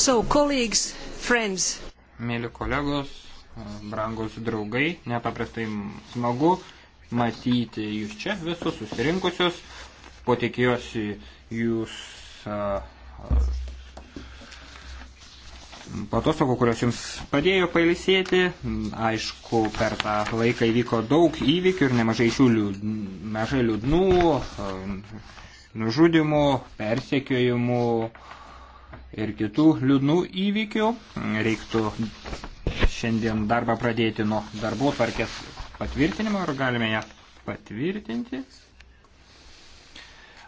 So, colleagues, friends. Mėly kolegos, brangus draugai, nepaprastai smagu matyti jūs čia visus susirinkusius. Po tikiuosi jūs a, a, patostokų, kurios jums padėjo pailisėti. Aišku, per tą laiką įvyko daug įvykių ir nemažai šių liūd, mažai liūdnų, a, nužudimų, persekiojimų ir kitų liūdnų įvykių. Reiktų šiandien darbą pradėti nuo darbo tvarkės patvirtinimo, ar galime ją patvirtinti.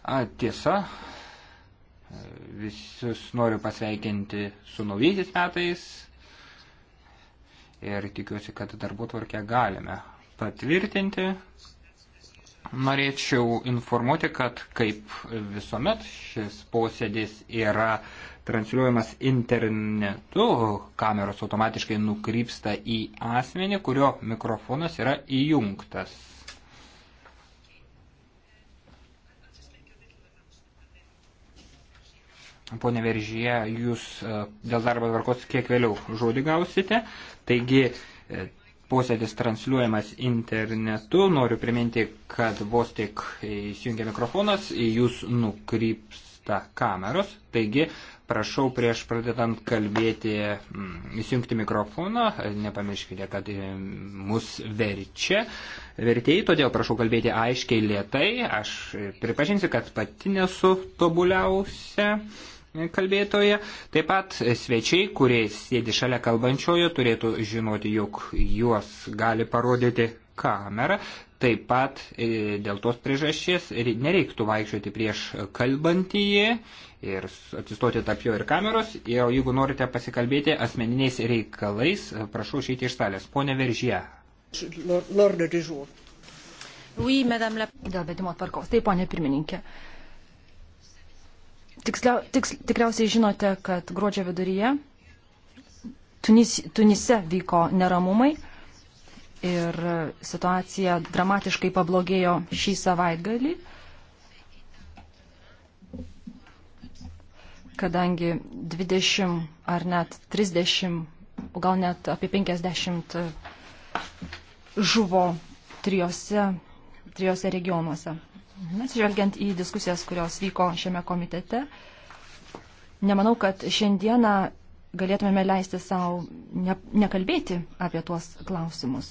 A, tiesa, visus noriu pasveikinti su naujaisiais metais ir tikiuosi, kad darbo tvarkę galime patvirtinti norėčiau informuoti, kad kaip visuomet šis posėdis yra transliuojamas internetu, kameros automatiškai nukrypsta į asmenį, kurio mikrofonas yra įjungtas. Pone Veržyje, jūs e, dėl darbo tvarkos kiek vėliau žodį gausite. Taigi, e, posėdis transliuojamas internetu. Noriu priminti, kad vos tik įsijungia mikrofonas, jūs nukrypsta kameros. Taigi, prašau prieš pradedant kalbėti, mm, įsijungti mikrofoną. Nepamirškite, kad e, mus verčia vertėjai, todėl prašau kalbėti aiškiai, lietai. Aš pripažinsiu, kad pati nesu tobuliausia kalbėtoje. Taip pat svečiai, kurie sėdi šalia kalbančiojo, turėtų žinoti, jog juos gali parodyti kamera. Taip pat e, dėl tos priežasties nereiktų vaikščioti prieš kalbantįjį ir atsistoti tarp jo ir kameros. Ir jeigu norite pasikalbėti asmeniniais reikalais, prašau išeiti iš salės. Pone Veržė. Lorda Dižūr. Oui, madame la... Dėl vedimo tvarkos. Taip, ponė pirmininkė. Uh, tiksliau, tiks, tikriausiai žinote, kad gruodžio viduryje Tunis, Tunise vyko neramumai ir situacija dramatiškai pablogėjo šį savaitgalį, kadangi 20 ar net 30, gal net apie 50 žuvo trijose, trijose regionuose. Atsižvelgiant į diskusijas, kurios vyko šiame komitete, nemanau, kad šiandieną galėtumėme leisti savo ne, nekalbėti apie tuos klausimus.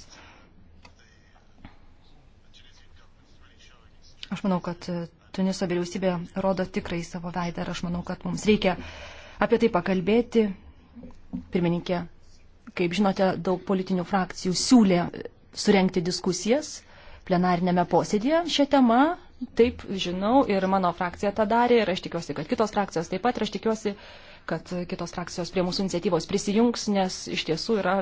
Aš manau, kad Tuniso vyriausybė rodo tikrai savo veidą ir aš manau, kad mums reikia apie tai pakalbėti. Pirmininkė, kaip žinote, daug politinių frakcijų siūlė surenkti diskusijas plenarinėme posėdėje šią temą taip žinau ir mano frakcija tą darė ir aš tikiuosi, kad kitos frakcijos taip pat ir aš tikiuosi, kad kitos frakcijos prie mūsų iniciatyvos prisijungs, nes iš tiesų yra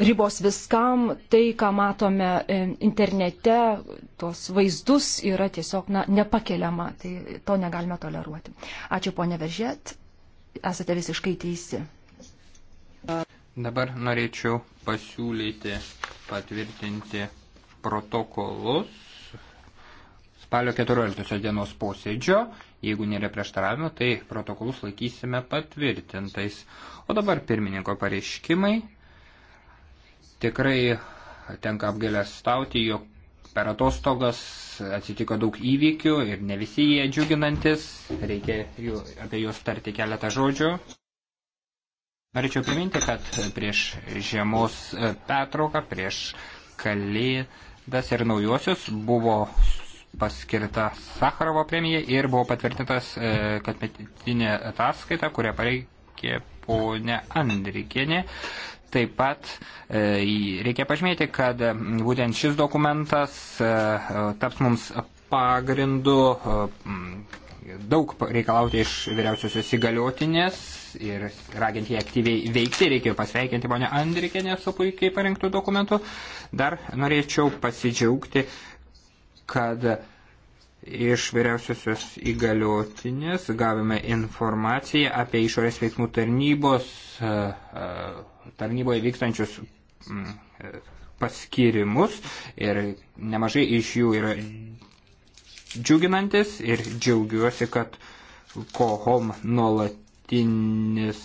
ribos viskam, tai, ką matome e, internete, tuos vaizdus yra tiesiog na, nepakeliama, tai to negalime toleruoti. Ačiū ponė Veržėt, esate visiškai teisi. Dabar norėčiau pasiūlyti patvirtinti protokolus spalio 14 dienos posėdžio. Jeigu nėra prieštaravimų, tai protokolus laikysime patvirtintais. O dabar pirmininko pareiškimai. Tikrai tenka apgailės stauti, jog per atostogas atsitiko daug įvykių ir ne visi jie džiuginantis, reikia jų, apie juos tarti keletą žodžių. Norėčiau priminti, kad prieš žiemos petrauką, prieš kalėdas ir naujosius buvo paskirta Sakarovo premija ir buvo patvirtintas e, kasmetinė ataskaita, kurią pareikė ponė Andrikienė. Taip pat e, reikia pažymėti, kad būtent šis dokumentas e, taps mums pagrindu e, daug reikalauti iš vyriausiosios įgaliotinės ir raginti ją aktyviai veikti. Reikėjo pasveikinti ponę Andrikienę su puikiai parengtų dokumentu. Dar norėčiau pasidžiaugti e, kad iš vyriausiosios įgaliotinės gavome informaciją apie išorės veiksmų tarnybos e, e, tarnyboje vykstančius e, paskirimus ir nemažai iš jų yra džiuginantis ir džiaugiuosi, kad kohom nuolatinis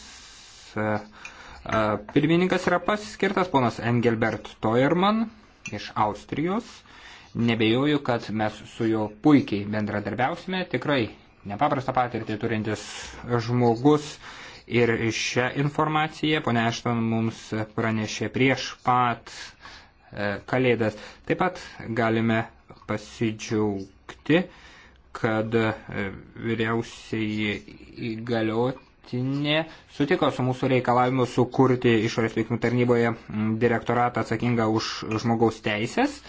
pirmininkas yra paskirtas ponas Engelbert Toerman iš Austrijos Nebejoju, kad mes su juo puikiai bendradarbiausime, tikrai nepaprastą patirtį turintis žmogus. Ir šią informaciją ponia Ešton mums pranešė prieš pat e, kalėdas. Taip pat galime pasidžiaugti, kad e, vyriausiai įgaliotinė sutiko su mūsų reikalavimu sukurti išorės veiksmų tarnyboje direktoratą atsakingą už žmogaus teisės.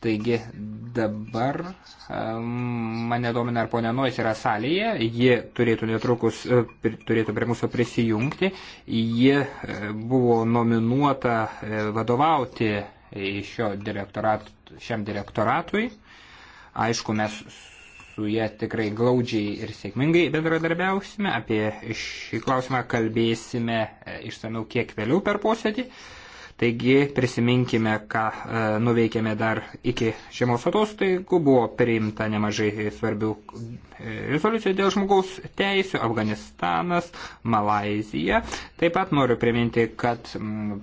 Taigi dabar mane domina, ar ponia Nois yra salėje, ji turėtų netrukus, e, turėtų prie mūsų prisijungti, ji e, buvo nominuota e, vadovauti šio direktorat, šiam direktoratui. Aišku, mes su jie tikrai glaudžiai ir sėkmingai bendradarbiausime. Apie šį klausimą kalbėsime išsameu kiek vėliau per posėdį. Taigi prisiminkime, ką e, nuveikėme dar iki žiemos atostogų, buvo priimta nemažai svarbių e, rezoliucijų dėl žmogaus teisų, Afganistanas, Malazija. Taip pat noriu priminti, kad m,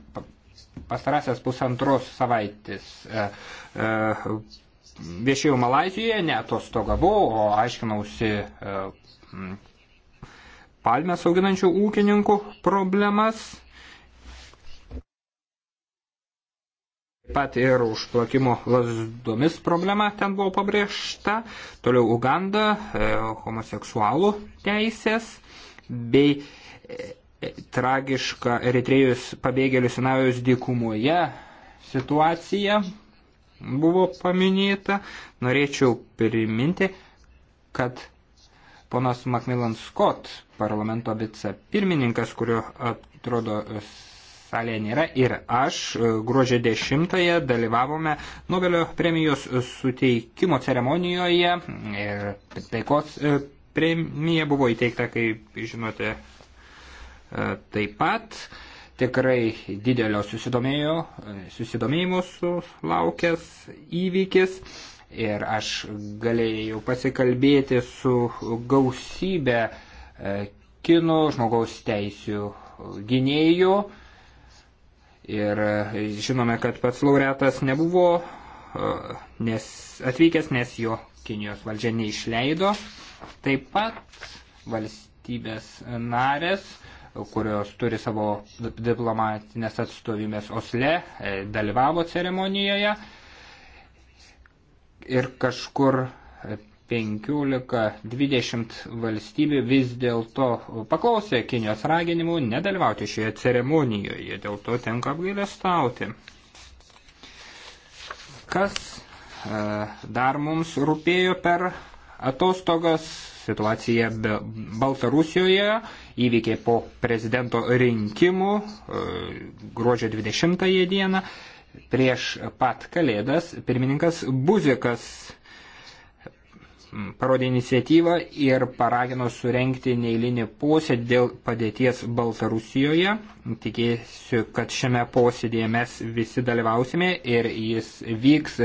pastarasias pusantros savaitės e, e, viešėjau Malazijoje, netostogavau, o aiškinausi e, palmės auginančių ūkininkų problemas. Pat ir užplakimo lasdomis problema ten buvo pabrėžta. Toliau Uganda, e, homoseksualų teisės bei e, tragiška Eritrėjus pabėgėlių senajos dykumoje situacija buvo paminėta. Norėčiau priminti, kad ponas Macmillan Scott, parlamento vicepirmininkas, kurio atrodo salėje nėra, ir aš e, gruodžio 10-ąją dalyvavome Nobelio premijos suteikimo ceremonijoje ir taikos e, premija buvo įteikta, kaip žinote, e, taip pat. Tikrai didelio susidomėjimo sulaukęs įvykis ir aš galėjau pasikalbėti su gausybė kino žmogaus teisių gynėjų. Ir e, žinome, kad pats laureatas nebuvo e, nes, atvykęs, nes jo Kinijos valdžia neišleido. Taip pat valstybės narės, kurios turi savo diplomatinės atstovybės Osle, e, dalyvavo ceremonijoje. Ir kažkur 15-20 valstybių vis dėlto paklausė Kinijos raginimų nedalyvauti šioje ceremonijoje, dėl to tenka apgailestauti. Kas e, dar mums rūpėjo per atostogas situacija be Baltarusijoje, įvykiai po prezidento rinkimų e, gruodžio 20 dieną, prieš pat kalėdas pirmininkas Buzikas parodė iniciatyvą ir paragino surenkti neįlinį posėdį dėl padėties Baltarusijoje. Tikėsiu, kad šiame posėdėje mes visi dalyvausime ir jis vyks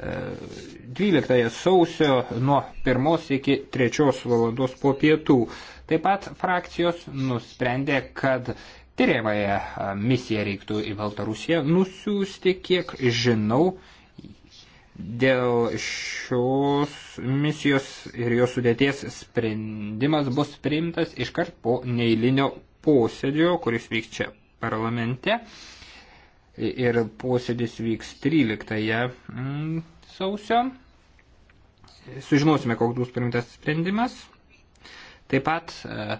12 e, sausio nuo 1 iki 3 valandos po pietų. Taip pat frakcijos nusprendė, kad tyriamąją misiją reiktų į Baltarusiją nusiųsti, kiek žinau, Dėl šios misijos ir jos sudėties sprendimas bus priimtas iškart po neįlinio posėdžio, kuris vyks čia parlamente. Ir posėdis vyks 13 mm, sausio. Sužinosime, koks bus priimtas sprendimas. Taip pat e,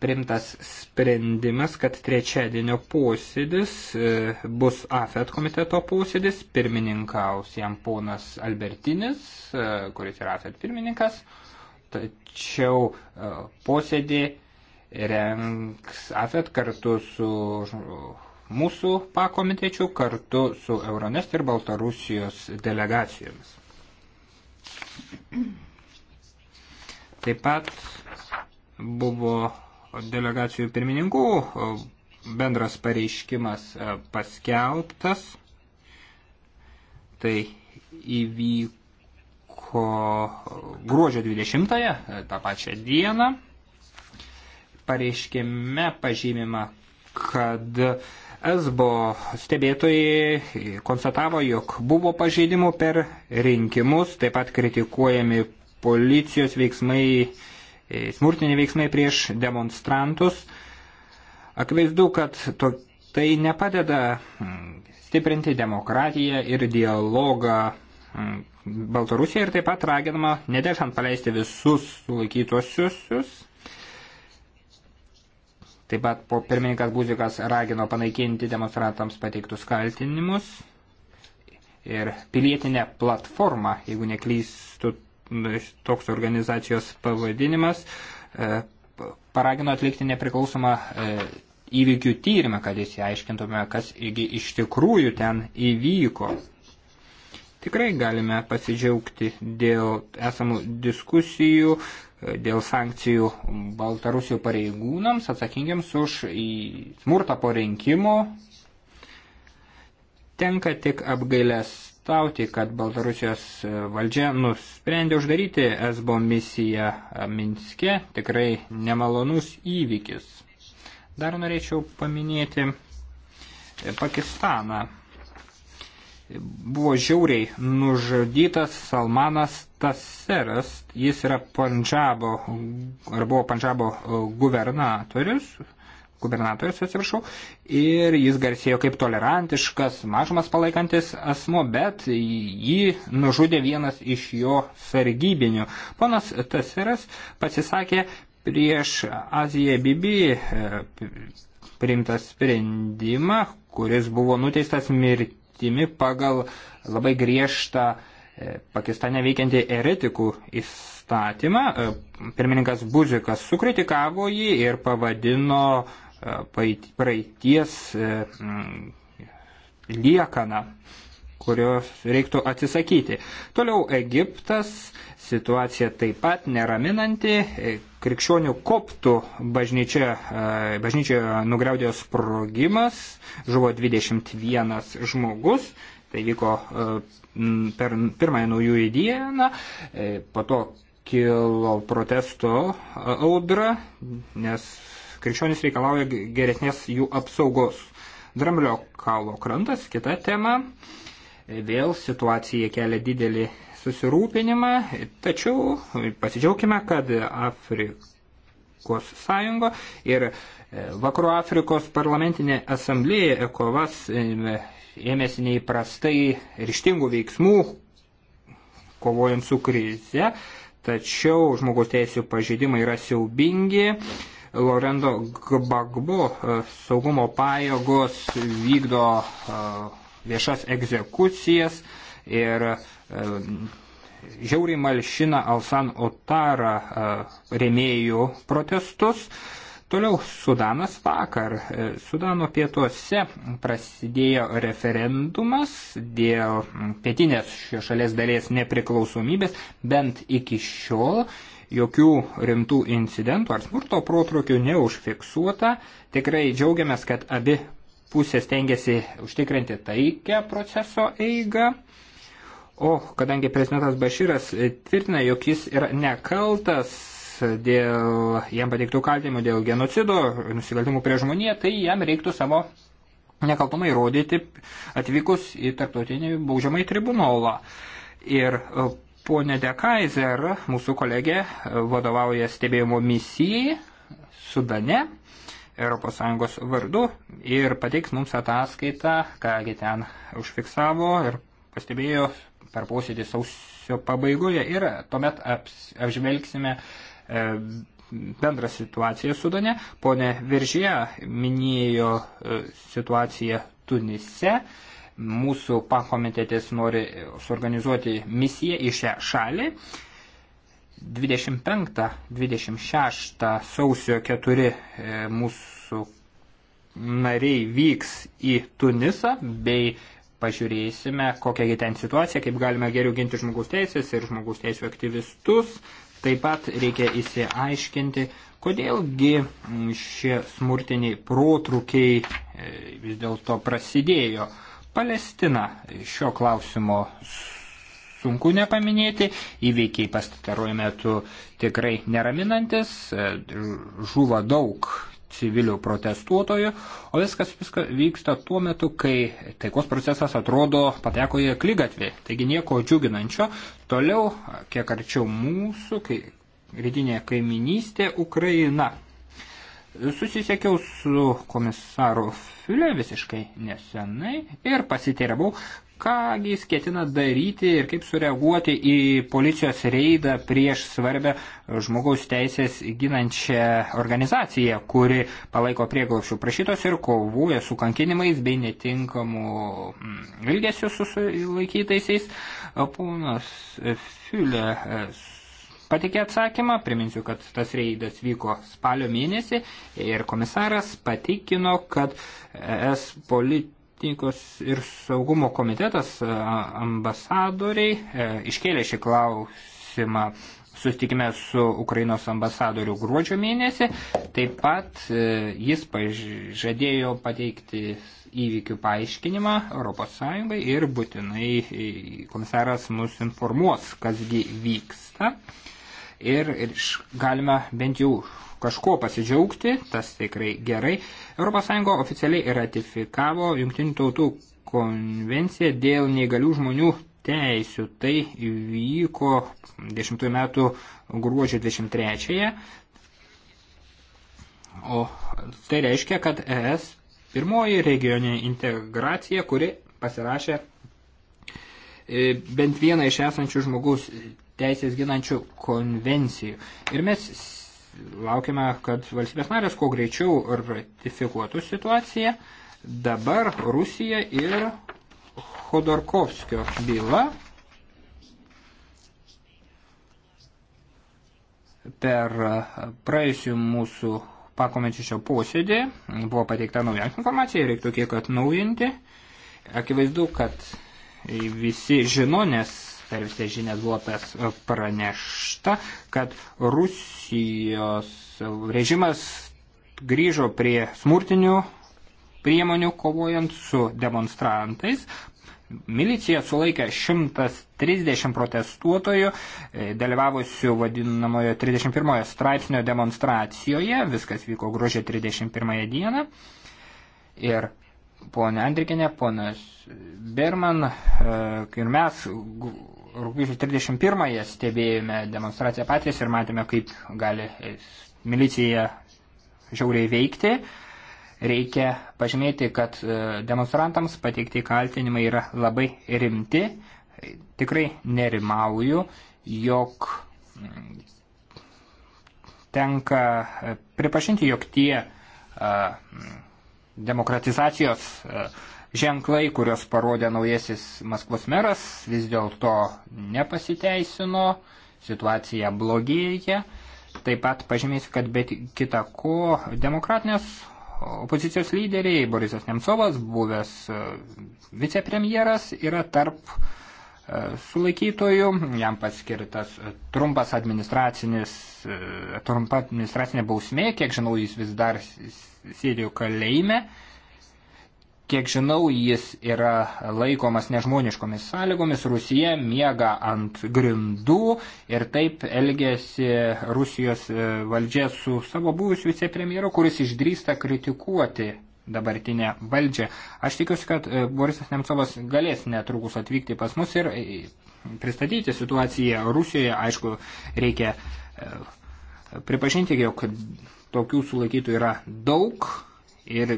primtas sprendimas, kad trečiadienio posėdis e, bus AFET komiteto posėdis, pirmininkaus jam ponas Albertinis, e, kuris yra AFET pirmininkas, tačiau e, posėdį renks AFET kartu su mūsų pakomitečių, kartu su Euronest ir Baltarusijos delegacijomis. Taip pat buvo delegacijų pirmininkų bendras pareiškimas e, paskelbtas. Tai įvyko e, gruodžio 20-ąją, e, tą pačią dieną. Pareiškime pažymima, kad Esbo stebėtojai konstatavo, jog buvo pažeidimų per rinkimus, taip pat kritikuojami policijos veiksmai E, smurtiniai veiksmai prieš demonstrantus. Akivaizdu, kad to, tai nepadeda mm, stiprinti demokratiją ir dialogą mm, Baltarusija ir taip pat raginama nedėžant paleisti visus sulaikytuosius. Taip pat po pirmininkas Buzikas ragino panaikinti demonstrantams pateiktus kaltinimus ir pilietinę platformą, jeigu neklystu, toks organizacijos pavadinimas, e, paragino atlikti nepriklausomą e, įvykių tyrimą, kad įsiaiškintume, kas iš tikrųjų ten įvyko. Tikrai galime pasidžiaugti dėl esamų diskusijų, e, dėl sankcijų Baltarusijų pareigūnams atsakingiams už smurtą po rinkimų. Tenka tik apgailės apgailestauti, kad Baltarusijos e, valdžia nusprendė uždaryti SBO misiją e, Minske, tikrai nemalonus įvykis. Dar norėčiau paminėti e, Pakistaną. Buvo žiauriai nužudytas Salmanas Taseras, jis yra Pandžabo, ar buvo Pandžabo gubernatorius, gubernatorius, atsiprašau, ir jis garsėjo kaip tolerantiškas, mažumas palaikantis asmo, bet jį nužudė vienas iš jo sargybinių. Ponas Taseras pasisakė prieš Aziją Bibi e, priimtą sprendimą, kuris buvo nuteistas mirtimi pagal labai griežtą e, Pakistane veikiantį eretikų įstatymą. E, pirmininkas Buzikas sukritikavo jį ir pavadino uh, praeities e, mm, liekana, kurios reiktų atsisakyti. Toliau Egiptas, situacija taip pat neraminanti, e, krikščionių koptų bažnyčia, e, bažnyčioje nugriaudėjo sprogimas, žuvo 21 žmogus, tai vyko per pirmąją naujųjų dieną, po to kilo protesto audra, nes Krikščionis reikalauja geresnės jų apsaugos. Dramblio kaulo krantas, kita tema. Vėl situacija kelia didelį susirūpinimą, tačiau pasidžiaugime, kad Afrikos sąjungo ir e, Vakarų Afrikos parlamentinė asamblėja ECOVAS e, ėmėsi neįprastai ryštingų veiksmų, kovojant su krize, tačiau žmogaus teisų pažeidimai yra siaubingi, Lorendo Gbagbo e, saugumo pajėgos vykdo e, viešas egzekucijas ir e, žiauriai malšina Alsan Otara remėjų protestus. Toliau Sudanas vakar. Sudano pietuose prasidėjo referendumas dėl pietinės šios šalies dalies nepriklausomybės, bent iki šiol jokių rimtų incidentų ar smurto protrukių neužfiksuota. Tikrai džiaugiamės, kad abi pusės tengiasi užtikrinti taikę proceso eigą. O kadangi prezidentas Baširas tvirtina, jog jis yra nekaltas dėl jam pateiktų kaltinimų dėl genocido, nusikaltimų prie žmoniją, tai jam reiktų savo nekaltumą įrodyti atvykus į tarptautinį baudžiamąjį tribunolą. Ir Pone De Kaiser, mūsų kolegė, vadovauja stebėjimo misijai Sudane ES vardu ir pateiks mums ataskaitą, kągi ten užfiksavo ir pastebėjo per posėdį sausio pabaigoje ir tuomet aps, apžvelgsime e, bendrą situaciją Sudane. Pone Viržyje minėjo e, situaciją Tunise. E, mūsų pakomitetės nori suorganizuoti misiją į šią šalį. 25-26 sausio 4 e, mūsų nariai vyks į Tunisą bei pažiūrėsime, kokiagi ten situacija, kaip galime geriau ginti žmogaus teisės ir žmogaus teisų aktyvistus. Taip pat reikia įsiaiškinti, kodėlgi šie smurtiniai protrukiai e, vis dėlto prasidėjo. Palestina šio klausimo sunku nepaminėti, įveikiai pastaruoju metu tikrai neraminantis, žuvo daug civilių protestuotojų, o viskas viską vyksta tuo metu, kai taikos procesas atrodo pateko į klygatvį, taigi nieko džiuginančio. Toliau, kiek arčiau mūsų, kai rytinė kaiminystė Ukraina. Susisiekiau su komisaru Fiule visiškai nesenai ir pasiteiravau, kągi jis ketina daryti ir kaip sureaguoti į policijos reidą prieš svarbę žmogaus teisės ginančią organizaciją, kuri palaiko prieglaušių prašytos ir kovoja su kankinimais bei netinkamu mm, ilgesiu su sulaikytaisiais. Ponas Fiulė e, patikė atsakymą. Priminsiu, kad tas reidas vyko spalio mėnesį ir komisaras patikino, kad ES politikos ir saugumo komitetas ambasadoriai e, iškėlė šį klausimą sustikime su Ukrainos ambasadoriu gruodžio mėnesį. Taip pat e, jis žadėjo pateikti įvykių paaiškinimą ES ir būtinai e, komisaras mus informuos, kasgi vyksta ir, ir galime bent jau kažkuo pasidžiaugti, tas tikrai gerai. ES oficialiai ratifikavo Junktinių tautų konvenciją dėl neįgalių žmonių teisių. Tai vyko 10 metų gruodžio 23-ąją. O tai reiškia, kad ES pirmoji regioninė integracija, kuri pasirašė e, bent vieną iš esančių žmogaus teisės ginančių konvencijų. Ir mes laukime, kad valstybės narės kuo greičiau ratifikuotų situaciją. Dabar Rusija ir Khodorkovskio byla per praėjusių mūsų pakomenčišio posėdį buvo pateikta nauja informacija, reiktų kiek atnaujinti. Akivaizdu, kad visi žino, nes per visą žinias buvo e, pranešta, kad Rusijos režimas grįžo prie smurtinių priemonių kovojant su demonstrantais. Milicija sulaikė 130 protestuotojų, e, dalyvavusių vadinamojo 31 straipsnio demonstracijoje, viskas vyko gruodžio 31 dieną. Ir ponė Andrikinė, ponas Berman e, ir mes rūpyčio 31-ąją stebėjome demonstraciją patys ir matėme, kaip gali e, milicija žiauriai veikti. Reikia pažymėti, kad e, demonstrantams pateikti kaltinimai yra labai rimti. Tikrai nerimauju, jog mm, tenka e, pripažinti, jog tie mm, demokratizacijos uh, ženklai, kuriuos parodė naujasis Maskvos meras, vis dėlto nepasiteisino, situacija blogėja. Taip pat pažymėsiu, kad bet kita ko demokratinės opozicijos lyderiai Borisas Nemcovas, buvęs e, vicepremjeras, yra tarp e, sulaikytojų, jam paskirtas trumpas administracinis, e, trumpa administracinė bausmė, kiek žinau, jis vis dar sėdėjo kalėjime. Kiek žinau, jis yra laikomas nežmoniškomis sąlygomis. Rusija miega ant grindų ir taip elgėsi Rusijos e, valdžia su savo buvusiu vicepremjeru, kuris išdrįsta kritikuoti dabartinę valdžią. Aš tikiuosi, kad e, Borisas Nemcovas galės netrukus atvykti pas mus ir e, pristatyti situaciją Rusijoje. Aišku, reikia pripažinti, jog tokių sulaikytų yra daug Ir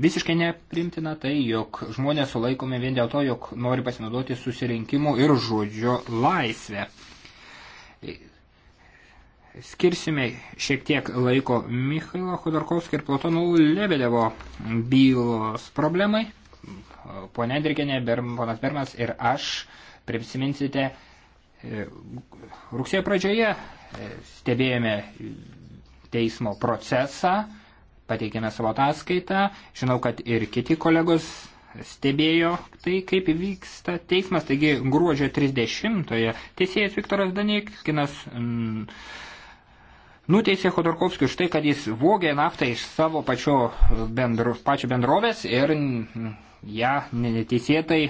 visiškai neprimtina tai, jog žmonės sulaikomi vien dėl to, jog nori pasinaudoti susirinkimu ir žodžio laisvę. Skirsime šiek tiek laiko Mikhailo Khodorkovskio ir Platono Lebedevo bylos problemai. Pone Dirgenė, ponas Bermas ir aš prisiminsite e, rugsėjo pradžioje e, stebėjome teismo procesą pateikėme savo ataskaitą. Žinau, kad ir kiti kolegos stebėjo tai, kaip vyksta teismas. Taigi gruodžio 30-oje teisėjas Viktoras Danikinas mm, nuteisė Khodorkovskį už tai, kad jis vogė naftą iš savo pačio, bendro, pačio bendrovės ir mm, ją neteisėtai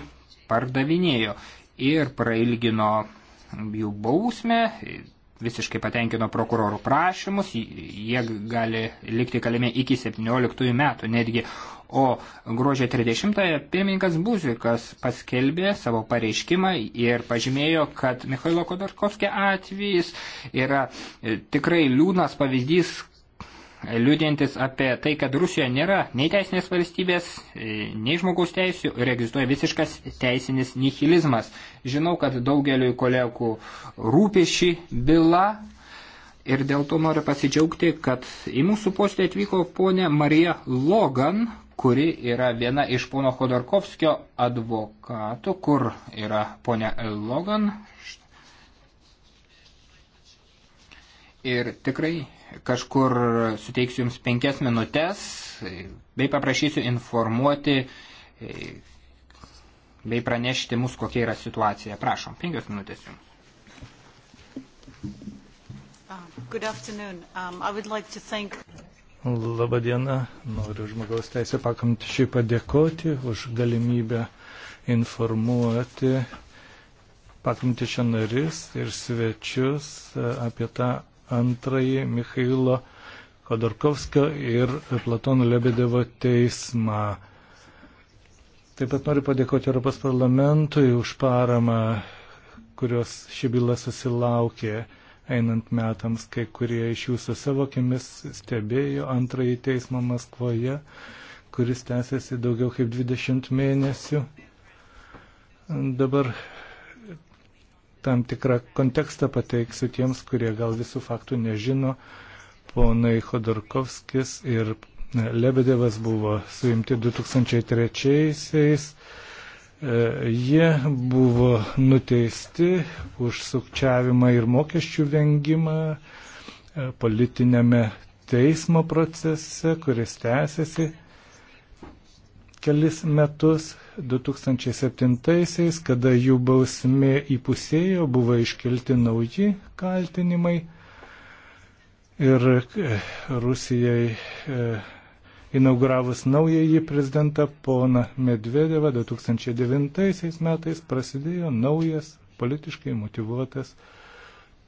pardavinėjo ir prailgino jų bausmę visiškai patenkino prokurorų prašymus, jie gali likti kalime iki 17 metų netgi. O gruodžio 30-ąją pirmininkas Buzikas paskelbė savo pareiškimą ir pažymėjo, kad Mikhailo Kodorkovskio atvejis yra e, tikrai liūdnas pavyzdys, e, liūdintis apie tai, kad Rusijoje nėra nei teisinės valstybės, e, nei žmogaus teisų ir egzistuoja visiškas teisinis nihilizmas. Žinau, kad daugeliu kolegų rūpi ši byla ir dėl to noriu pasidžiaugti, kad į mūsų postį atvyko ponė Marija Logan, kuri yra viena iš pono Khodorkovskio advokatų, kur yra ponė Logan. Ir tikrai kažkur suteiksiu jums penkias minutės, bei paprašysiu informuoti bei pranešti mus, kokia yra situacija. Prašom, penkios minutės jums. Ah, good afternoon. Um, I would like to thank... Labadiena, noriu žmogaus teisė pakamtišiai padėkoti už galimybę informuoti pakamtišio narius ir svečius e, apie tą antrąjį Mikhailo Kodorkovskio ir Platono Lebedevo teismą. Taip pat noriu padėkoti Europos parlamentui už paramą, kurios ši byla susilaukė einant metams, kai kurie iš jūsų savo akimis stebėjo antrąjį teismą Maskvoje, kuris tęsiasi daugiau kaip 20 mėnesių. Dabar tam tikrą kontekstą pateiksiu tiems, kurie gal visų faktų nežino. Ponai Khodorkovskis ir Lebedevas buvo suimti 2003-aisiais. E, jie buvo nuteisti už sukčiavimą ir mokesčių vengimą e, politinėme teismo procese, kuris tęsiasi kelis metus. 2007-aisiais, kada jų bausmė įpusėjo, buvo iškelti nauji kaltinimai ir e, Rusijai inauguravus naująjį prezidentą poną Medvedevą 2009 metais prasidėjo naujas politiškai motivuotas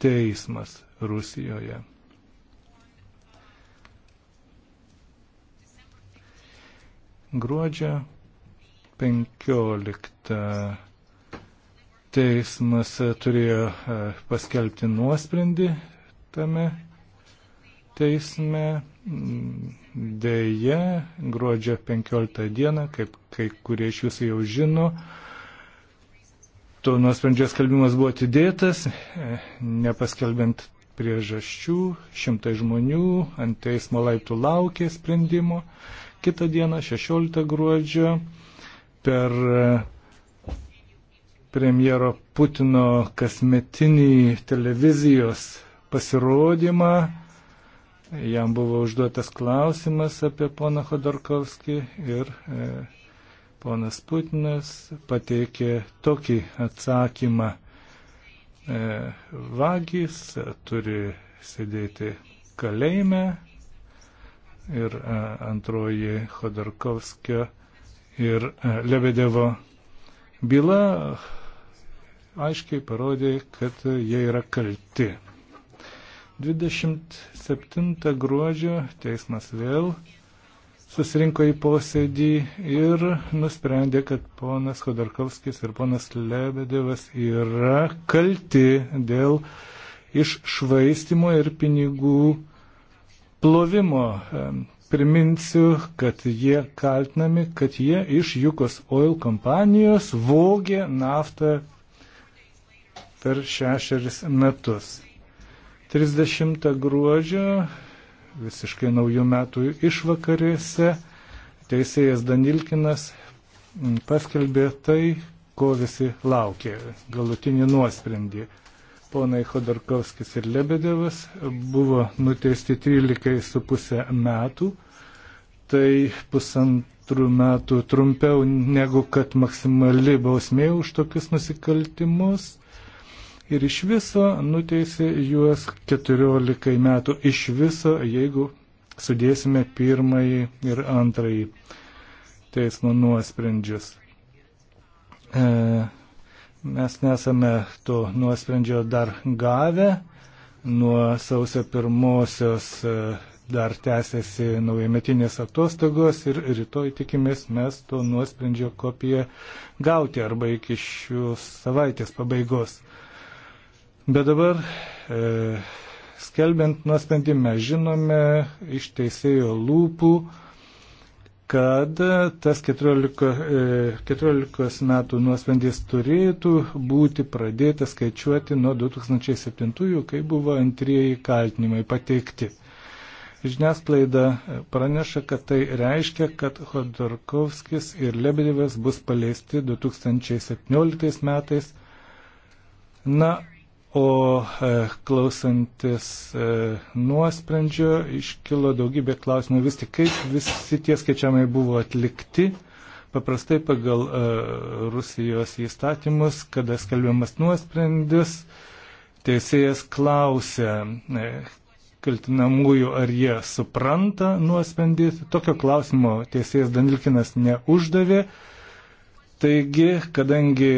teismas Rusijoje. Gruodžio 15 teismas turėjo e, paskelbti nuosprendį tame teisme. Deja, gruodžio 15 dieną, kaip kai kurie iš jūsų jau žino, to nuosprendžio skelbimas buvo atidėtas, nepaskelbiant priežasčių, šimtai žmonių ant teismo laiptų laukė sprendimo. Kita diena, 16 gruodžio, per premjero Putino kasmetinį televizijos pasirodymą jam buvo užduotas klausimas apie poną Khodorkovskį ir e, ponas Putinas pateikė tokį atsakymą. E, vagys e, turi sėdėti kalėjime ir e, antroji Khodorkovskio ir e, Lebedevo byla aiškiai parodė, kad jie yra kalti. 27 gruodžio teismas vėl susirinko į posėdį ir nusprendė, kad ponas Khodorkovskis ir ponas Lebedevas yra kalti dėl iššvaistimo ir pinigų plovimo. Priminsiu, kad jie kaltinami, kad jie iš Jukos Oil kompanijos vogė naftą per šešeris metus. 30 gruodžio, visiškai naujų metų išvakarėse, teisėjas Danilkinas paskelbė tai, ko visi laukė - galutinį nuosprendį. Ponai Khodorkovskis ir Lebedevas buvo nuteisti 13,5 metų, tai pusantrų metų trumpiau negu kad maksimali bausmė už tokius nusikaltimus ir iš viso nuteisė juos 14 metų. Iš viso, jeigu sudėsime pirmąjį ir antrąjį teismo nuosprendžius. E, mes nesame to nuosprendžio dar gavę. Nuo sausio pirmosios e, dar tęsiasi naujametinės atostogos ir rytoj tikimės mes to nuosprendžio kopiją gauti arba iki šios savaitės pabaigos. Bet dabar e, skelbiant nuosprendį mes žinome iš teisėjo lūpų, kad tas 14, 14 e, metų nuosprendis turėtų būti pradėtas skaičiuoti nuo 2007, kai buvo antrieji kaltinimai pateikti. Žiniasklaida praneša, kad tai reiškia, kad Khodorkovskis ir Lebedevas bus paleisti 2017 metais. Na, O e, klausantis e, nuosprendžio iškilo daugybė klausimų vis tik, kaip visi tie skaičiavimai buvo atlikti. Paprastai pagal e, Rusijos įstatymus, kada skelbiamas nuosprendis, teisėjas klausia kaltinamųjų, ar jie supranta nuosprendį. Tokio klausimo teisėjas Danilkinas neuždavė. Taigi, kadangi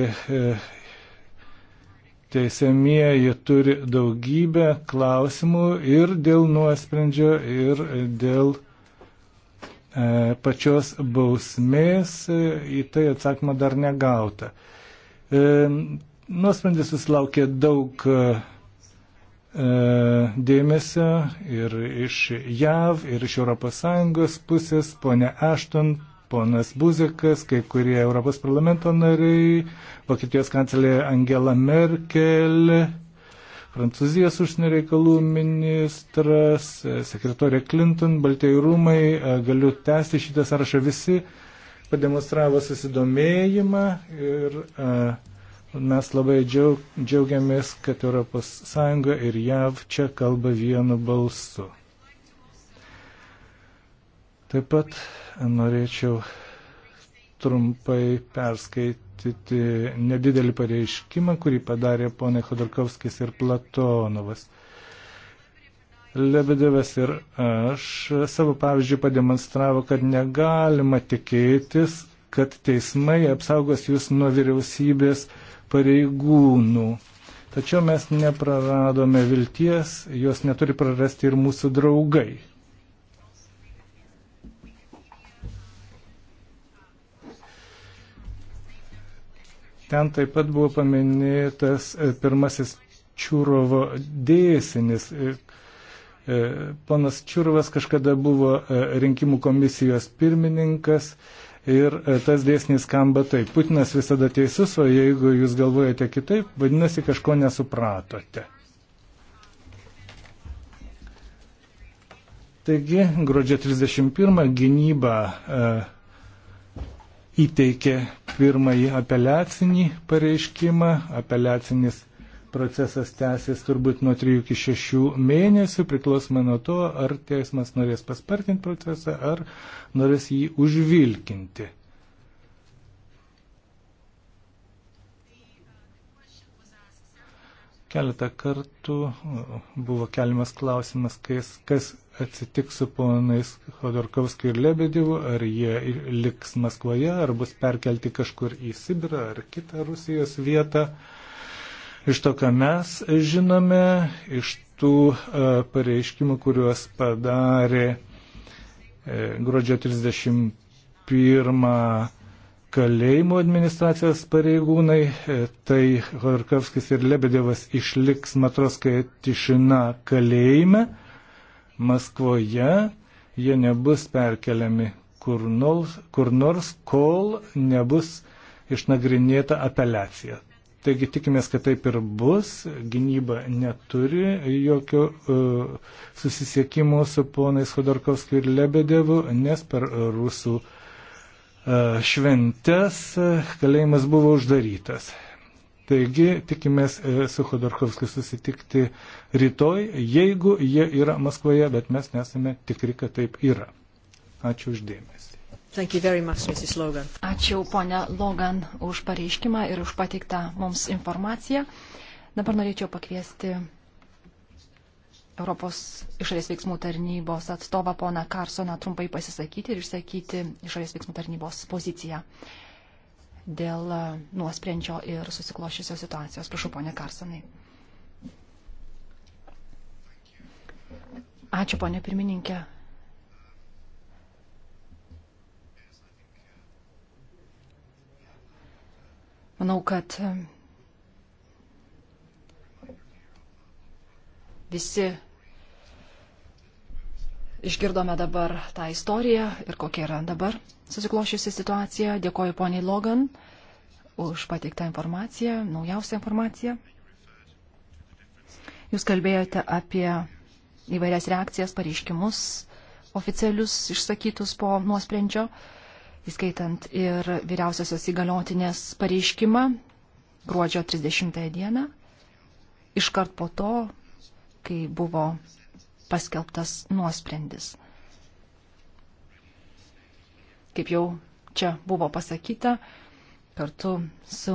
teisėmieji turi daugybę klausimų ir dėl nuosprendžio, ir dėl e, pačios bausmės, e, į tai atsakymą dar negauta. E, nuosprendis susilaukė daug e, dėmesio ir iš JAV, ir iš ES pusės. Pone Ašton ponas Buzekas, kai kurie Europos parlamento nariai, Vokietijos kancelė Angela Merkel, Prancūzijos užsienio reikalų ministras, sekretorė Clinton, Baltieji rūmai, e, galiu tęsti šitą sąrašą visi, pademonstravo susidomėjimą ir a, e, mes labai džiaug, džiaugiamės, kad ES ir JAV čia kalba vienu balsu. Taip pat norėčiau trumpai perskaityti nedidelį pareiškimą, kurį padarė ponai Khodorkovskis ir Platonovas. Lebedevas ir aš savo pavyzdžių pademonstravo, kad negalima tikėtis, kad teismai apsaugos jūs nuo vyriausybės pareigūnų. Tačiau mes nepraradome vilties, jos neturi prarasti ir mūsų draugai. Ten taip pat buvo paminėtas e, pirmasis Čiūrovo dėsinis. E, e, ponas Čiūrovas kažkada buvo rinkimų komisijos pirmininkas ir tas dėsnis skamba taip. Putinas visada teisus, o jeigu jūs galvojate kitaip, vadinasi, kažko nesupratote. Taigi, gruodžio 31 gynyba įteikė pirmąjį apeliacinį pareiškimą. Apeliacinis procesas tęsis turbūt nuo 3 iki 6 mėnesių, priklausomai nuo to, ar teismas norės paspartinti procesą, ar norės jį užvilkinti. Keletą kartų buvo keliamas klausimas, kas, kas atsitiks su ponais Khodorkovskiu ir Lebedivu, ar jie liks Maskvoje, ar bus perkelti kažkur į Sibirą ar kitą Rusijos vietą. Iš to, ką mes žinome, iš tų e, pareiškimų, kuriuos padarė e, gruodžio 31 kalėjimų administracijos pareigūnai, e, tai Khodorkovskis ir Lebedevas išliks Matroskaja Tišina kalėjime Maskvoje, jie nebus perkeliami kur nors, kur nors kol nebus išnagrinėta apeliacija. Taigi tikimės, kad taip ir bus. Gynyba neturi jokio uh, susisiekimo su ponais Khodorkovskiu ir Lebedevu, nes per rusų uh, šventes e, kalėjimas buvo uždarytas. Taigi tikimės e, su Khodorkovskiu susitikti rytoj, jeigu jie yra Maskvoje, bet mes nesame tikri, kad taip yra. Ačiū uždėmesi. Much, Ačiū ponia Logan už pareiškimą ir už pateiktą mums informaciją. Dabar norėčiau pakviesti Europos išorės veiksmų tarnybos atstovą poną Karsoną trumpai pasisakyti ir išsakyti išorės veiksmų tarnybos poziciją dėl e, nuosprendžio ir susikloščiusios situacijos. Prašau, ponė Karsanai. Ačiū, ponė pirmininkė. Manau, kad e, visi išgirdome dabar tą istoriją ir kokia yra dabar susiklošiusi situacija. Dėkoju poniai Logan už pateiktą informaciją, naujausią informaciją. Jūs kalbėjote apie įvairias reakcijas, pareiškimus oficialius išsakytus po nuosprendžio, įskaitant ir vyriausiosios įgaliotinės pareiškimą gruodžio 30 dieną. Iškart po to, kai buvo paskelbtas nuosprendis kaip jau čia buvo pasakyta, kartu su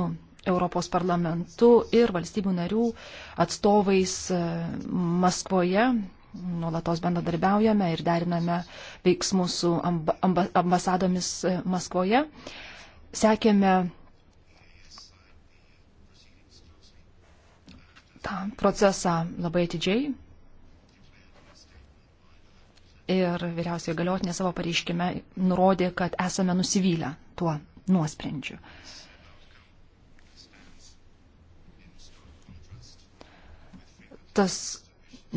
Europos parlamentu ir valstybių narių atstovais e, Maskvoje. Nuolatos bendradarbiaujame ir deriname veiksmus su ambasadomis e, Maskvoje. Sekėme tą procesą labai atidžiai, ir vyriausioji galiotinė savo pareiškime nurodė, kad esame nusivylę tuo nuosprendžiu. Tas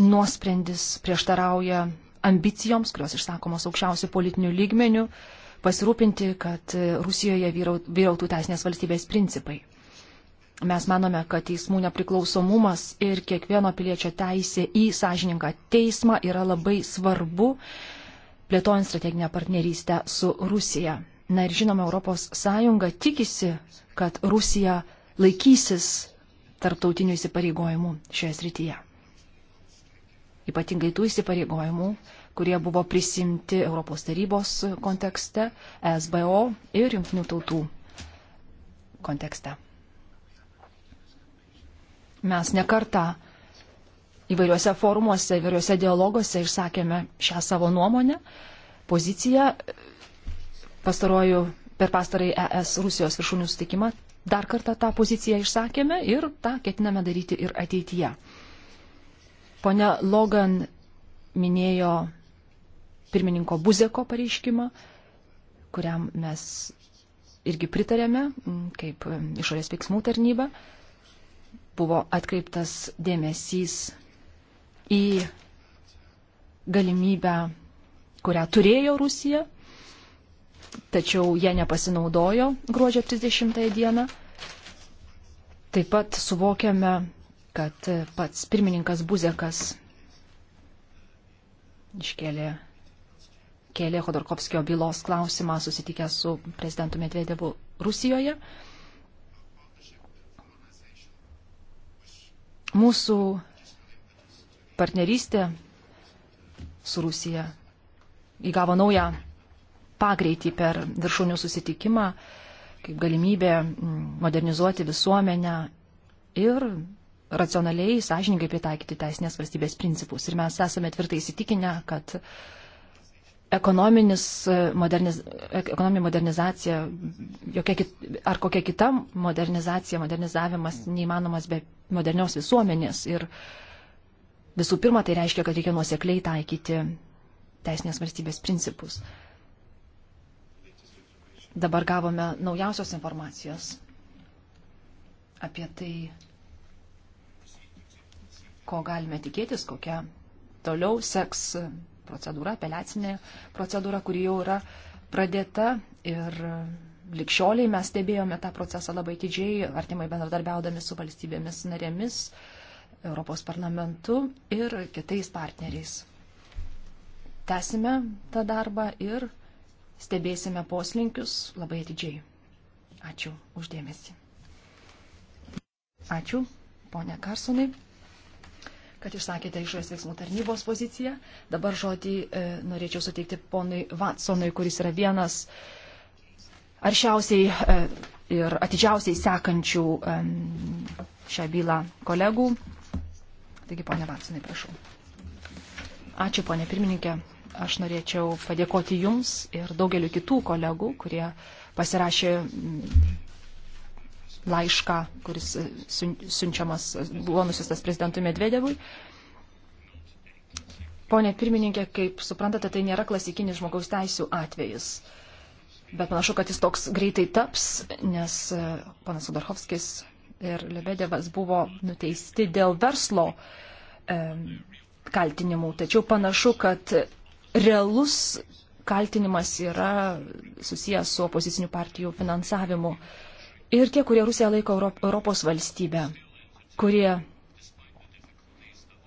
nuosprendis prieštarauja ambicijoms, kurios išsakomos aukščiausių politinių lygmenių, pasirūpinti, kad Rusijoje vyrautų teisinės valstybės principai. Mes manome, kad teismų nepriklausomumas ir kiekvieno piliečio teisė į sąžininką teismą yra labai svarbu, plėtojant strateginę partnerystę su Rusija. Na ir žinoma, ES tikisi, kad Rusija laikysis tarptautinių įsipareigojimų šioje srityje. Ypatingai tų įsipareigojimų, kurie buvo prisimti Europos tarybos kontekste, SBO ir jungtinių tautų kontekste. Mes nekartą įvairiuose forumuose, įvairiuose dialoguose išsakėme šią savo nuomonę, poziciją. E, pastaruoju per pastarąjį ES Rusijos viršūnių sutikimą dar kartą tą poziciją išsakėme ir tą ketiname daryti ir ateityje. Pone Logan minėjo pirmininko Buzeko pareiškimą, kuriam mes irgi pritarėme kaip išorės veiksmų tarnyba buvo atkreiptas dėmesys į galimybę, kurią turėjo Rusija, tačiau jie nepasinaudojo gruodžio 30 dieną. Taip pat suvokiame, kad pats pirmininkas Buzekas iškėlė kėlė Khodorkovskio bylos klausimą susitikę su prezidentu Medvedevu Rusijoje. Mūsų partnerystė su Rusija įgavo naują pagreitį per viršūnių susitikimą, kaip galimybė mm, modernizuoti visuomenę ir racionaliai, sąžininkai pritaikyti teisinės valstybės principus. Ir mes esame tvirtai įsitikinę, kad ekonominis e, moderniz, e, ekonominė modernizacija, jokia kit, ar kokia kita modernizacija, modernizavimas neįmanomas be modernios visuomenės. Ir visų pirma, tai reiškia, kad reikia nuosekliai taikyti teisinės valstybės principus. Dabar gavome naujausios informacijos apie tai, ko galime tikėtis, kokia toliau seks procedūra, apeliacinė procedūra, kuri jau yra pradėta ir likščioliai mes stebėjome tą procesą labai didžiai, artimai bendradarbiaudami su valstybėmis narėmis, Europos parlamentu ir kitais partneriais. Tęsime tą darbą ir stebėsime poslinkius labai atidžiai. Ačiū uždėmesi. Ačiū, ponia Karsonai kad išsakėte išorės veiksmų tarnybos poziciją. Dabar žodį e, norėčiau suteikti ponui Vatsonui, kuris yra vienas aršiausiai e, ir atidžiausiai sekančių e, šią bylą kolegų. Taigi, ponė Vatsonai, prašau. Ačiū, ponė pirmininkė. Aš norėčiau padėkoti Jums ir daugeliu kitų kolegų, kurie pasirašė laišką, kuris e, siunčiamas, e, buvo nusistas prezidentui Medvedevui. Pone pirmininkė, kaip suprantate, tai nėra klasikinis žmogaus teisų atvejis. Bet panašu, kad jis toks greitai taps, nes e, panas Sudarhovskis ir Lebedevas buvo nuteisti dėl verslo e, kaltinimų. Tačiau panašu, kad realus kaltinimas yra susijęs su opozicinių partijų finansavimu. E, ir tie, kurie Rusiją laiko Europos valstybę, kurie,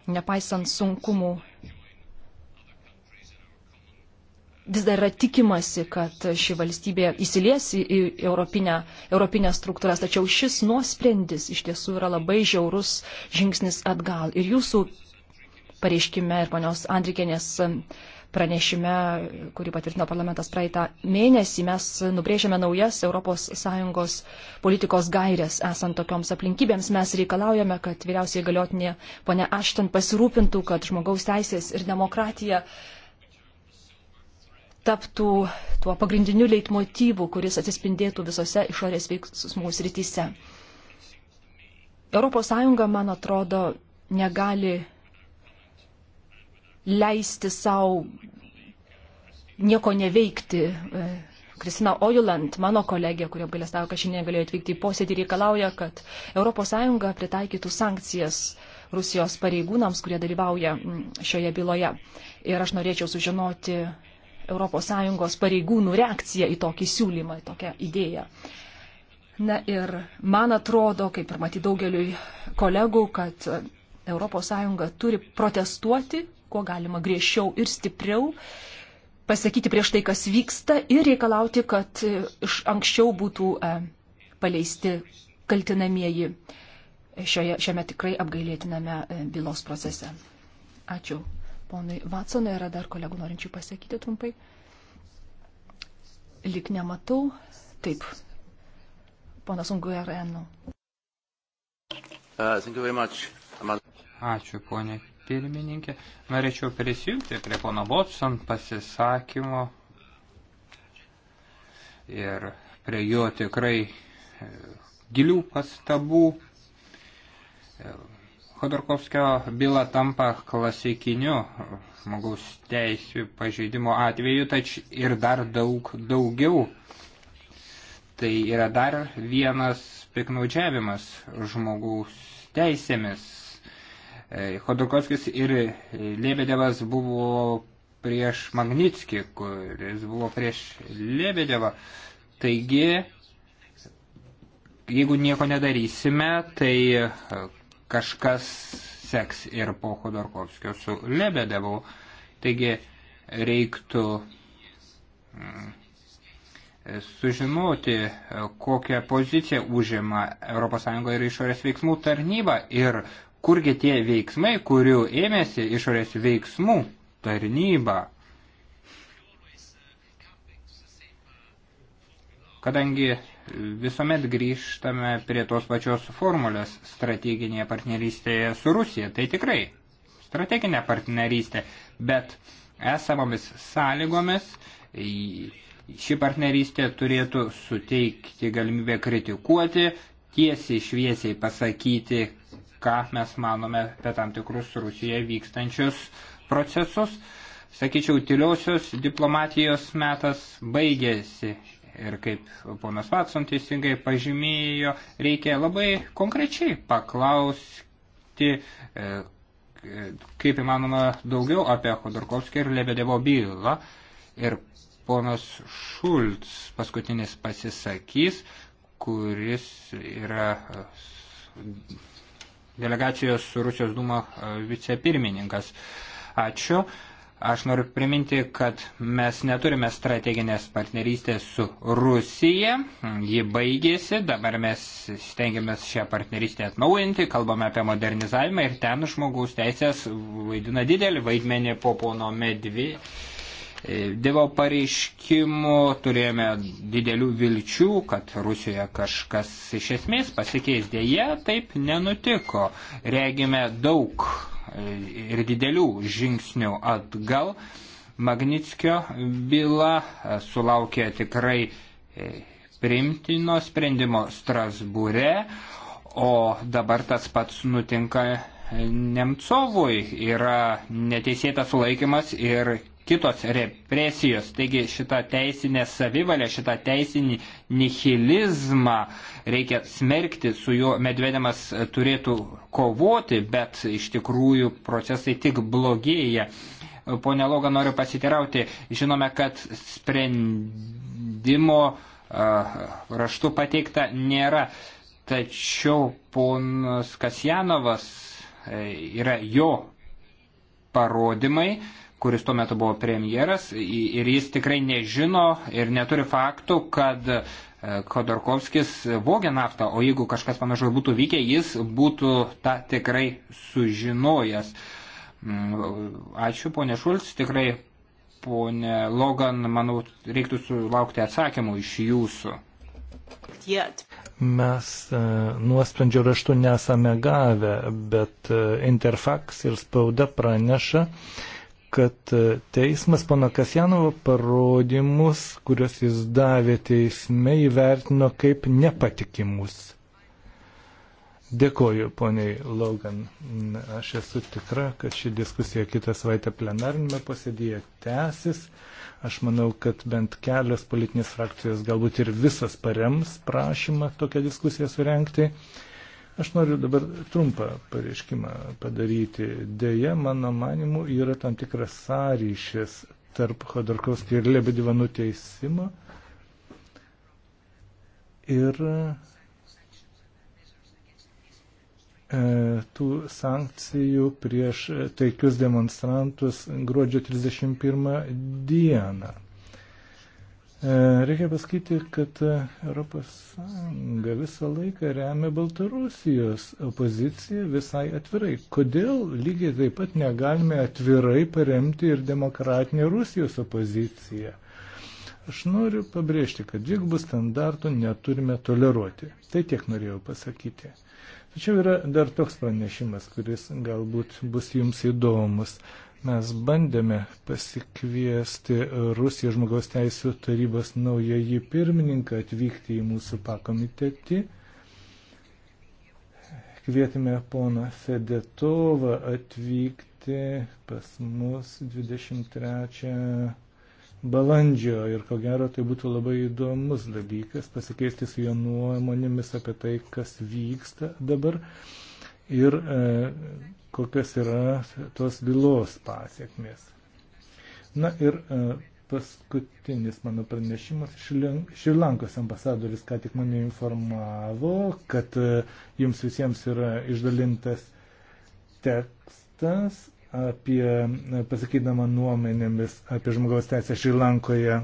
nepaisant sunkumų, vis dar yra tikimasi, kad ši valstybė įsilies į europinę, europinę struktūras, tačiau šis nuosprendis iš tiesų yra labai žiaurus žingsnis atgal. Ir jūsų pareiškime ir ponios Andrikenės pranešime, kurį patvirtino parlamentas praeitą mėnesį, mes nubrėžėme naujas ES politikos gairias. Esant tokioms aplinkybėms, mes reikalaujame, kad vyriausiai galiotinė ponia Ašton pasirūpintų, kad žmogaus teisės ir demokratija taptų tuo pagrindiniu leitmotyvu, kuris atsispindėtų visose išorės veiksmų srityse. ES, man atrodo, negali leisti savo nieko neveikti. E, Kristina Ojuland, mano kolegė, kurio galėstavo, kad šiandien galėjo atvykti į posėdį, reikalauja, kad ES pritaikytų sankcijas Rusijos pareigūnams, kurie dalyvauja šioje byloje. Ir aš norėčiau sužinoti ES pareigūnų reakciją į tokį siūlymą, į tokią idėją. Na ir man atrodo, kaip ir matyti daugeliui kolegų, kad ES turi protestuoti kuo galima griežčiau ir stipriau, pasakyti prieš tai, kas vyksta ir reikalauti, kad iš anksčiau būtų e, paleisti kaltinamieji šioje, šiame tikrai apgailėtiname e, bylos procese. Ačiū. Ponai Vatsonai, yra dar kolegų norinčių pasakyti trumpai? Lik nematau. Taip. Ponas Unguerenu. Uh, Ačiū, ponė pirmininkė. Norėčiau prisijungti prie pono Watson pasisakymo ir prie jo tikrai e, gilių pastabų. E, Khodorkovskio byla tampa klasikiniu e, žmogaus teisų pažeidimo atveju, tač ir dar daug daugiau. Tai yra dar vienas piknaudžiavimas žmogaus teisėmis Khodorkovskis ir Lebedevas buvo prieš Magnitskį, kuris buvo prieš Lebedevą. Taigi, jeigu nieko nedarysime, tai kažkas seks ir po Khodorkovskio su Lebedevu. Taigi, reiktų mm, sužinoti, kokią poziciją užima ES ir išorės veiksmų tarnyba ir kurgi tie veiksmai, kurių ėmėsi išorės veiksmų tarnyba. Kadangi visuomet grįžtame prie tos pačios formulės strateginėje partnerystėje su Rusija, tai tikrai strateginė partnerystė, bet esamomis sąlygomis ši partnerystė turėtų suteikti galimybę kritikuoti, tiesiai šviesiai pasakyti, ką mes manome apie tam tikrus Rusijoje vykstančius procesus. Sakyčiau, tyliosios diplomatijos metas baigėsi ir kaip ponas Vatson teisingai pažymėjo, reikia labai konkrečiai paklausti, e, kaip įmanoma daugiau apie Khodorkovskį ir Lebedevo bylą. Ir ponas Šulc paskutinis pasisakys, kuris yra delegacijos Rusijos Dūmo e, vicepirmininkas. Ačiū. Aš noriu priminti, kad mes neturime strateginės partnerystės su Rusija. Ji baigėsi, dabar mes stengiamės šią partnerystę atnaujinti, kalbame apie modernizavimą ir ten žmogaus teisės vaidina didelį vaidmenį po pono Medvi. E, Dievo pareiškimų turėjome didelių vilčių, kad Rusijoje kažkas iš esmės pasikeis. Dėje taip nenutiko. Regime daug e, ir didelių žingsnių atgal. Magnitskio byla e, sulaukė tikrai priimtino sprendimo Strasbūre, o dabar tas pats nutinka Nemcovui. Yra neteisėtas sulaikimas ir kitos represijos. Taigi šitą teisinę savivalę, šitą teisinį nihilizmą reikia smerkti, su juo Medvedemas turėtų kovoti, bet iš tikrųjų procesai tik blogėja. Pone Loga, noriu pasitirauti. Žinome, kad sprendimo raštu pateikta nėra. Tačiau ponas Kasjanovas e, yra jo parodymai, kuris tuo metu buvo premjeras, ir jis tikrai nežino ir neturi faktų, kad e, Khodorkovskis vogė naftą, o jeigu kažkas panašaus būtų vykę, jis būtų tą tikrai sužinojęs. Mm, ačiū, ponė Šulc, tikrai, ponė Logan, manau, reiktų sulaukti atsakymų iš jūsų. Mes e, nuosprendžio raštu nesame gavę, bet e, Interfax ir spauda praneša, kad e, teismas pana Kasjanovo parodymus, kuriuos jis davė teisme, įvertino kaip nepatikimus. Dėkoju, poniai Logan. Aš esu tikra, kad ši diskusija kitą savaitę plenarinėme posėdėje tęsis. Aš manau, kad bent kelios politinės frakcijos, galbūt ir visas parems prašymą tokią diskusiją surenkti. Aš noriu dabar trumpą pareiškimą padaryti. Deja, mano manimu, yra tam tikras sąryšis tarp Khodorkovskio ir Lebediva nuteisimo ir e, tų sankcijų prieš taikius demonstrantus gruodžio 31 dieną. E, reikia pasakyti, kad ES visą laiką remia Baltarusijos opoziciją visai atvirai. Kodėl lygiai taip pat negalime atvirai paremti ir demokratinę Rusijos opoziciją? Aš noriu pabrėžti, kad dvigubų standartų neturime toleruoti. Tai tiek norėjau pasakyti. Tačiau yra dar toks pranešimas, kuris galbūt bus jums įdomus. Uh, Mes bandėme pasikviesti Rusijos žmogaus teisų tarybos naująjį pirmininką atvykti į mūsų pakomitetį. Kvietėme poną Fedetovą atvykti pas mus 23 balandžio ir ko gero tai būtų labai įdomus dalykas pasikeisti su jo nuomonėmis apie tai, kas vyksta dabar ir e, kokios yra tos bylos pasiekmės. Na ir e, paskutinis mano pranešimas. Šrilankos ambasadoris ką tik mane informavo, kad e, jums visiems yra išdalintas tekstas apie e, pasakydama nuomenėmis apie žmogaus teisę Šrilankoje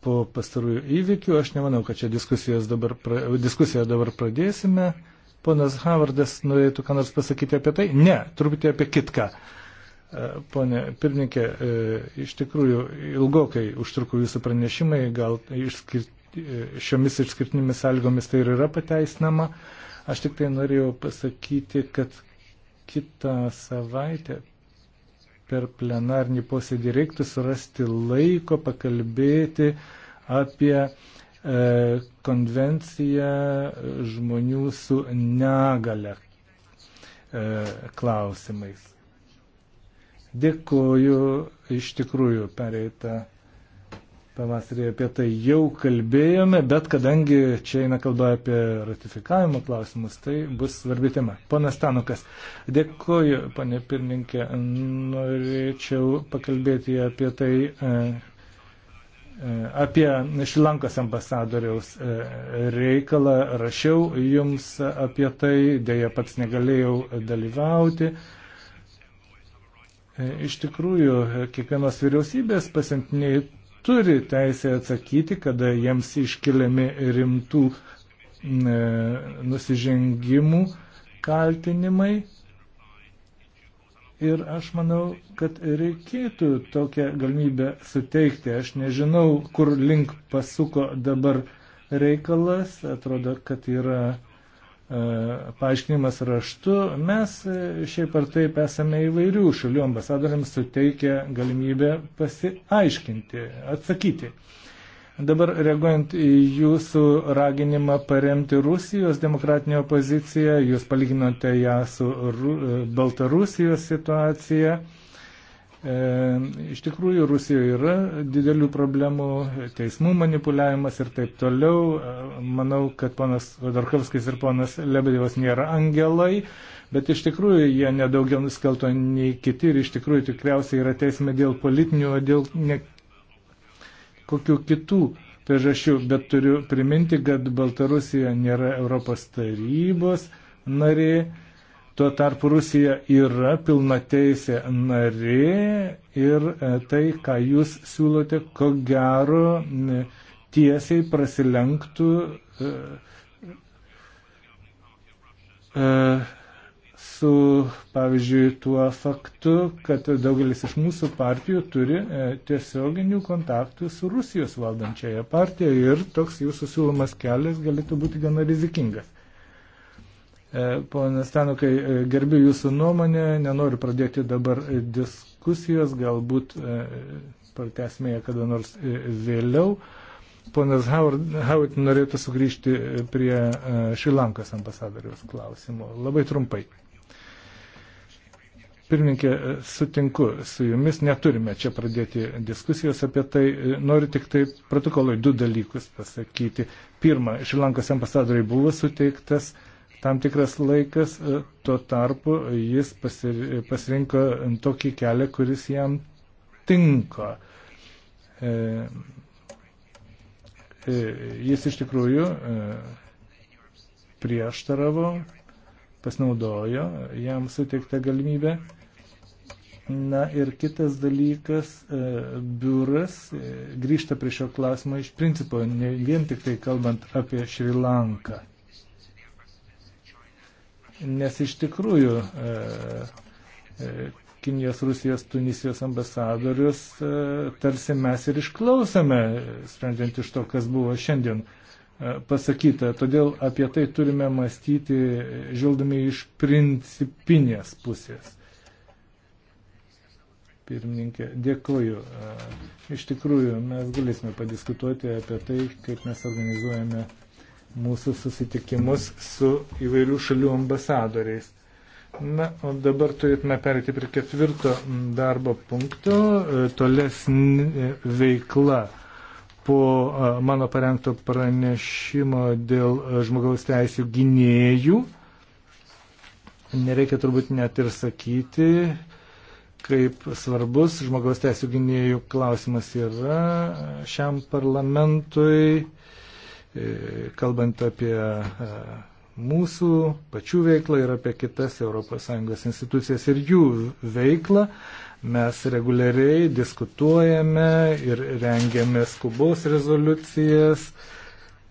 po pastarųjų įvykių. Aš nemanau, kad čia diskusijos dabar, pra, diskusiją dabar pradėsime. Ponas Havardas norėtų ką nors pasakyti apie tai? Ne, truputį apie kitką. E, Pone pirmininkė, e, iš tikrųjų ilgokai užtruko jūsų pranešimai, gal išskirt, e, šiomis išskirtinėmis sąlygomis tai ir yra pateisinama. Aš tik tai norėjau pasakyti, kad kitą savaitę per plenarnį posėdį reiktų surasti laiko pakalbėti apie uh, E, konvenciją žmonių su negale e, klausimais. Dėkuoju, iš tikrųjų, pereitą pavasarį apie tai jau kalbėjome, bet kadangi čia eina kalba apie ratifikavimo klausimus, tai bus svarbi tema. Ponas Tanukas, dėkuoju, ponė pirmininkė, norėčiau pakalbėti apie tai, e, Apie Šilankos ambasadoriaus e, reikalą rašiau jums apie tai, dėja pats negalėjau dalyvauti. E, iš tikrųjų, kiekvienos vyriausybės pasiuntiniai turi teisę atsakyti, kada jiems iškeliami rimtų e, nusižengimų kaltinimai Ir aš manau, kad reikėtų tokią galimybę suteikti. Aš nežinau, kur link pasuko dabar reikalas. Atrodo, kad yra e, paaiškinimas raštu. Mes e, šiaip ar taip esame įvairių šalių ambasadoriams suteikę galimybę pasiaiškinti, atsakyti. E, Dabar reaguojant į jūsų raginimą paremti Rusijos demokratinę opoziciją, jūs palyginote ją su Ru Baltarusijos situacija. E, iš tikrųjų, Rusijoje yra didelių problemų, teismų manipuliavimas ir taip toliau. E, manau, kad ponas Vadarkovskis ir ponas Lebedevas nėra angelai, bet iš tikrųjų jie nedaugiau nuskalto nei kiti ir iš tikrųjų tikriausiai yra teisme dėl politinių, o dėl ne, kokiu kitų priežasčių, bet turiu priminti, kad Baltarusija nėra Europos tarybos narė, tuo tarpu Rusija yra pilnateisė narė ir e, tai, ką jūs siūlote, ko gero e, tiesiai prasilenktų. Uh, uh, su, pavyzdžiui, tuo faktu, kad daugelis iš mūsų partijų turi e, tiesioginių kontaktų su Rusijos valdančiaja partija ir toks jūsų siūlomas kelias galėtų būti gana rizikingas. E, pone Stanukai, e, gerbiu jūsų nuomonę, nenoriu pradėti dabar diskusijos, galbūt pratesime ją kada nors vėliau. Ponas Howard norėtų sugrįžti prie Šilankos ambasadoriaus klausimo. Labai trumpai. Pirminkė, e, sutinku su jumis, neturime čia pradėti diskusijos apie tai. E, noriu tik tai protokolui du dalykus pasakyti. Pirma, Šilankos ambasadoriai buvo suteiktas tam tikras laikas, e, tuo tarpu jis pasirinko tokį kelią, kuris jam tinka. Jis iš tikrųjų prieštaravo, pasinaudojo jam suteiktą galimybę Na ir kitas dalykas, e, biuras e, grįžta prie šio klausimo iš principo, ne vien tik tai kalbant apie Šri Lanką. Nes iš tikrųjų e, Kinijos, Rusijos, Tunisijos ambasadorius tarsi mes ir išklausome, sprendžiant iš to, kas buvo šiandien pasakyta. Todėl apie tai turime mąstyti, žvelgdami iš principinės pusės pirmininkė. Dėkuoju. E, iš tikrųjų, mes galėsime padiskutuoti apie tai, kaip mes organizuojame mūsų susitikimus su įvairių šalių ambasadoriais. Na, o dabar turėtume perėti prie ketvirto darbo punkto e, - tolesnė e, veikla po mano parengto pranešimo dėl žmogaus teisų gynėjų. Nereikia turbūt net ir sakyti, kaip svarbus žmogaus teisų gynėjų klausimas yra šiam parlamentui, e, kalbant apie e, mūsų pačių veiklą ir apie kitas ES institucijas ir jų veiklą. Mes reguliariai diskutuojame ir rengiame skubos rezoliucijas,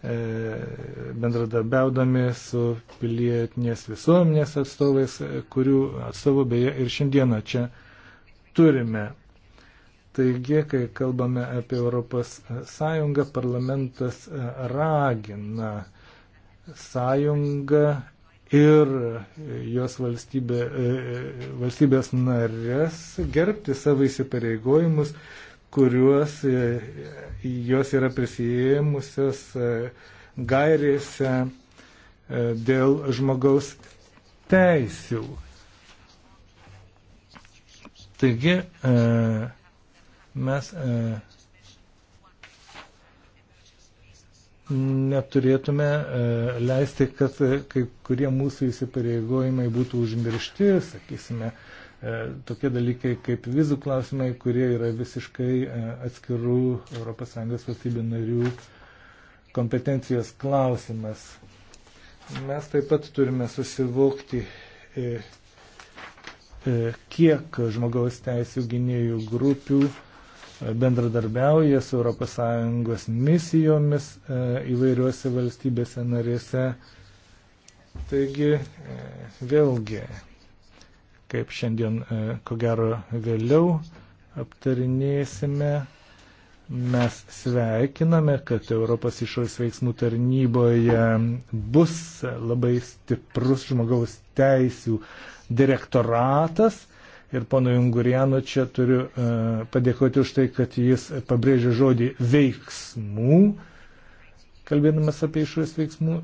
e, bendradarbiaudami su pilietinės visuomenės atstovais, kurių atstovų beje ir šiandieną čia turime. Taigi, kai kalbame apie Europos Sąjungą, parlamentas ragina sąjungą ir jos valstybė, valstybės narės gerbti savo įsipareigojimus, kuriuos jos yra prisijėmusios gairėse dėl žmogaus teisių. Taigi e, mes e, neturėtume e, leisti, kad kai kurie mūsų įsipareigojimai būtų užmiršti, sakysime, tokie dalykai kaip vizų klausimai, kurie yra visiškai atskirų ES valstybių narių kompetencijos klausimas. Mes taip pat turime susivokti E, kiek žmogaus teisų gynėjų grupių e, bendradarbiauja su ES misijomis e, įvairiuose valstybėse narėse. Taigi, vėlgi, kaip šiandien, ko gero, vėliau aptarinėsime, mes sveikiname, kad Europos išorės veiksmų tarnyboje bus labai stiprus žmogaus teisų direktoratas. Ir pono Junguriano čia turiu e, padėkoti už tai, kad jis pabrėžė žodį veiksmų, kalbėdamas apie išorės veiksmų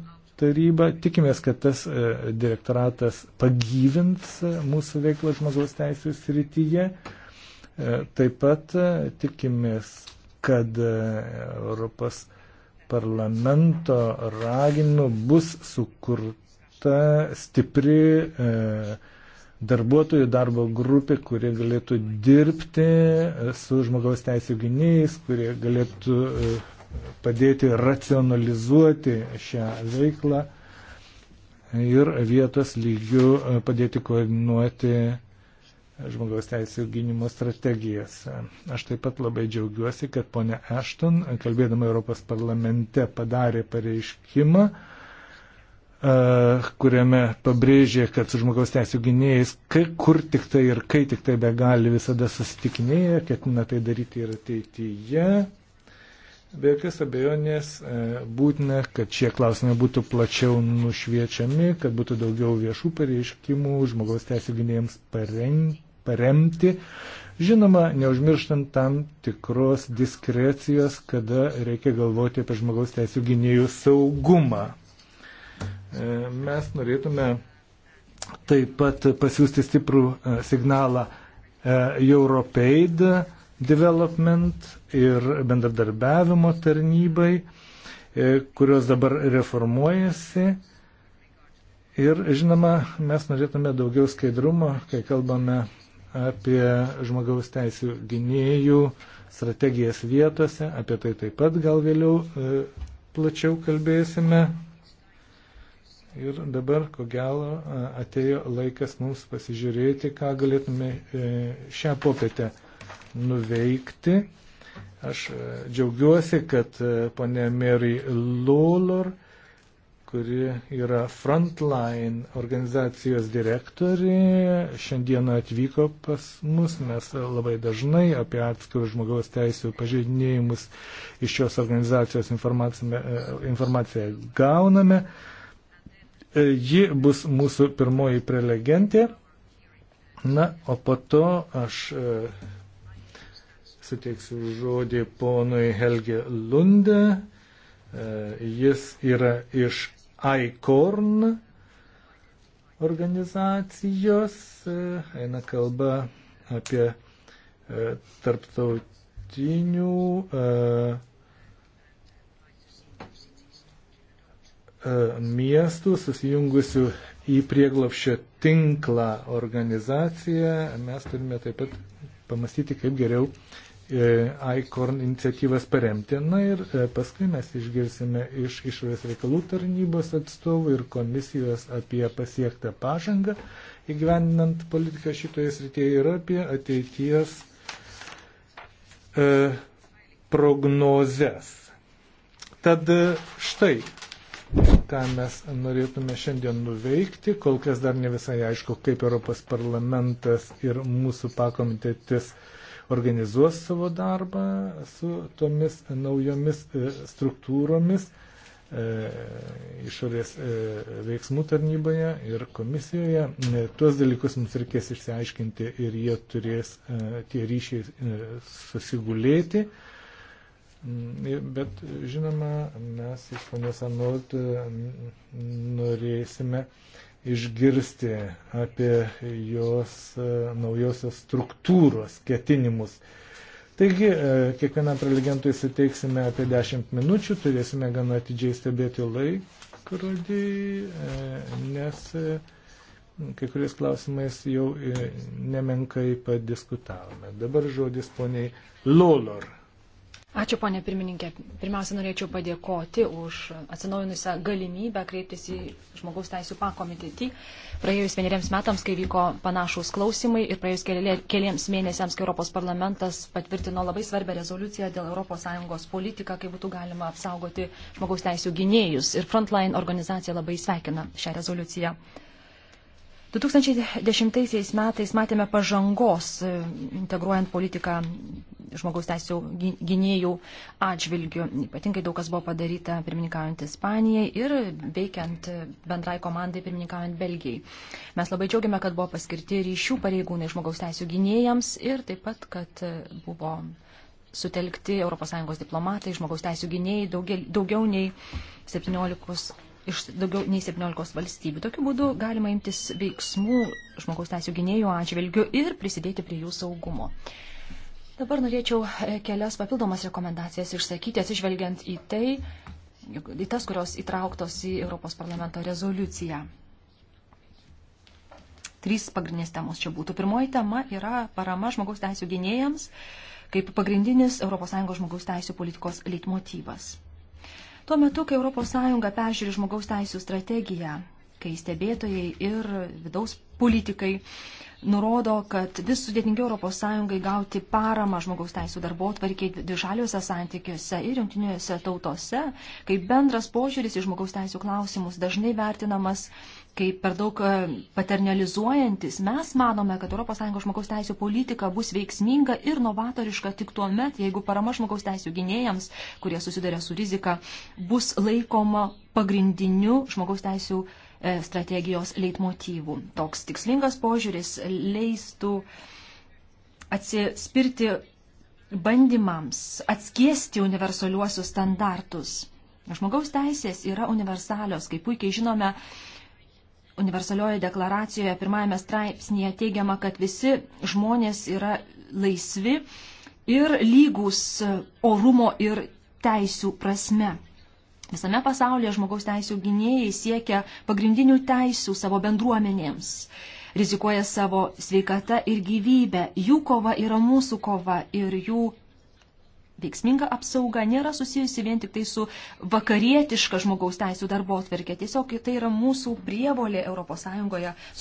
tarybą. Tikimės, kad tas e, direktoratas pagyvins e, mūsų veiklą žmogaus teisų srityje. Taip pat tikimės, kad Europos parlamento raginimu bus sukurta stipri darbuotojų darbo grupė, kurie galėtų dirbti e, su žmogaus teisų gynėjais, kurie galėtų e, padėti racionalizuoti šią veiklą ir vietos lygių e, padėti koordinuoti žmogaus teisų gynimo strategijas. Aš taip pat labai džiaugiuosi, kad ponia Ashton, kalbėdama Europos parlamente, padarė pareiškimą, kuriame pabrėžė, kad su žmogaus teisų gynėjais, kai, kur tik tai ir kai tik tai be gali visada susitikinėja, ketina tai daryti ir ateityje. Be jokios abejonės būtina, kad šie klausimai būtų plačiau nušviečiami, kad būtų daugiau viešų pareiškimų žmogaus teisų gynėjams paremti. Žinoma, neužmirštant tam tikros diskrecijos, kada reikia galvoti apie žmogaus teisų gynėjų saugumą. E, mes norėtume taip pat pasiūsti stiprų e, signalą e, Europeid Development ir bendradarbiavimo tarnybai, kurios dabar reformuojasi. Ir žinoma, mes norėtume daugiau skaidrumo, kai kalbame apie žmogaus teisų gynėjų strategijas vietose, apie tai taip pat gal vėliau plačiau kalbėsime. Ir dabar, ko gero, atėjo laikas mums pasižiūrėti, ką galėtume e, šią popietę nuveikti. Aš e, džiaugiuosi, kad e, ponė Mary Lawlor, kuri yra Frontline organizacijos direktorė, šiandieną atvyko pas mus. Mes labai dažnai apie atskirų žmogaus teisų pažeidinėjimus iš šios organizacijos informaciją, informaciją gauname. E, ji bus mūsų pirmoji prelegentė. Na, o po to aš e, suteiksiu žodį ponui Helge Lunde. E, jis yra iš ICORN organizacijos. Eina kalba apie tarptautinių E, miestų susijungusių į prieglopščio tinklą organizaciją, mes turime taip pat pamastyti, kaip geriau e, ICORN iniciatyvas paremti. Na ir e, paskui mes išgirsime iš išorės reikalų tarnybos atstovų ir komisijos apie pasiektą pažangą įgyvendinant politiką šitoje srityje ir apie ateities e, prognozes. Tad štai ką mes norėtume šiandien nuveikti. Kol kas dar ne visai aišku, kaip Europos parlamentas ir mūsų pakomitetis organizuos savo darbą su tomis naujomis e, struktūromis e, išorės e, veiksmų tarnyboje ir komisijoje. Tuos dalykus mums reikės išsiaiškinti ir jie turės tie ryšiai susigulėti. Mm, bet žinoma, mes iš ponios Anot mm, norėsime išgirsti apie jos e, naujosios struktūros ketinimus. Taigi, e, kiekvienam prelegentui suteiksime apie 10 minučių, turėsime gana atidžiai stebėti laikrodį, e, nes kai kuriais klausimais jau nemenkai padiskutavome. Dabar žodis poniai Lolor. Ačiū, ponė pirmininkė. Pirmiausia, norėčiau padėkoti už atsinaujinusią galimybę kreiptis į Žmogaus teisų pakomitetį. Praėjus vieneriems metams, kai vyko panašus klausimai ir praėjus keliems mėnesiams, kai Europos parlamentas patvirtino labai svarbę rezoliuciją dėl ES politiką, kai būtų galima apsaugoti žmogaus teisų gynėjus. Ir Frontline organizacija labai sveikina šią rezoliuciją. 2010 metais matėme pažangos e, integruojant politiką žmogaus teisų gynėjų atžvilgių. Ypatingai daug kas buvo padaryta pirmininkaujant Ispanijai ir veikiant bendrai komandai pirmininkaujant Belgijai. Mes labai džiaugiame, kad buvo paskirti ryšių pareigūnai žmogaus teisų gynėjams ir taip pat, kad buvo sutelkti ES diplomatai, žmogaus teisų gynėjai daugiau, daugiau nei 17 iš daugiau nei 17 valstybių. Tokiu būdu galima imtis veiksmų žmogaus teisų gynėjų atžvilgių ir prisidėti prie jų saugumo. Dabar norėčiau e, kelias papildomas rekomendacijas išsakyti, atsižvelgiant į tai, į tas, kurios įtrauktos į Europos parlamento rezoliuciją. Trys pagrindinės temos čia būtų. Pirmoji tema yra parama žmogaus teisų gynėjams kaip pagrindinis ES žmogaus teisų politikos leitmotyvas. Tuo metu, kai ES peržiūri žmogaus teisų strategiją, kai stebėtojai ir vidaus politikai nurodo, kad vis sudėtingiau ES gauti paramą žmogaus teisų darbo atvarkiai dvišaliuose santykiuose ir jungtinėse tautose, kai bendras požiūris į žmogaus teisų klausimus dažnai vertinamas kaip per daug e, paternalizuojantis, mes manome, kad ES žmogaus teisų politika bus veiksminga ir novatoriška tik tuo met, jeigu parama žmogaus teisų gynėjams, kurie susiduria su rizika, bus laikoma pagrindiniu žmogaus teisų e, strategijos leitmotyvų. Toks tikslingas požiūris leistų atsispirti bandymams atskiesti universaliuosius standartus. Žmogaus teisės yra universalios, kaip puikiai žinome, universalioje deklaracijoje pirmajame straipsnėje teigiama, kad visi žmonės yra laisvi ir lygus orumo ir teisių prasme. Visame pasaulyje žmogaus teisų gynėjai siekia pagrindinių teisių savo bendruomenėms, rizikuoja savo sveikatą ir gyvybę. Jų kova yra mūsų kova ir jų veiksminga apsauga nėra susijusi vien tik tai su vakarietiška žmogaus teisų darbo atverkė. Tiesiog tai yra mūsų prievolė ES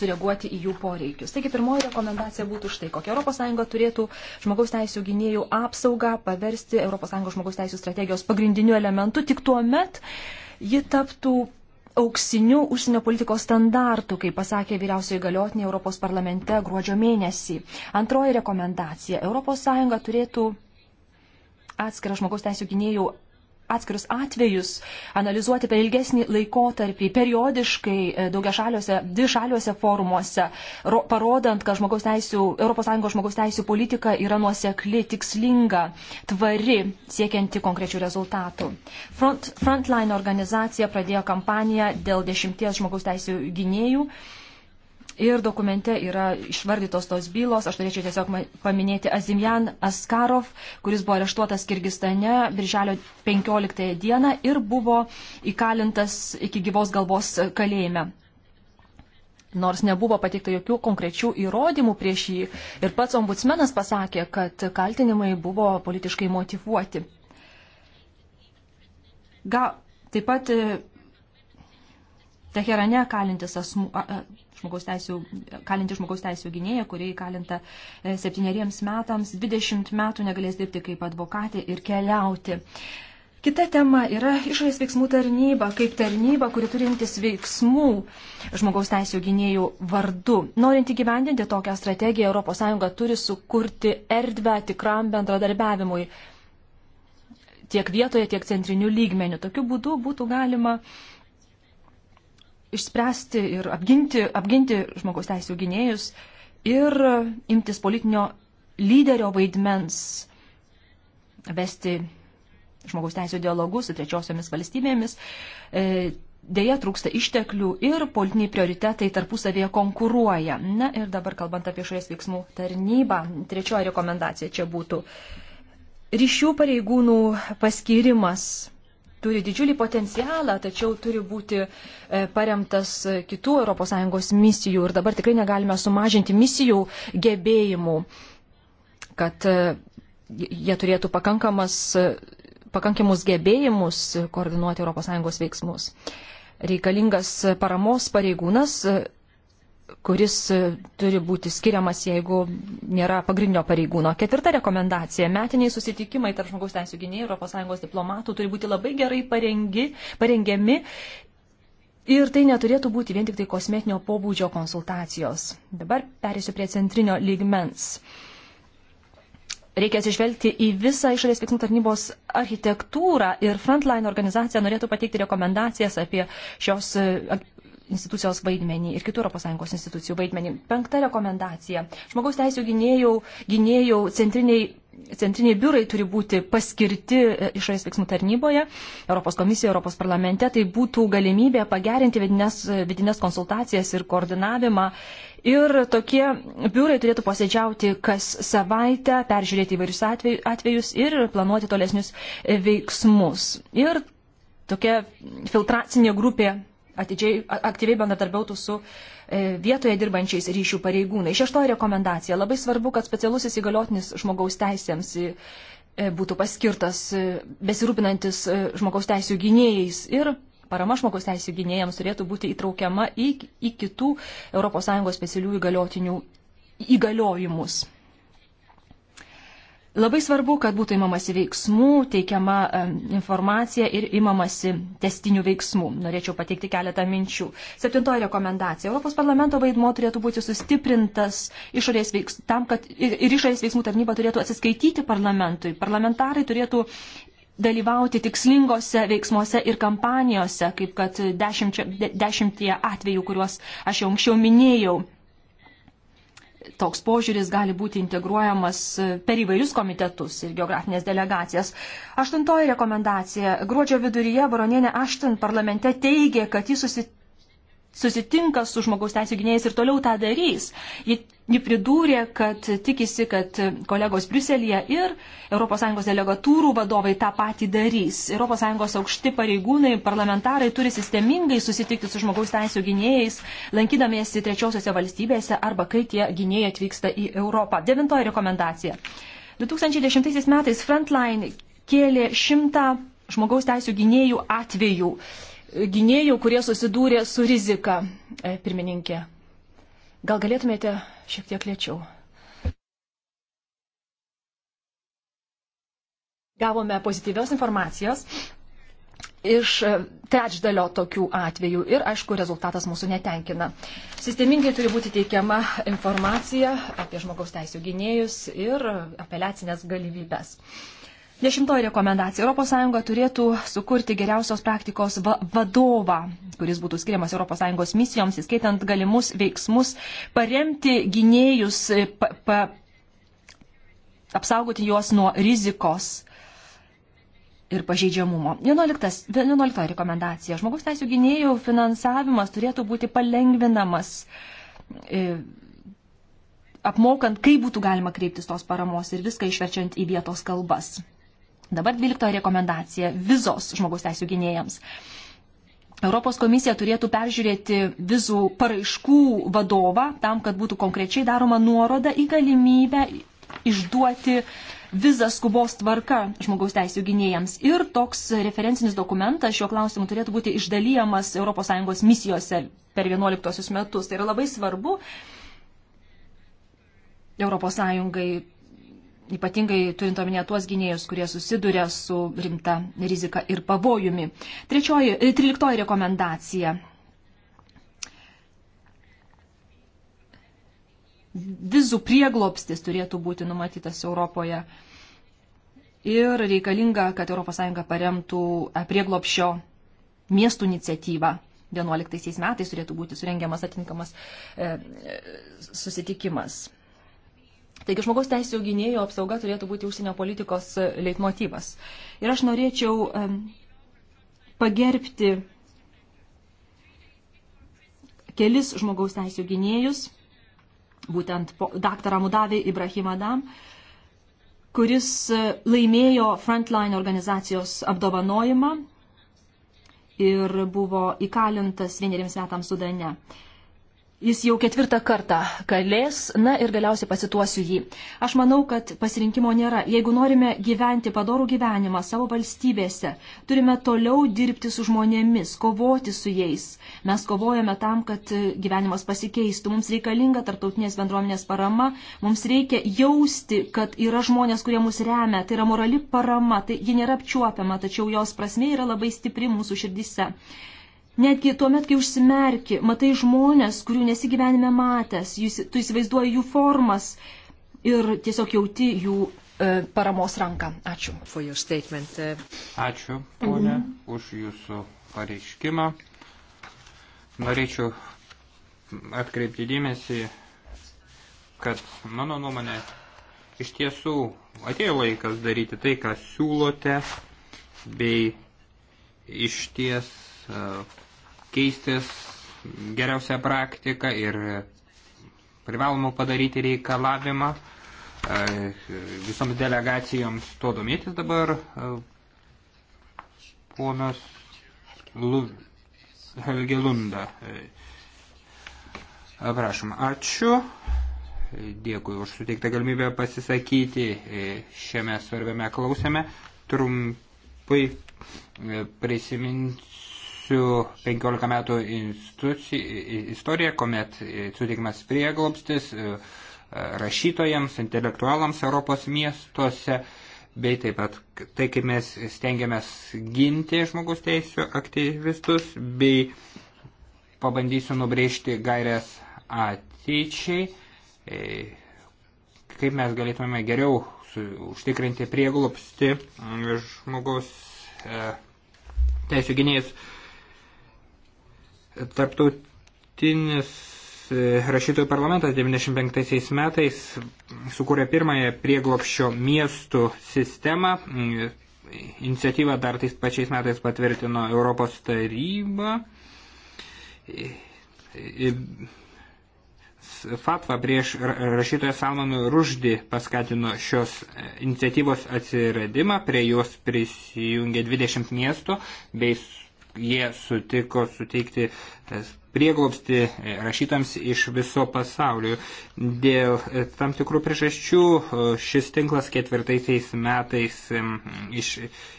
sureaguoti į jų poreikius. Taigi pirmoji rekomendacija būtų štai, kokia ES turėtų žmogaus teisų gynėjų apsaugą paversti ES žmogaus teisų strategijos pagrindiniu elementu tik tuo met ji taptų auksiniu užsienio politikos standartu, kaip pasakė vyriausioji galiotinė Europos parlamente gruodžio mėnesį. Antroji rekomendacija - ES turėtų atskirą žmogaus teisų gynėjų atskirus atvejus analizuoti per ilgesnį laikotarpį, periodiškai e, daugiašaliuose, dvišaliuose forumuose, ro, parodant, kad žmogaus teisų, ES žmogaus teisų politika yra nuosekli, tikslinga, tvari, siekianti konkrečių rezultatų. Front, frontline organizacija pradėjo kampaniją dėl dešimties žmogaus teisų gynėjų Ir dokumente yra išvardytos tos bylos. Aš norėčiau tiesiog paminėti Azimjan Askarov, kuris buvo areštuotas Kirgistane birželio 15 dieną ir buvo įkalintas iki gyvos galvos kalėjime. Nors nebuvo pateikta jokių konkrečių įrodymų prieš jį ir pats ombudsmenas pasakė, kad kaltinimai buvo politiškai motivuoti. Ga, taip pat e, Teherane kalintis asmuo, žmogaus teisų, kalinti žmogaus teisų gynėja, kuri įkalinta e, septyneriems metams, 20 metų negalės dirbti kaip advokatė ir keliauti. Kita tema yra išorės veiksmų tarnyba, kaip tarnyba, kuri turintis veiksmų žmogaus teisų gynėjų vardu. Norint įgyvendinti tokią strategiją, ES turi sukurti erdvę tikram bendradarbiavimui tiek vietoje, tiek centriniu lygmeniu. Tokiu būdu būtų galima uh, išspręsti ir apginti, apginti žmogaus teisų gynėjus ir imtis politinio lyderio vaidmens, vesti žmogaus teisų dialogus su trečiosiomis valstybėmis. E, Deja, trūksta išteklių ir politiniai prioritetai tarpusavėje konkuruoja. Na ir dabar kalbant apie šalies veiksmų tarnybą, trečioji rekomendacija čia būtų ryšių pareigūnų paskirimas turi didžiulį potencialą, tačiau turi būti e, paremtas kitų ES misijų ir dabar tikrai negalime sumažinti misijų gebėjimų, kad e, jie turėtų pakankamas, e, pakankamus gebėjimus koordinuoti ES veiksmus. Reikalingas paramos pareigūnas kuris e, turi būti skiriamas, jeigu nėra pagrindinio pareigūno. Ketvirta rekomendacija. Metiniai susitikimai tarp žmogaus teisų gynėjų ES diplomatų turi būti labai gerai parengi, parengiami ir tai neturėtų būti vien tik tai kosmetinio pobūdžio konsultacijos. Dabar perėsiu prie centrinio lygmens. Reikia atsižvelgti į visą išorės veiksmų tarnybos architektūrą ir Frontline organizacija norėtų pateikti rekomendacijas apie šios institucijos vaidmenį ir kitų ES institucijų vaidmenį. Penkta rekomendacija. Žmogaus teisų gynėjų, gynėjų centriniai, centriniai biurai turi būti paskirti e, išorės veiksmų tarnyboje, Europos komisijoje, Europos parlamente. Tai būtų galimybė pagerinti vidinės, e, vidinės konsultacijas ir koordinavimą. Ir tokie biurai turėtų posėdžiauti kas savaitę, peržiūrėti įvairius atvejus ir planuoti tolesnius e, veiksmus. Ir tokia filtracinė grupė atidžiai, aktyviai bendradarbiautų su e, vietoje dirbančiais ryšių pareigūnai. Šeštoji rekomendacija. Labai svarbu, kad specialusis įgaliotinis žmogaus teisėms e, būtų paskirtas e, besirūpinantis žmogaus teisų gynėjais ir parama žmogaus teisų gynėjams turėtų būti įtraukiama į, į kitų ES specialių įgaliotinių įgaliojimus. Labai svarbu, kad būtų imamasi veiksmų, teikiama informacija ir imamasi testinių veiksmų. Norėčiau pateikti keletą minčių. Septintoji rekomendacija. Europos parlamento vaidmo turėtų būti sustiprintas išorės veiks, tam, kad ir išorės veiksmų tarnyba turėtų atsiskaityti parlamentui. Parlamentarai turėtų dalyvauti tikslingose veiksmuose ir kampanijose, kaip kad dešimčia, de, dešimtie atvejų, kuriuos aš jau anksčiau minėjau toks požiūris gali būti integruojamas e, per įvairius komitetus ir geografinės delegacijas. Aštuntoji rekomendacija. Gruodžio viduryje baronienė Ašten parlamente teigė, kad jis susitinka su žmogaus teisų gynėjais ir toliau tą darys. Ji Ji pridūrė, kad tikisi, kad kolegos Briuselėje ir ES delegatūrų vadovai tą patį darys. ES aukšti pareigūnai, parlamentarai turi sistemingai susitikti su žmogaus teisų gynėjais, lankydamiesi trečiosiose valstybėse arba kai tie gynėjai atvyksta į Europą. Devintoji rekomendacija. 2010 metais Frontline kėlė šimtą žmogaus teisų gynėjų atvejų. Gynėjų, kurie susidūrė su rizika, e, pirmininkė Gal galėtumėte šiek tiek lėčiau? Gavome pozityvios informacijos iš trečdalio tokių atvejų ir, aišku, rezultatas mūsų netenkina. Sistemingai turi būti teikiama informacija apie žmogaus teisų gynėjus ir apeliacinės galimybės. Uh, Dešimtoji rekomendacija. ES turėtų sukurti geriausios praktikos va vadovą, kuris būtų skiriamas ES misijoms, įskaitant galimus veiksmus, paremti gynėjus, pa, pa, apsaugoti juos nuo rizikos ir pažeidžiamumo. 11, 11 rekomendacija. Žmogus teisų gynėjų finansavimas turėtų būti palengvinamas. E, apmokant, kaip būtų galima kreiptis tos paramos ir viską išverčiant į vietos kalbas. Dabar 12 rekomendacija - vizos žmogaus teisų gynėjams. Europos komisija turėtų peržiūrėti vizų paraiškų vadovą tam, kad būtų konkrečiai daroma nuoroda į galimybę išduoti vizą skubos tvarka žmogaus teisų gynėjams. Ir toks referencinis dokumentas šiuo klausimu turėtų būti išdalyjamas ES misijose per 11 metus. Tai yra labai svarbu ES ypatingai turint omenyje tuos gynėjus, kurie susiduria su rimta rizika ir pavojumi. Trečioji, e, triliktoji rekomendacija. Vizų prieglopstis turėtų būti numatytas Europoje ir reikalinga, kad ES paremtų e, prieglopšio miestų iniciatyvą. 11 metais turėtų būti surengiamas atitinkamas e, e susitikimas. Taigi žmogaus teisų gynėjų apsauga turėtų būti užsienio politikos e, leitmotyvas. Ir aš norėčiau pagerbti kelis žmogaus teisų gynėjus, būtent daktarą Mudavį Ibrahimą Dam, kuris e, laimėjo Frontline organizacijos apdovanojimą ir buvo įkalintas vieneriems metams Sudane. Jis jau ketvirtą kartą kalės, na ir galiausiai pacituosiu jį. Aš manau, kad pasirinkimo nėra. Jeigu norime gyventi padorų gyvenimą savo valstybėse, turime toliau dirbti su žmonėmis, kovoti su jais. Mes kovojame tam, kad gyvenimas pasikeistų. Mums reikalinga tarptautinės bendruomenės parama, mums reikia jausti, kad yra žmonės, kurie mus remia. Tai yra morali parama, tai ji nėra apčiuopiama, tačiau jos prasme yra labai stipri mūsų širdise. Netgi tuo met, kai užsimerki, matai žmonės, kurių nesigyvenime matęs, jūs, tu įsivaizduoji jų formas ir tiesiog jauti jų e, paramos ranką. Ačiū. Uh, Ačiū, ponė, mm. už jūsų pareiškimą. Norėčiau atkreipti dėmesį, kad mano nuomonė iš tiesų atėjo laikas daryti tai, ką siūlote, bei iš ties e, keistis geriausią praktiką ir privaloma padaryti reikalavimą e, visoms delegacijoms to domėtis dabar e, ponas Lu... Helge Lunda. E, Prašom, ačiū. Dėkui už suteiktą galimybę pasisakyti šiame svarbiame klausime. Trumpai prisiminsiu Pirmiausių 15 metų istorija, kuomet suteikimas prieglobstis e, rašytojams, intelektualams Europos miestuose, bei taip pat tai, kaip mes stengiamės ginti žmogus teisų aktyvistus, bei pabandysiu nubrėžti gairias ateičiai, e, kaip mes galėtume geriau užtikrinti prieglopsti žmogaus e, teisų gynėjus. Tarptautinis e, rašytojų parlamentas 95 metais sukūrė pirmąją prieglopščio miestų sistemą. Mm, iniciatyvą dar tais pačiais metais patvirtino Europos taryba. E, e, Fatva prieš rašytoją Salmanų Ruždį paskatino šios iniciatyvos atsiradimą, prie jos prisijungė 20 miestų bei jie sutiko suteikti e, prieglobsti e, rašytams iš viso pasaulio. Dėl e, tam tikrų priežasčių šis tinklas ketvirtaisiais metais iš,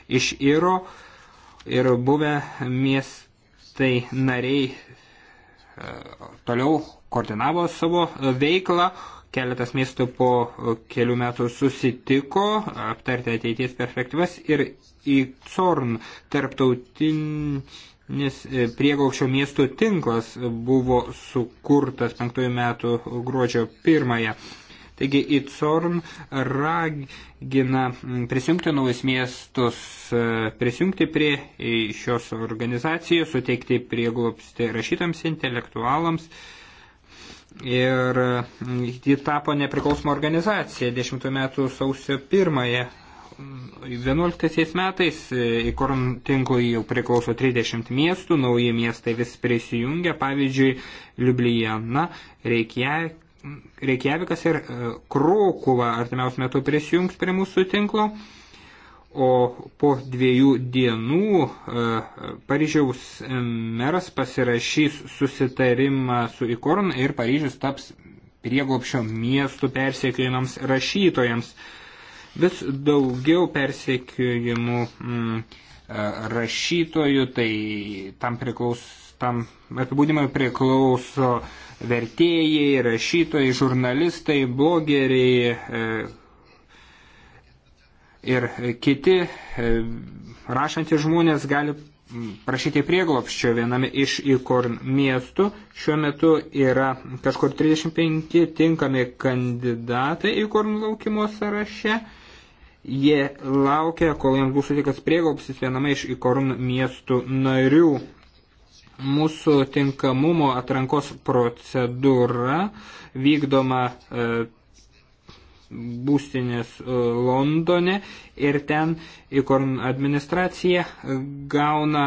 iš Iro ir buvę miestai nariai toliau koordinavo savo veiklą, Keletas miestų po kelių metų susitiko aptarti ateities perspektyvas ir į CORN tarptautinis e, priegaukščio miestų tinklas buvo sukurtas penktųjų metų gruodžio pirmąją. Taigi į CORN ragina prisijungti naujus miestus, e, prisijungti prie e, šios organizacijos, suteikti prieglobstį rašytams intelektualams, uh, ir mm, ji tapo nepriklausoma organizacija 10 metų sausio 1-ąją. 11 metais Ikorn e, tinklui jau priklauso 30 miestų, nauji miestai vis prisijungia, pavyzdžiui, Liublijana, Reikjavikas ir e, Krokuva artimiausiu metu prisijungs prie mūsų tinklo. O po dviejų dienų e, Paryžiaus meras pasirašys susitarimą su Ikorn ir Paryžius taps prieglopšio miestų persekiojimams rašytojams. Vis daugiau persekiojimų m, mm, e, rašytojų, tai tam priklauso tam apibūdimui priklauso vertėjai, rašytojai, žurnalistai, blogeriai, e, ir kiti e, rašantys žmonės gali prašyti prieglopščio viename iš Ikorn miestų. Šiuo metu yra kažkur 35 tinkami kandidatai Ikorn laukimo sąraše. Jie laukia, kol jiems bus sutikas prieglopsis viename iš Ikorn miestų narių. Mūsų tinkamumo atrankos procedūra vykdoma e, būstinės e, Londone ir ten Ikorn administracija e, gauna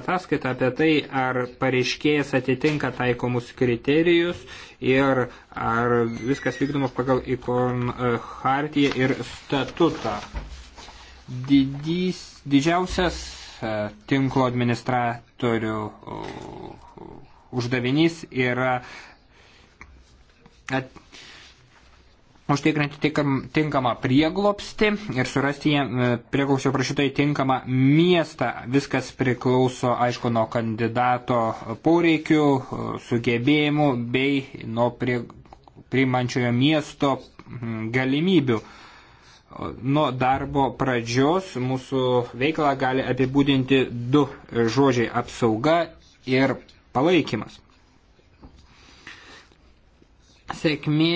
ataskaitą apie tai, ar pareiškėjas atitinka taikomus kriterijus ir ar viskas vykdoma pagal Ikorn e, hartiją ir statutą. Didys, didžiausias tinklo administratorių uždavinys yra at, užtikrinti tinkamą prieglopsti ir surasti e, prieglopščio prašytojai tinkamą miestą. Viskas priklauso, aišku, nuo kandidato poreikių, e, sugebėjimų bei nuo prie, priimančiojo miesto galimybių. Nuo darbo pradžios mūsų veiklą gali apibūdinti du žodžiai - apsauga ir palaikymas. Sėkmė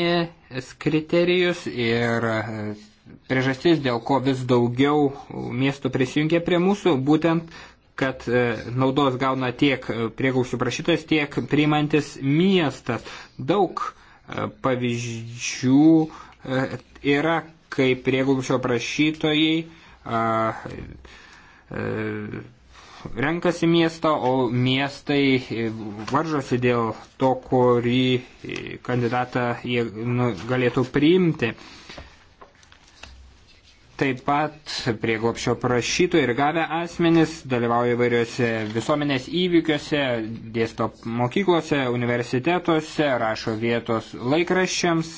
kriterijus ir e, priežastis, dėl ko vis daugiau miestų prisijungia prie mūsų, būtent, kad e, naudos gauna tiek e, priegausių prašytas, tiek priimantis miestas. Daug pavyzdžių yra, kai prieglobšio prašytojai renkasi miestą, o miestai e, varžosi dėl to, kurį e, kandidatą jie nu, galėtų priimti. Taip pat prieglopšio prašytų ir gavę asmenys dalyvauja įvairiuose visuomenės įvykiuose, dėsto mokyklose, universitetuose, rašo vietos laikraščiams,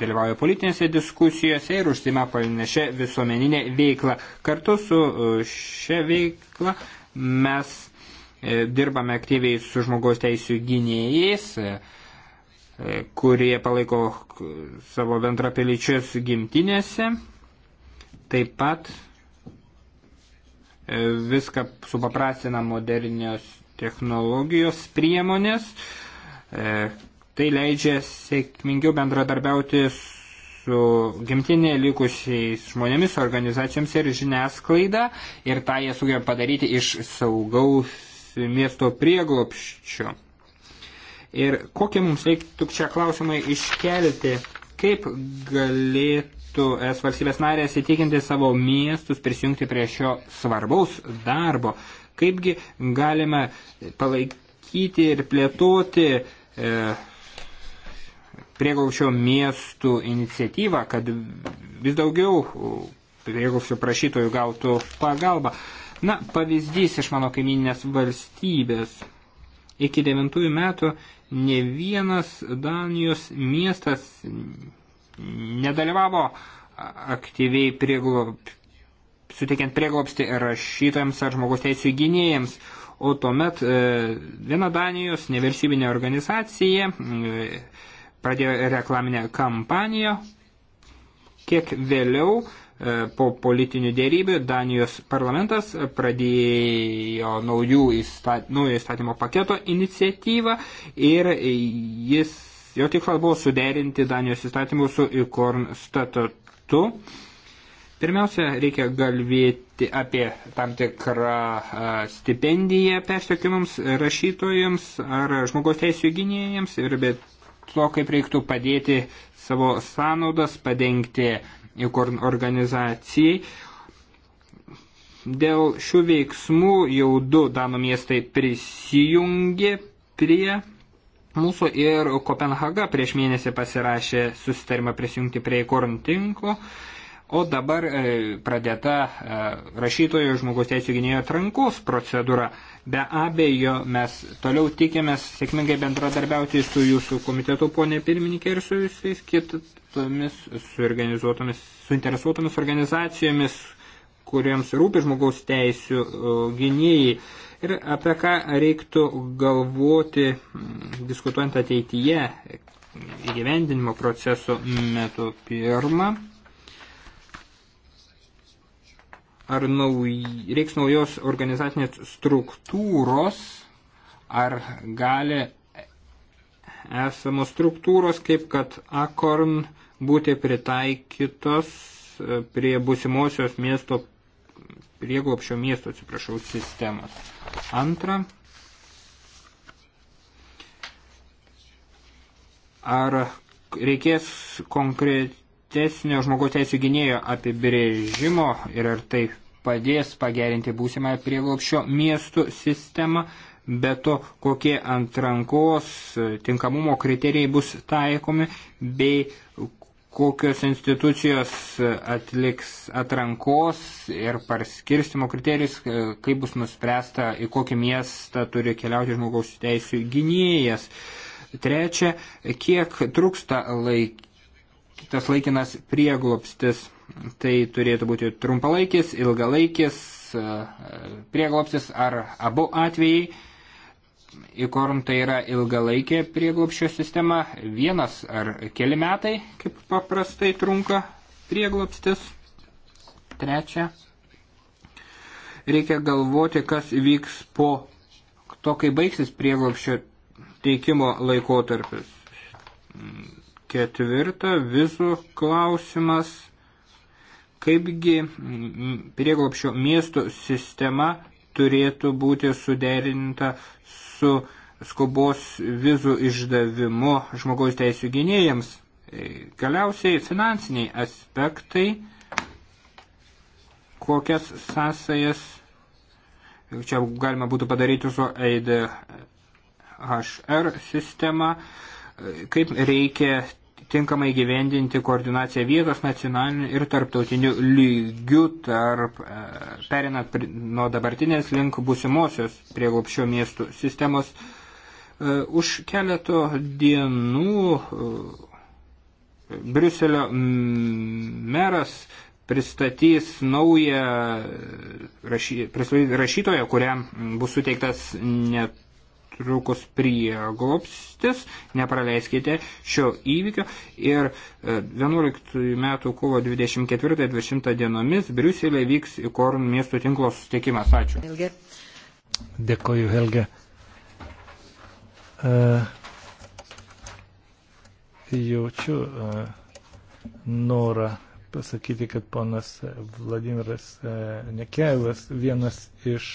dalyvauja politinėse diskusijose ir užsima palinešę visuomeninę veiklą. Kartu su e, šia veikla Mes e, dirbame aktyviai su žmogaus teisų gynėjais, e, kurie palaiko savo bendrapiličius gimtinėse. Taip pat e, viską supaprastina modernios technologijos priemonės. Tai leidžia sėkmingiau bendradarbiauti su su gimtinėje likusiais žmonėmis, organizacijoms ir žiniasklaida ir tą jie sugeba padaryti iš saugaus miesto prieglopščio. Ir kokie mums reiktų čia klausimai iškelti, kaip galėtų es valstybės narės įtikinti savo miestus prisijungti prie šio svarbaus darbo, kaipgi galime palaikyti ir plėtoti e, prieglaušio miestų iniciatyvą, kad vis daugiau prieglaušio prašytojų gautų pagalbą. Na, pavyzdys iš mano kaimininės valstybės. Iki devintųjų metų ne vienas Danijos miestas nedalyvavo aktyviai prieglop, suteikiant prieglopsti rašytojams ar žmogaus teisų gynėjams. O tuomet e, viena Danijos nevyriausybinė organizacija e, pradėjo reklaminę kampaniją. Kiek vėliau e, po politinių dėrybių Danijos parlamentas pradėjo naujų įstat, naujo įstatymo paketo iniciatyvą ir jis, jo tikslas buvo suderinti Danijos įstatymus su IKORN statutu. Pirmiausia, reikia galvėti apie tam tikrą e, stipendiją persiekimams rašytojams ar žmogaus teisų gynėjams ir bet to, kaip reiktų padėti savo sąnaudas, padengti organizacijai. Dėl šių veiksmų jau du Danų miestai prisijungė prie mūsų ir Kopenhaga prieš mėnesį pasirašė susitarimą prisijungti prie Korn tinklo. O dabar e, pradėta e, rašytojo žmogaus teisų gynėjo atrankos procedūra. Be abejo, mes toliau tikėmės sėkmingai bendradarbiauti su jūsų komitetu, ponė pirmininkė, ir su visais kitomis suorganizuotomis, suinteresuotomis organizacijomis, kuriems rūpi žmogaus teisų gynėjai. Ir apie ką reiktų galvoti, diskutuojant ateityje įgyvendinimo proceso metu pirmą ar nauj, reiks naujos organizacinės struktūros, ar gali esamos struktūros, kaip kad Akorn būti pritaikytos e, prie būsimosios miesto, prieglopšio miesto, atsiprašau, sistemos. Antra, ar reikės konkretesnio žmogaus teisų gynėjo apibrėžimo ir ar tai padės pagerinti būsimą prieglopščio miestų sistemą, bet to kokie antrankos e, tinkamumo kriterijai bus taikomi, bei kokios institucijos e, atliks atrankos ir parskirstimo kriterijus, e, kaip bus nuspręsta, į kokį miestą turi keliauti žmogaus teisų gynėjas. Trečia, kiek trūksta laik, tas laikinas prieglopstis Tai turėtų būti trumpalaikis, ilgalaikis e, prieglopsis ar abu atvejai. IKORM tai yra ilgalaikė prieglopščio sistema, vienas ar keli metai, kaip paprastai trunka prieglopstis. Trečia, reikia galvoti, kas vyks po to, kai baigsis prieglopščio teikimo laikotarpis. Ketvirta, vizų klausimas Kaipgi prieglopšio miestų sistema turėtų būti suderinta su skubos vizų išdavimu žmogaus teisų gynėjams. E, galiausiai finansiniai aspektai, kokias sąsajas čia galima būtų padaryti su EIDHR sistema, e, kaip reikia tinkamai gyvendinti koordinaciją vietos nacionaliniu ir tarptautiniu lygiu, tarp, e, perinant nuo dabartinės link būsimosios prieglopščio miestų sistemos. E, už keleto dienų e, Briuselio meras pristatys naują rašy, pristatys rašytoją, kuriam bus suteiktas net netrukus prieglopstis, nepraleiskite šio įvykio. Ir 11 e, metų kovo 24-20 dienomis Briuselėje vyks Ikorn miesto tinklo susitikimas. Ačiū. Helge. Dėkoju, Helge. Uh, jaučiu uh, norą pasakyti, kad ponas Vladimiras Nekevas, vienas iš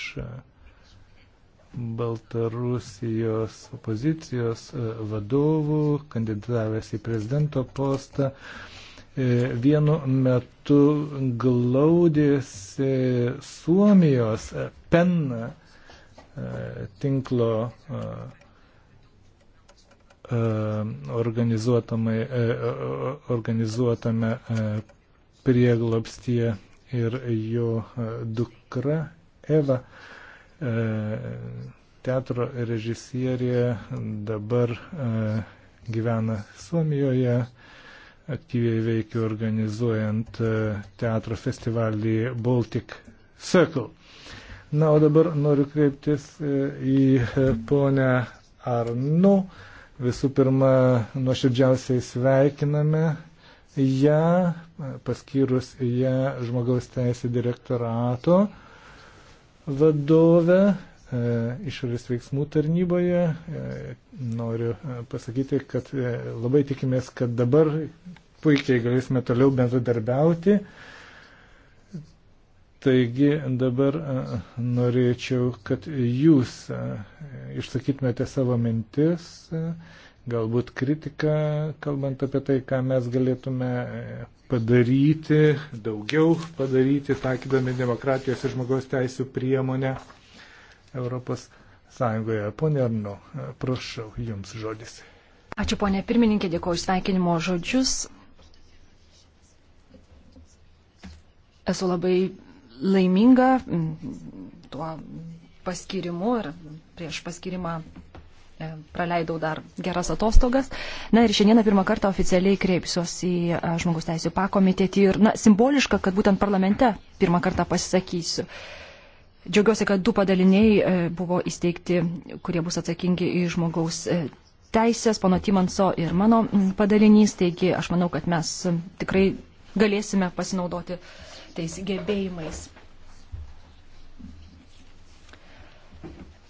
Baltarusijos opozicijos e, vadovų, kandidatavęs į prezidento postą, e, vienu metu glaudėsi Suomijos PEN e, tinklo organizuotame prieglobstyje ir jo dukra Eva. E, teatro režisierė dabar e, gyvena Suomijoje, aktyviai veikia organizuojant e, teatro festivalį Baltic Circle. Na, o dabar noriu kreiptis į ponę Arnu. Visų pirma, nuoširdžiausiai sveikiname ją, paskyrus ją žmogaus teisė direktorato vadovę e, išorės veiksmų tarnyboje. E, noriu e, pasakyti, kad labai tikimės, kad dabar puikiai galėsime toliau bendradarbiauti. Taigi dabar norėčiau, kad jūs išsakytumėte savo mintis, galbūt kritiką, kalbant apie tai, ką mes galėtume padaryti, daugiau padaryti, taikydami demokratijos ir žmogaus teisų priemonę Europos Sąjungoje. Pone Arno, prašau, jums žodis. Ačiū, ponė pirmininkė, dėkoju sveikinimo žodžius. Esu labai laiminga tuo paskirimu ir prieš paskirimą E, praleidau dar geras atostogas. Na ir šiandieną pirmą kartą oficialiai kreipsiuosi į e, žmogus teisų pakomitetį ir, na, simboliška, kad būtent parlamente pirmą kartą pasisakysiu. Džiaugiuosi, kad du padaliniai e, buvo įsteigti, kurie bus atsakingi į žmogaus teisės, pono Timanso ir mano padalinys, taigi aš manau, kad mes tikrai galėsime pasinaudoti tais gebėjimais.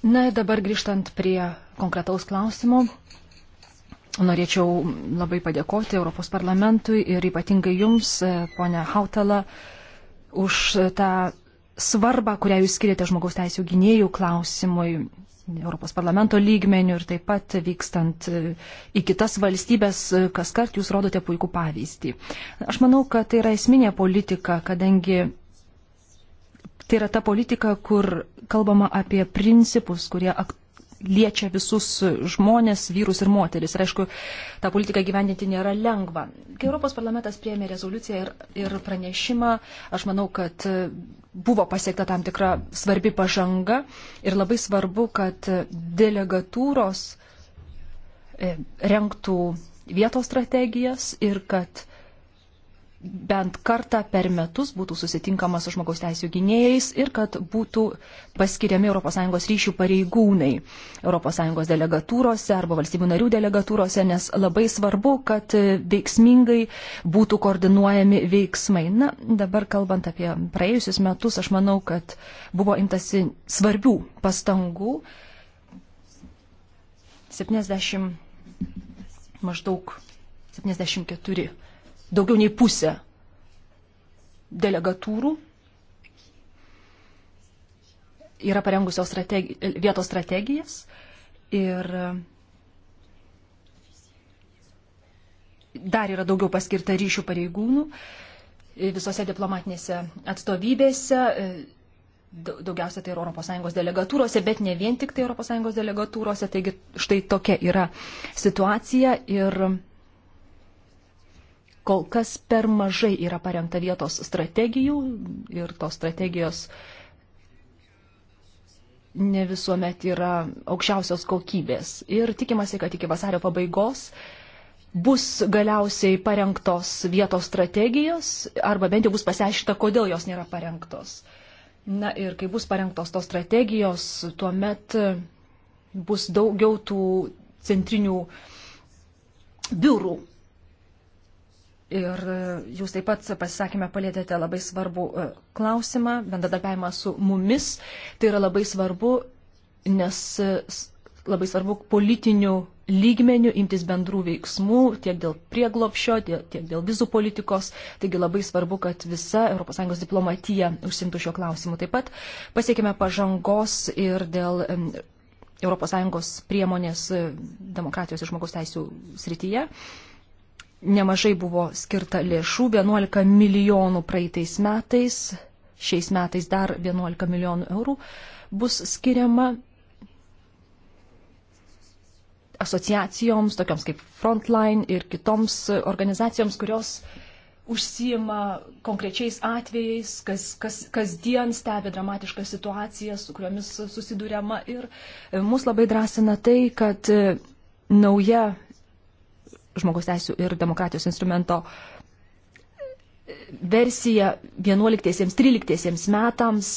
Na ir dabar grįžtant prie konkretaus klausimo. Norėčiau labai padėkoti Europos parlamentui ir ypatingai jums, e, ponia Hautala, už tą svarbą, kurią jūs skiriate žmogaus teisų gynėjų klausimui Europos parlamento lygmenių ir taip pat vykstant e, į kitas valstybės, e, kas kart jūs rodote puikų pavyzdį. Aš manau, kad tai yra esminė politika, kadangi Tai yra ta politika, kur kalbama apie principus, kurie liečia visus žmonės, vyrus ir moteris. Ir aišku, tą politiką gyvendinti nėra lengva. Kai Europos parlamentas priėmė rezoliuciją ir, ir pranešimą, aš manau, kad e, buvo pasiekta tam tikra svarbi pažanga ir labai svarbu, kad delegatūros e, renktų vietos strategijas ir kad bent kartą per metus būtų susitinkama su žmogaus teisų gynėjais ir kad būtų paskiriami ES ryšių pareigūnai ES delegatūrose arba valstybių narių delegatūrose, nes labai svarbu, kad veiksmingai būtų koordinuojami veiksmai. Na, dabar kalbant apie praėjusius metus, aš manau, kad buvo imtasi svarbių pastangų. 70 maždaug 74 daugiau nei pusė delegatūrų yra parengusios strategi vietos strategijas ir dar yra daugiau paskirta ryšių pareigūnų visose diplomatinėse atstovybėse, daugiausia tai yra ES delegatūrose, bet ne vien tik tai ES delegatūrose, taigi štai tokia yra situacija ir kol kas per mažai yra parengta vietos strategijų ir tos strategijos ne visuomet yra aukščiausios kokybės. Ir tikimasi, kad iki vasario pabaigos bus galiausiai parengtos vietos strategijos arba bent jau bus pasiaiškita, kodėl jos nėra parengtos. Na ir kai bus parengtos tos strategijos, tuomet e, bus daugiau tų centrinių biurų Ir e, jūs taip pat pasisakymę palėtėte labai svarbų e, klausimą, bendradarbiavimą su mumis. Tai yra labai svarbu, nes e, labai svarbu politinių lygmenių imtis bendrų veiksmų tiek dėl prieglopšio, tiek dėl vizų politikos. Taigi labai svarbu, kad visa ES diplomatija užsimtų šio klausimu. Taip pat pasiekime pažangos ir dėl ES priemonės demokratijos ir žmogaus teisų srityje nemažai buvo skirta lėšų, 11 milijonų praeitais metais, šiais metais dar 11 milijonų eurų bus skiriama asociacijoms, tokioms kaip Frontline ir kitoms organizacijoms, kurios užsijima konkrečiais atvejais, kas, kas, kasdien stebi dramatišką situaciją, su kuriomis susidūrėma. Ir mus labai drąsina tai, kad nauja žmogaus teisų ir demokratijos instrumento versija 11-13 metams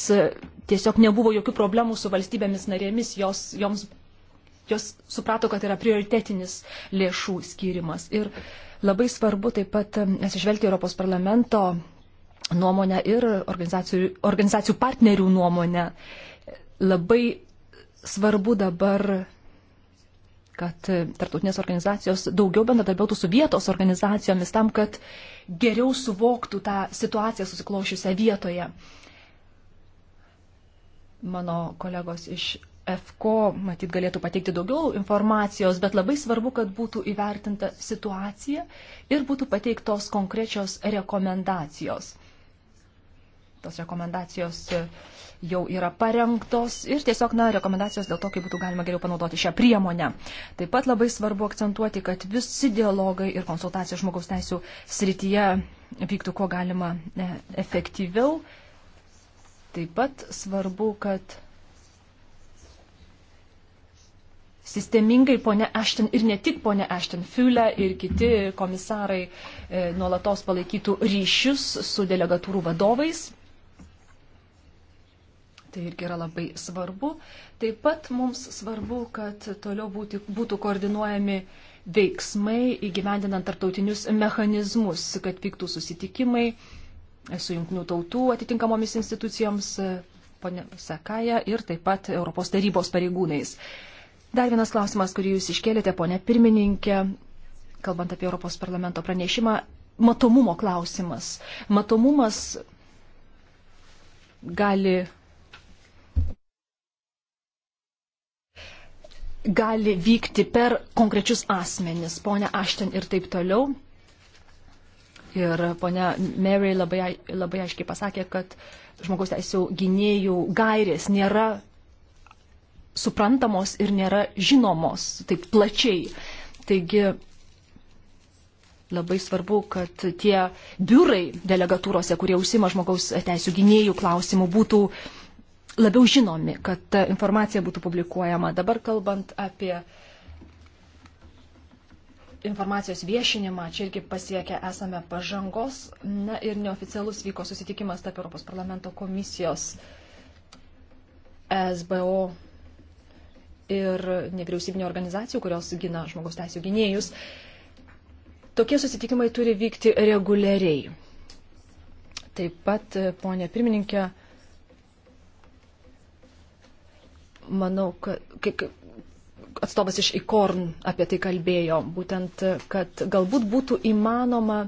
tiesiog nebuvo jokių problemų su valstybėmis narėmis, jos, joms, jos suprato, kad yra prioritetinis lėšų skirimas. Ir labai svarbu taip pat um, atsižvelgti Europos parlamento nuomonę ir organizacijų, organizacijų partnerių nuomonę. Labai svarbu dabar kad e, tarptautinės organizacijos daugiau bendradarbiautų su vietos organizacijomis tam, kad geriau suvoktų tą situaciją susiklošiusią vietoje. Mano kolegos iš FCO matyt galėtų pateikti daugiau informacijos, bet labai svarbu, kad būtų įvertinta situacija ir būtų pateiktos konkrečios rekomendacijos. Tos rekomendacijos uh, jau yra parengtos ir tiesiog, na, rekomendacijos dėl to, kaip būtų galima geriau panaudoti šią priemonę. Taip pat labai svarbu akcentuoti, kad visi dialogai ir konsultacijos žmogaus teisų srityje vyktų kuo galima e, efektyviau. Taip pat svarbu, kad sistemingai ponia Ashton ir ne tik ponia Ashton Fiule ir kiti komisarai e, nuolatos palaikytų ryšius su delegatūrų vadovais Tai irgi yra labai svarbu. Taip pat mums svarbu, kad toliau būti, būtų koordinuojami veiksmai įgyvendinant tarptautinius mechanizmus, kad vyktų susitikimai su jungtinių tautų atitinkamomis institucijoms, ponė Sakaja ir taip pat Europos tarybos pareigūnais. Dar vienas klausimas, kurį jūs iškėlėte, ponė pirmininkė, kalbant apie Europos parlamento pranešimą, matomumo klausimas. Matomumas gali gali vykti per konkrečius asmenis, ponia Ašten ir taip toliau. Ir ponia Mary labai, labai aiškiai pasakė, kad žmogaus teisų gynėjų gairės nėra suprantamos ir nėra žinomos taip plačiai. Taigi labai svarbu, kad tie biurai delegatūrose, kurie užsima žmogaus teisų gynėjų klausimų, būtų labiau žinomi, kad ta informacija būtų publikuojama. Dabar kalbant apie informacijos viešinimą, čia irgi pasiekę esame pažangos. Na ir neoficialus vyko susitikimas tarp Europos parlamento komisijos SBO ir nevyriausybinio organizacijų, kurios gina žmogaus teisų gynėjus. Tokie susitikimai turi vykti reguliariai. Taip pat, ponė pirmininkė, manau, kad kaip atstovas iš IKORN apie tai kalbėjo, būtent, kad galbūt būtų įmanoma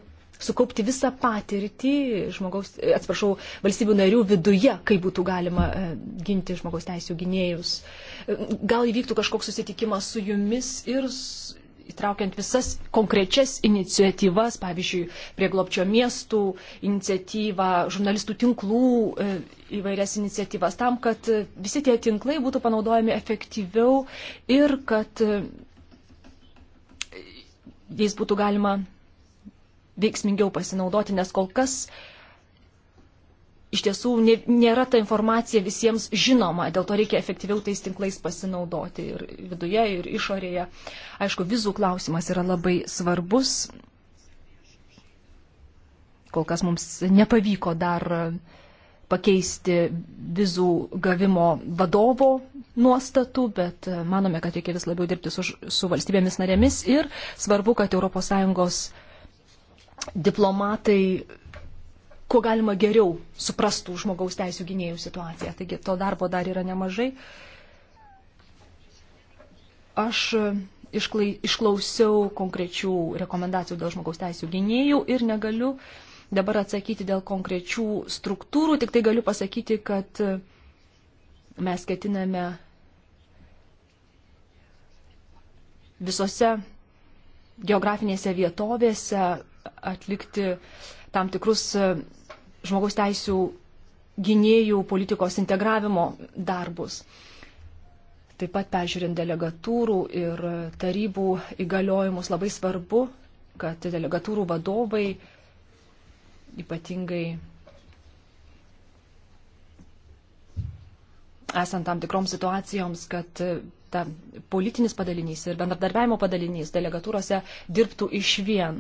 sukaupti visą patirtį žmogaus, atsiprašau, valstybių narių viduje, kaip būtų galima e, ginti žmogaus teisų gynėjus. E, gal įvyktų kažkoks susitikimas su jumis ir įtraukiant visas konkrečias iniciatyvas, pavyzdžiui, prieglopčio miestų iniciatyvą, žurnalistų tinklų e, įvairias iniciatyvas, tam, kad e, visi tie tinklai būtų panaudojami efektyviau ir kad e, jais būtų galima veiksmingiau pasinaudoti, nes kol kas uh, iš tiesų nėra ta informacija visiems žinoma, dėl to reikia efektyviau tais tinklais pasinaudoti ir viduje, ir išorėje. Aišku, vizų klausimas yra labai svarbus. Kol kas mums nepavyko dar pakeisti vizų gavimo vadovo nuostatų, bet manome, kad reikia vis labiau dirbti su, su valstybėmis narėmis ir svarbu, kad ES diplomatai kuo galima geriau suprastų žmogaus teisų gynėjų situaciją. Taigi to darbo dar yra nemažai. Aš e, išklai, išklausiau konkrečių rekomendacijų dėl žmogaus teisų gynėjų ir negaliu dabar atsakyti dėl konkrečių struktūrų, tik tai galiu pasakyti, kad e, mes ketiname visose geografinėse vietovėse atlikti tam tikrus e, žmogaus teisų gynėjų politikos integravimo darbus. Taip pat peržiūrint delegatūrų ir tarybų įgaliojimus labai svarbu, kad delegatūrų vadovai ypatingai esant tam tikroms situacijoms, kad kad politinis padalinys ir bendradarbiavimo padalinys delegatūrose dirbtų iš vien.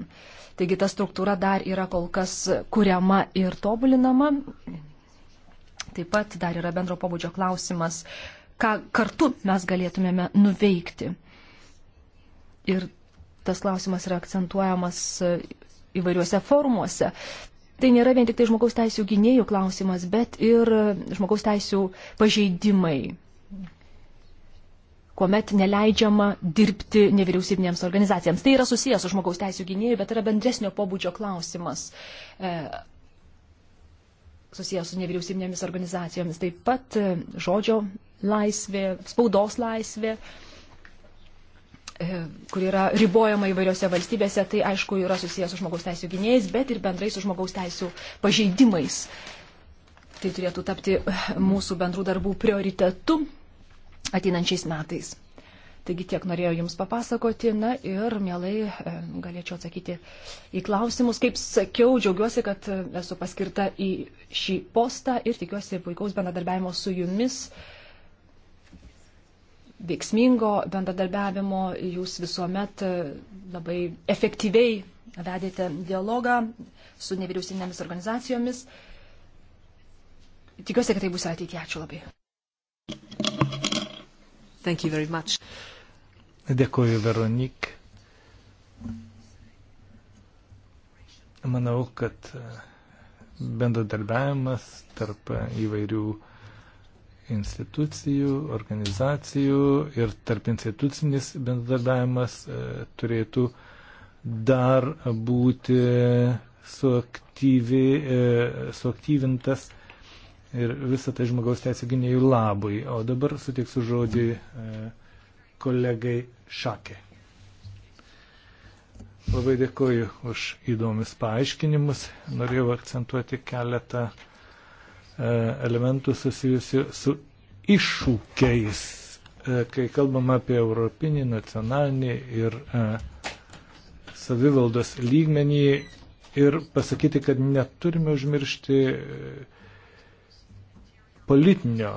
Taigi ta struktūra dar yra kol kas kuriama ir tobulinama. Taip pat dar yra bendro pobūdžio klausimas, ką kartu mes galėtumėme nuveikti. Ir tas klausimas yra akcentuojamas įvairiuose formuose. Tai nėra vien tik tai žmogaus teisų gynėjų klausimas, bet ir žmogaus teisų pažeidimai kuomet neleidžiama dirbti nevyriausybinėms organizacijams. Tai yra susijęs su žmogaus teisų gynėjų, bet yra bendresnio pobūdžio klausimas e, susijęs su nevyriausybinėmis organizacijomis. Taip pat e, žodžio laisvė, spaudos laisvė, e, kur yra ribojama įvairiose valstybėse, tai aišku yra susijęs su žmogaus teisų gynėjais, bet ir bendrai su žmogaus teisų pažeidimais. Tai turėtų tapti e, mūsų bendrų darbų prioritetu ateinančiais metais. Taigi tiek norėjau Jums papasakoti, na ir mielai e, galėčiau atsakyti į klausimus. Kaip sakiau, džiaugiuosi, kad e, esu paskirta į šį postą ir tikiuosi puikaus bendradarbiavimo su Jumis, veiksmingo bendradarbiavimo. Jūs visuomet e, labai efektyviai vedėte dialogą su nevyriausybinėmis organizacijomis. Tikiuosi, kad tai bus ateityje. Ačiū labai. Dėkuoju, Veronik. Manau, kad e, bendradarbiavimas tarp įvairių institucijų, organizacijų ir tarp institucinis bendradarbiavimas e, turėtų dar būti suaktyvi, e, suaktyvintas. Su ir visą tai žmogaus teisų gynėjų labui. O dabar sutiksiu žodį e, kolegai Šakė. Labai dėkoju už įdomius paaiškinimus. Norėjau akcentuoti keletą e, elementų susijusių su iššūkiais, e, kai kalbam apie europinį, nacionalinį ir savivaldos lygmenį ir pasakyti, kad neturime užmiršti politinio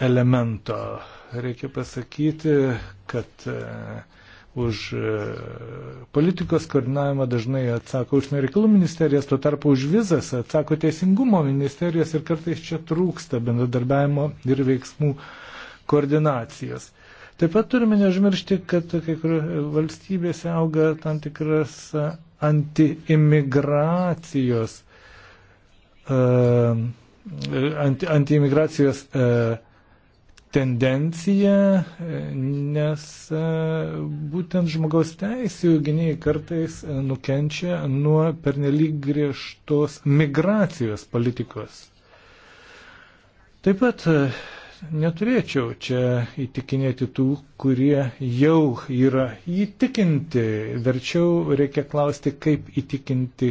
elemento. Reikia pasakyti, kad e, už e, politikos koordinavimą dažnai atsako užsienio reikalų ministerijas, tuo tarpu už vizas atsako teisingumo ministerijas ir kartais čia trūksta bendradarbiavimo ir veiksmų koordinacijos. Taip pat turime neužmiršti, kad kai kur valstybėse auga tam tikras antiimigracijos uh, anti, antiimigracijos e, tendencija, e, nes e, būtent žmogaus teisų gynėjai kartais nukenčia nuo pernelyg griežtos migracijos politikos. Taip pat neturėčiau čia įtikinėti tų, kurie jau yra įtikinti. Verčiau reikia klausti, kaip įtikinti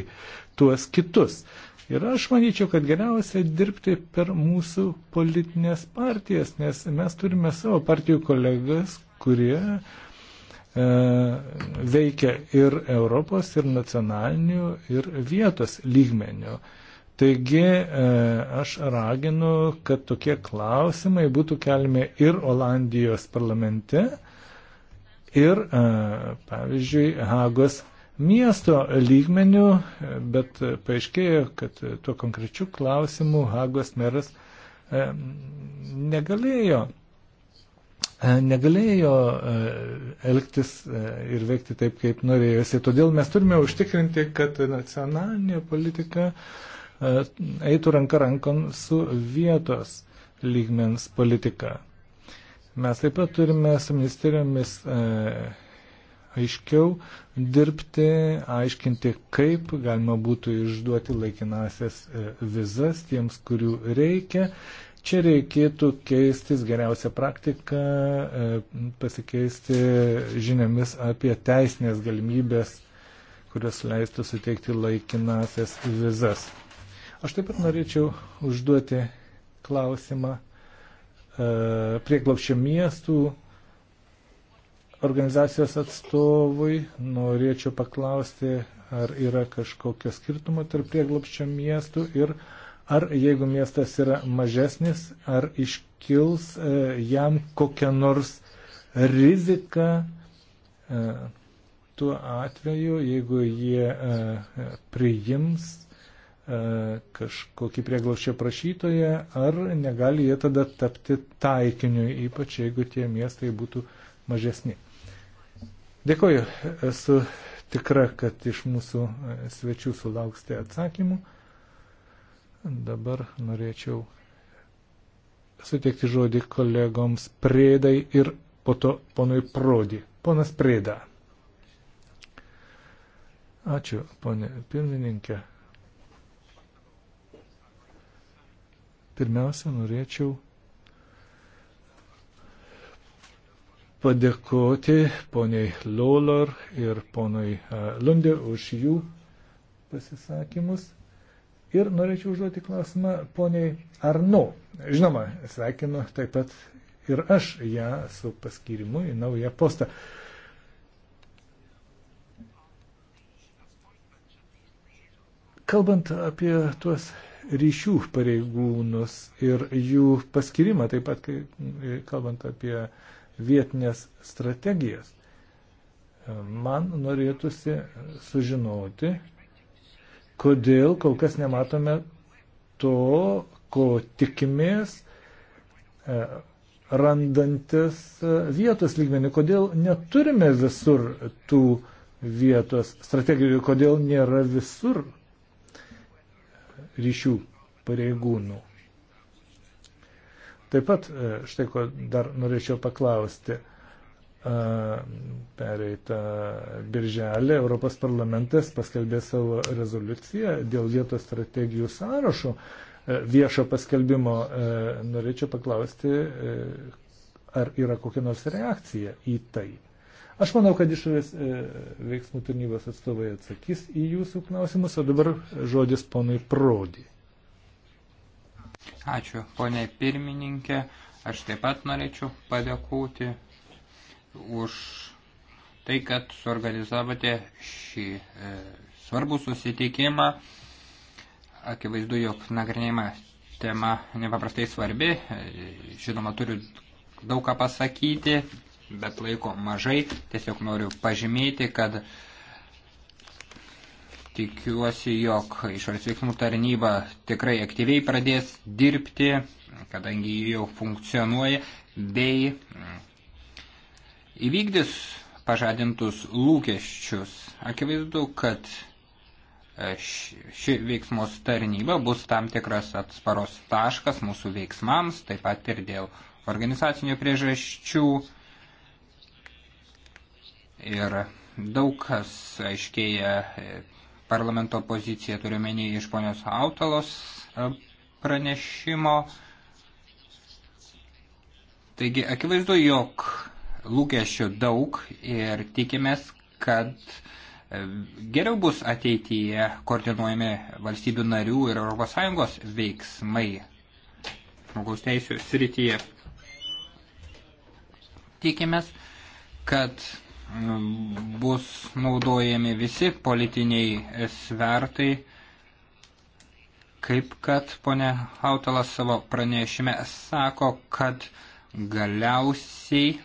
tuos kitus. Ir aš manyčiau, kad geriausia dirbti per mūsų politinės partijas, nes mes turime savo partijų kolegas, kurie e, veikia ir Europos, ir nacionalinių, ir vietos lygmenių. Taigi e, aš raginu, kad tokie klausimai būtų kelmi ir Olandijos parlamente, ir, e, pavyzdžiui, Hagos miesto lygmenių, bet paaiškėjo, kad tuo konkrečiu klausimu Hagos meras e, negalėjo, e, negalėjo e, elgtis ir veikti taip, kaip norėjosi. Todėl mes turime užtikrinti, kad nacionalinė politika eitų ranka rankon su vietos lygmens politika. Mes taip pat turime su ministerijomis aiškiau dirbti, aiškinti, kaip galima būtų išduoti laikinasias e, vizas tiems, kurių reikia. Čia reikėtų keistis geriausią praktiką, e, pasikeisti žiniomis apie teisinės galimybės, kurios leistų suteikti laikinasias vizas. Aš taip pat norėčiau užduoti klausimą e, prieglapščio miestų organizacijos atstovui. Norėčiau paklausti, ar yra kažkokio skirtumo tarp prieglopščio miestų ir ar jeigu miestas yra mažesnis, ar iškils e, jam kokia nors rizika e, tuo atveju, jeigu jie e, priims kažkokį prieglaušio prašytoją, ar negali jie tada tapti taikiniu, ypač jeigu tie miestai būtų mažesni. Dėkoju, esu tikra, kad iš mūsų e, svečių sulauksite atsakymų. Dabar norėčiau suteikti žodį kolegoms Prėdai ir po to ponui Prodi. Ponas Prėda. Ačiū, ponė pirmininkė. Pirmiausia, norėčiau padėkoti poniai Lolor ir ponui e, Lundė už jų pasisakymus. Ir norėčiau užduoti klausimą poniai Arno. Žinoma, sveikinu taip pat ir aš ją su paskirimu į naują postą. Kalbant apie tuos ryšių pareigūnus ir jų paskirimą, taip pat kalbant apie vietinės strategijas. Man norėtųsi sužinoti, kodėl kol kas nematome to, ko tikimės e, randantis e, vietos lygmenį, kodėl neturime visur tų vietos strategijų, kodėl nėra visur ryšių pareigūnų. Taip pat e, štai ko dar norėčiau paklausti. Pereitą birželį Europos parlamentas paskelbė savo rezoliuciją dėl vietos strategijų sąrašo e, viešo paskelbimo. E, norėčiau paklausti, ar yra kokia nors reakcija į tai. Aš manau, kad išorės veiksmų tarnybos atstovai atsakys į jūsų klausimus, o dabar žodis ponui Prodi. Ačiū, ponė pirmininkė. Aš taip pat norėčiau padėkoti už tai, kad suorganizavote šį e, svarbų susitikimą. Akivaizdu, jog nagrinėjama tema nepaprastai svarbi. E, žinoma, turiu daug ką pasakyti, bet laiko mažai. Tiesiog noriu pažymėti, kad e, Tikiuosi, jog išorės veiksmų tarnyba tikrai aktyviai pradės dirbti, kadangi jį jau funkcionuoja, bei mm, įvykdys pažadintus lūkesčius. Akivaizdu, kad e, ši veiksmos tarnyba bus tam tikras atsparos taškas mūsų veiksmams, taip pat ir dėl organizacinių priežasčių. Ir daug kas aiškėja e, parlamento poziciją, turiuomenį iš ponios Autalos e, pranešimo. Taigi akivaizdu, jog lūkesčių daug ir tikimės, kad e, geriau bus ateityje koordinuojami valstybių narių ir ES veiksmai žmogaus teisų srityje. Tikimės, kad bus naudojami visi politiniai svertai, kaip kad ponė Hautalas savo pranešime sako, kad galiausiai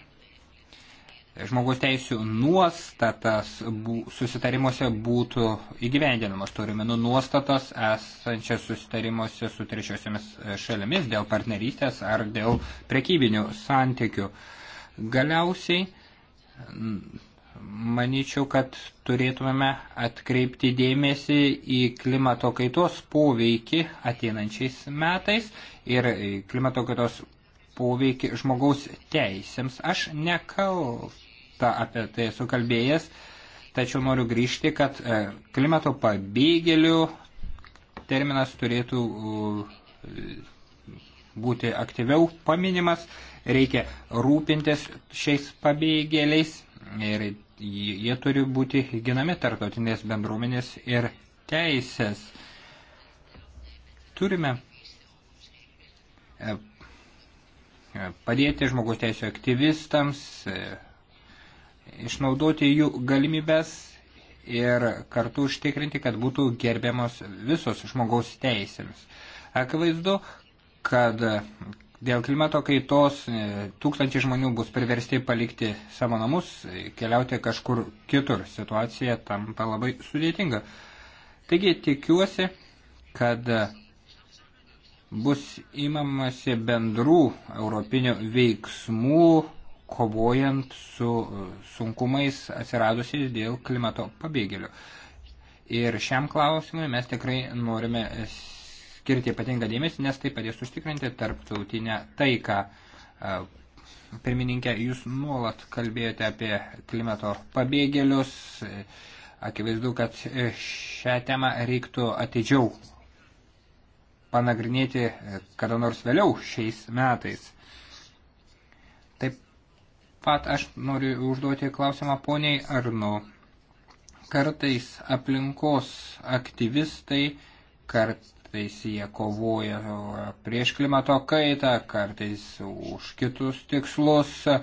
žmogaus teisų nuostatas bū, susitarimuose būtų įgyvendinamas. Turime nu nuostatas esančias susitarimuose su trečiosiomis šalimis dėl partnerystės ar dėl prekybinių santykių. Galiausiai Manyčiau, kad turėtumėme atkreipti dėmesį į klimato kaitos poveikį ateinančiais metais ir klimato kaitos poveikį žmogaus teisėms. Aš nekalta apie tai esu kalbėjęs, tačiau noriu grįžti, kad e, klimato pabėgėlių terminas turėtų būti aktyviau paminimas, reikia rūpintis šiais pabėgėliais ir jie turi būti ginami tarptautinės bendruomenės ir teisės. Turime e, padėti žmogaus teisų aktyvistams, e, išnaudoti jų galimybės ir kartu užtikrinti, kad būtų gerbiamos visos žmogaus teisėms. Akivaizdu, kad e, dėl klimato kaitos e, tūkstančiai žmonių bus priversti palikti savo namus, e, keliauti kažkur kitur. Situacija tampa labai sudėtinga. Taigi tikiuosi, kad bus imamasi bendrų europinių veiksmų, kovojant su sunkumais atsiradusiais dėl klimato pabėgėlių. Ir šiam klausimui mes tikrai norime skirti ypatingą dėmesį, nes tai padės užtikrinti tarptautinę taiką. E, pirmininkė, jūs nuolat kalbėjote apie klimato pabėgėlius. E, akivaizdu, kad šią temą reiktų atidžiau panagrinėti e, kada nors vėliau šiais metais. Taip pat aš noriu užduoti klausimą poniai Arnu. Kartais aplinkos aktyvistai kart kartais jie kovoja prieš klimato kaitą, kartais už kitus tikslus. E,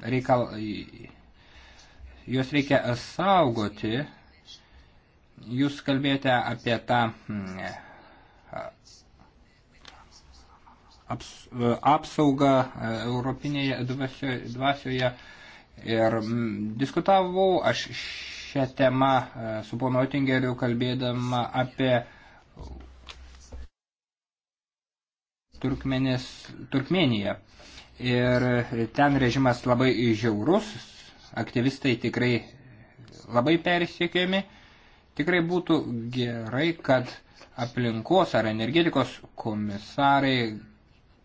reikal, juos reikia saugoti. Jūs kalbėjote apie tą mm, e, aps, e, apsaugą europinėje dvasioje, dvasioje ir mm, diskutavau aš šią temą e, su ponu Otingeriu kalbėdama apie Turkmenės, Turkmeniją. Ir ten režimas labai žiaurus, aktyvistai tikrai labai persiekiami. Tikrai būtų gerai, kad aplinkos ar energetikos komisarai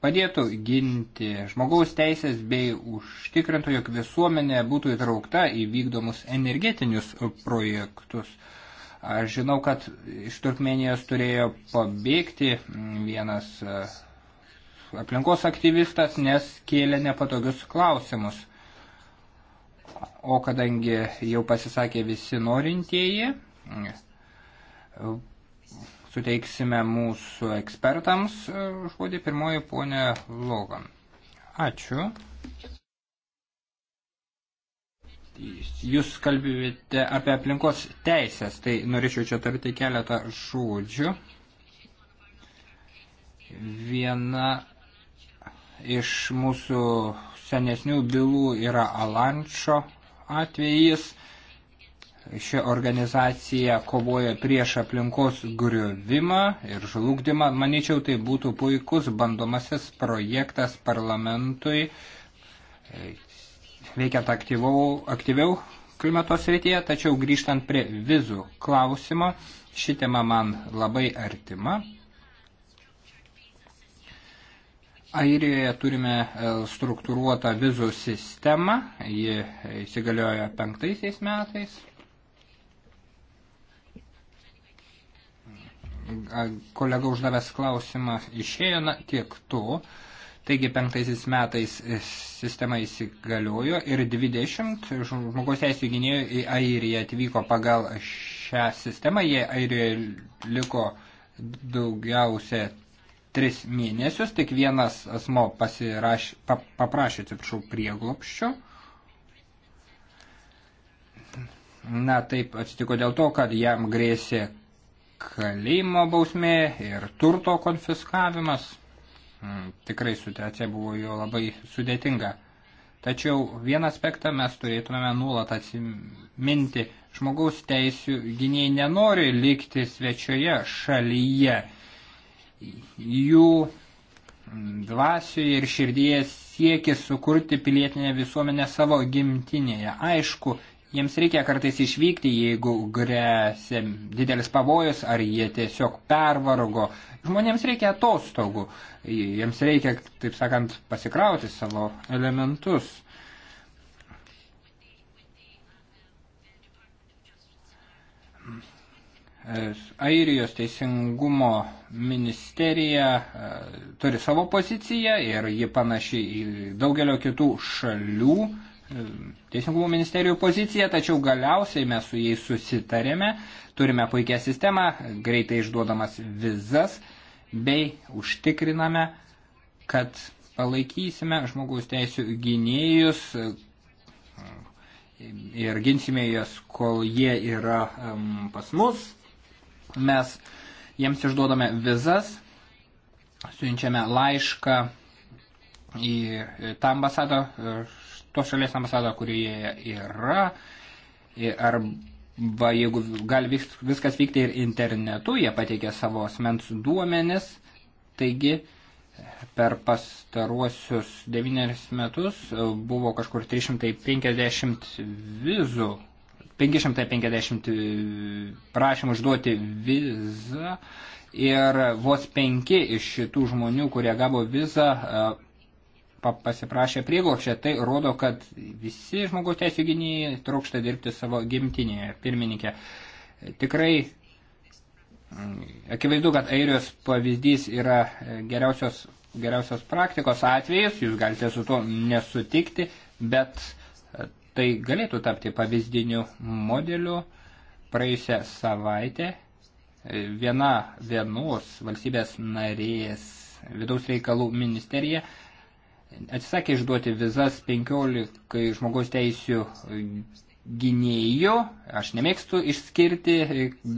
padėtų ginti žmogaus teisės bei užtikrintų, jog visuomenė būtų įtraukta į vykdomus energetinius projektus. Aš žinau, kad iš Turkmenijos turėjo pabėgti vienas e, aplinkos aktyvistas, nes kėlė nepatogius klausimus. O kadangi jau pasisakė visi norintieji, suteiksime mūsų ekspertams e, žodį pirmoji ponė Logan. Ačiū. Jūs kalbėjote apie aplinkos teisės, tai norėčiau čia tarti keletą žodžių. Viena iš mūsų senesnių bylų yra Alančio atvejis. Ši organizacija kovoja prieš aplinkos griovimą ir žlugdymą. Maničiau, tai būtų puikus bandomasis projektas parlamentui e, veikiant aktyviau, aktyviau klimato srityje, tačiau grįžtant prie vizų klausimo, ši tema man labai artima. Airijoje turime e, struktūruotą vizų sistemą, ji įsigaliojo penktaisiais metais. kolega uždavęs klausimą išėjo, na, tiek to. Taigi penktaisiais metais sistema įsigaliojo ir 20 žmogaus teisų gynėjų į Airiją atvyko pagal šią sistemą. Jie Airijoje liko daugiausia 3 mėnesius, tik vienas asmo pasiraš, pa, paprašė, atsiprašau, prieglopščio. Na taip atsitiko dėl to, kad jam grėsė kalėjimo bausmė ir turto konfiskavimas. Hmm, tikrai situacija buvo jo labai sudėtinga. Tačiau vieną aspektą mes turėtumėme nuolat atsiminti. Žmogaus teisų gyniai nenori likti svečioje šalyje. Jų dvasioje ir širdyje siekis sukurti pilietinę visuomenę savo gimtinėje. Aišku, Jiems reikia kartais išvykti, jeigu grėsia didelis pavojus ar jie tiesiog pervargo. Žmonėms reikia atostogų, jiems reikia, taip sakant, pasikrauti savo elementus. Airijos teisingumo ministerija e, turi savo poziciją ir ji panaši į daugelio kitų šalių Teisingumo ministerijų poziciją, tačiau galiausiai mes su jais susitarėme, turime puikią sistemą, greitai išduodamas vizas, bei užtikriname, kad palaikysime žmogaus teisų gynėjus ir ginsime juos, kol jie yra um, pas mus. Mes jiems išduodame vizas, siunčiame laišką į tą ambasadą to šalies ambasadą, kurioje yra, arba jeigu gali viskas vykti ir internetu, jie pateikia savo asmens duomenis, taigi per pastaruosius devynerius metus buvo kažkur 350 vizų, 550 prašymų išduoti vizą ir vos penki iš šitų žmonių, kurie gavo vizą, pasiprašė prieglopšę, tai rodo, kad visi žmogaus teisų gynėjai trokšta dirbti savo gimtinėje. Pirmininkė, tikrai mm, akivaizdu, kad airijos pavyzdys yra e, geriausios, geriausios praktikos atvejis, jūs galite su tuo nesutikti, bet e, tai galėtų tapti pavyzdiniu modeliu. Praėjusią savaitę e, viena vienos valstybės narės vidaus reikalų ministerija atsisakė išduoti vizas 15 žmogaus teisių gynėjų, aš nemėgstu išskirti,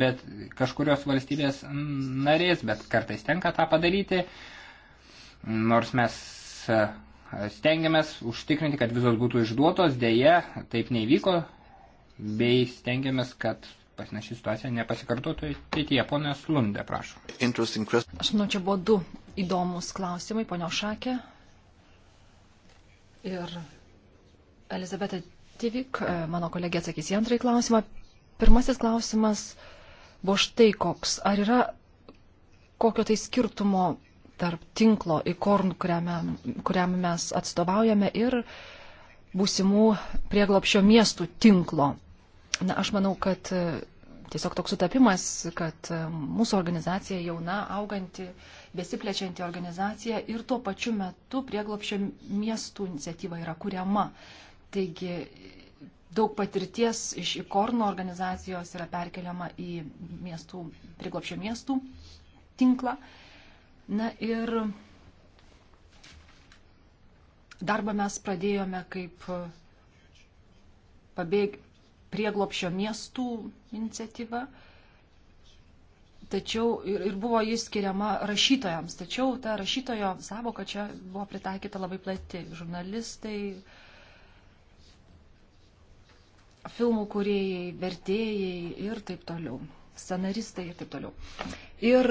bet kažkurios valstybės narės, bet kartais tenka tą padaryti, nors mes e, stengiamės užtikrinti, kad vizos būtų išduotos, dėje taip nevyko, bei stengiamės, kad pasinaši situacija nepasikartotų ateityje. Pone Slundė, prašau. Aš manau, čia buvo du įdomus klausimai, ponio Šakė, Ir Elizabeta Tivik, e, mano kolegė, atsakys į antrąjį klausimą. Pirmasis klausimas buvo štai koks. Ar yra kokio tai skirtumo tarp tinklo ikorn, kuriam, kuriam mes atstovaujame, ir būsimų prieglopšio miestų tinklo? Na, aš manau, kad e, tiesiog toks sutapimas, kad e, mūsų organizacija jauna, auganti, uh, besiplečianti organizacija ir tuo pačiu metu prieglopščio miestų iniciatyva yra kuriama. Taigi daug patirties iš Ikorno organizacijos yra perkeliama į miestų, prieglopščio miestų tinklą. Na ir darbą mes pradėjome kaip pabėg prieglopščio miestų iniciatyva tačiau ir, ir buvo jis skiriama rašytojams, tačiau ta rašytojo savoka čia buvo pritaikyta labai plati. Žurnalistai, filmų kuriejai, vertėjai ir taip toliau, scenaristai ir taip toliau. Ir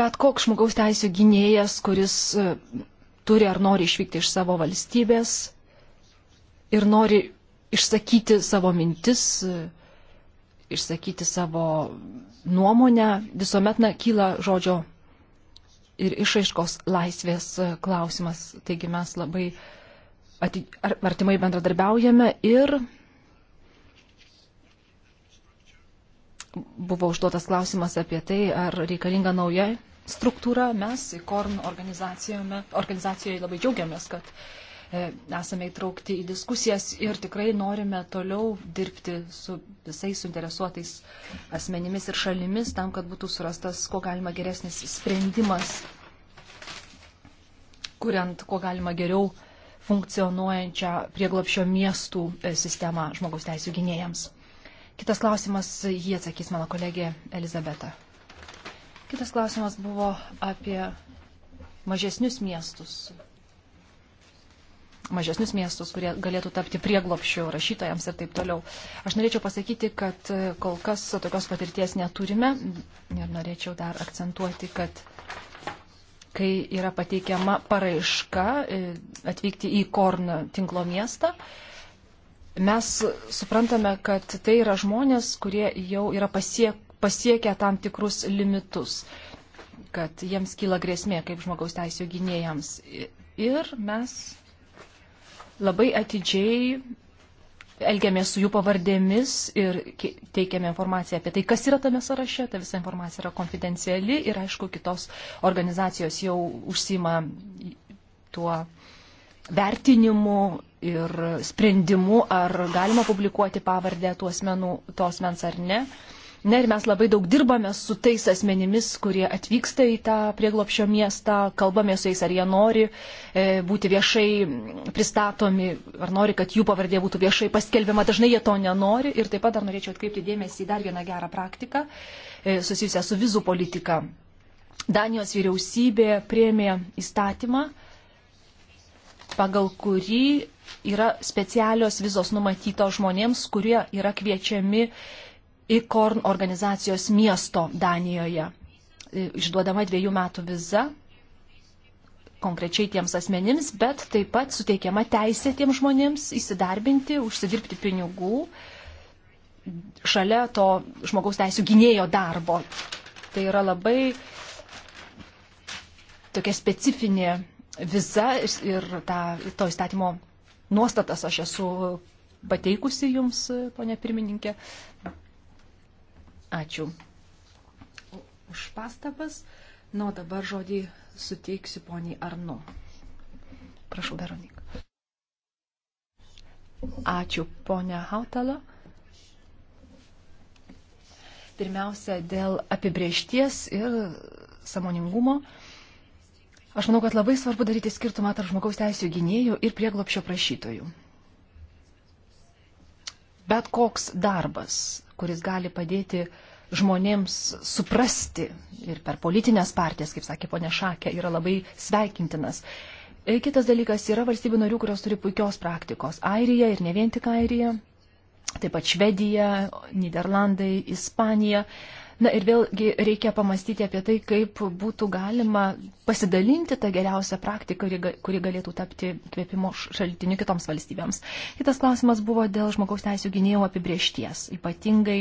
bet koks žmogaus teisų gynėjas, kuris e, turi ar nori išvykti iš savo valstybės ir nori išsakyti savo mintis, e, išsakyti savo nuomonę, visuomet na, kyla žodžio ir išaiškos laisvės klausimas. Taigi mes labai artimai bendradarbiaujame ir buvo užduotas klausimas apie tai, ar reikalinga nauja struktūra. Mes, IKORN organizacijoje labai džiaugiamės, kad E, esame įtraukti į diskusijas ir tikrai norime toliau dirbti su visais suinteresuotais asmenimis ir šalimis tam, kad būtų surastas kuo galima geresnis sprendimas, kuriant kuo galima geriau funkcionuojančią prieglopšio miestų e, sistemą žmogaus teisų gynėjams. Kitas klausimas, jį atsakys mano kolegė Elizabeta. Kitas klausimas buvo apie mažesnius miestus, mažesnius miestus, kurie galėtų tapti prieglopščių rašytojams ir taip toliau. Aš norėčiau pasakyti, kad kol kas tokios patirties neturime ir norėčiau dar akcentuoti, kad kai yra pateikiama paraiška e, atvykti į Korn tinklo miestą, mes suprantame, kad tai yra žmonės, kurie jau yra pasiek, pasiekę tam tikrus limitus kad jiems kyla grėsmė kaip žmogaus teisų gynėjams. Ir mes labai atidžiai elgiamės su jų pavardėmis ir teikiame informaciją apie tai, kas yra tame sąraše. Ta visa informacija yra konfidenciali ir, aišku, kitos organizacijos jau užsima tuo vertinimu ir sprendimu, ar galima publikuoti pavardę tuos menų, tos mens ar ne. Uh, Na ir mes labai daug dirbame su tais asmenimis, kurie atvyksta į tą prieglopšio miestą, kalbame su jais, ar jie nori e, būti viešai pristatomi, ar nori, kad jų pavardė būtų viešai paskelbiama. Dažnai jie to nenori. Ir taip pat dar norėčiau atkreipti dėmesį į dar vieną gerą praktiką e, susijusią su vizų politika. Danijos vyriausybė priemė įstatymą, pagal kurį yra specialios vizos numatytos žmonėms, kurie yra kviečiami ICORN organizacijos miesto Danijoje. E, išduodama dviejų metų viza konkrečiai tiems asmenims, bet taip pat suteikiama teisė tiems žmonėms įsidarbinti, užsidirbti pinigų šalia to žmogaus teisų gynėjo darbo. Tai yra labai tokia specifinė viza ir ta, to įstatymo nuostatas aš esu pateikusi jums, e, ponė pirmininkė. Uh, Ačiū už pastabas. Na, nu, dabar žodį suteiksiu poniai Arnu. Prašau, Veronik. Ačiū, ponia Hautala. Pirmiausia, dėl apibriešties ir samoningumo. Aš manau, kad labai svarbu daryti skirtumą tarp žmogaus teisų gynėjų ir prieglopšio prašytojų bet koks darbas, kuris gali padėti žmonėms suprasti ir per politinės partijas, kaip sakė ponė Šakė, yra labai sveikintinas. E, kitas dalykas yra valstybių narių, kurios turi puikios praktikos. Airija ir ne vien tik Airija, taip pat Švedija, Niderlandai, Ispanija. Uh, Na ir vėlgi reikia pamastyti apie tai, kaip būtų galima pasidalinti tą geriausią praktiką, kuri galėtų tapti kvėpimo šaltiniu kitoms valstybėms. Kitas klausimas buvo dėl žmogaus teisų gynėjų apibriešties, ypatingai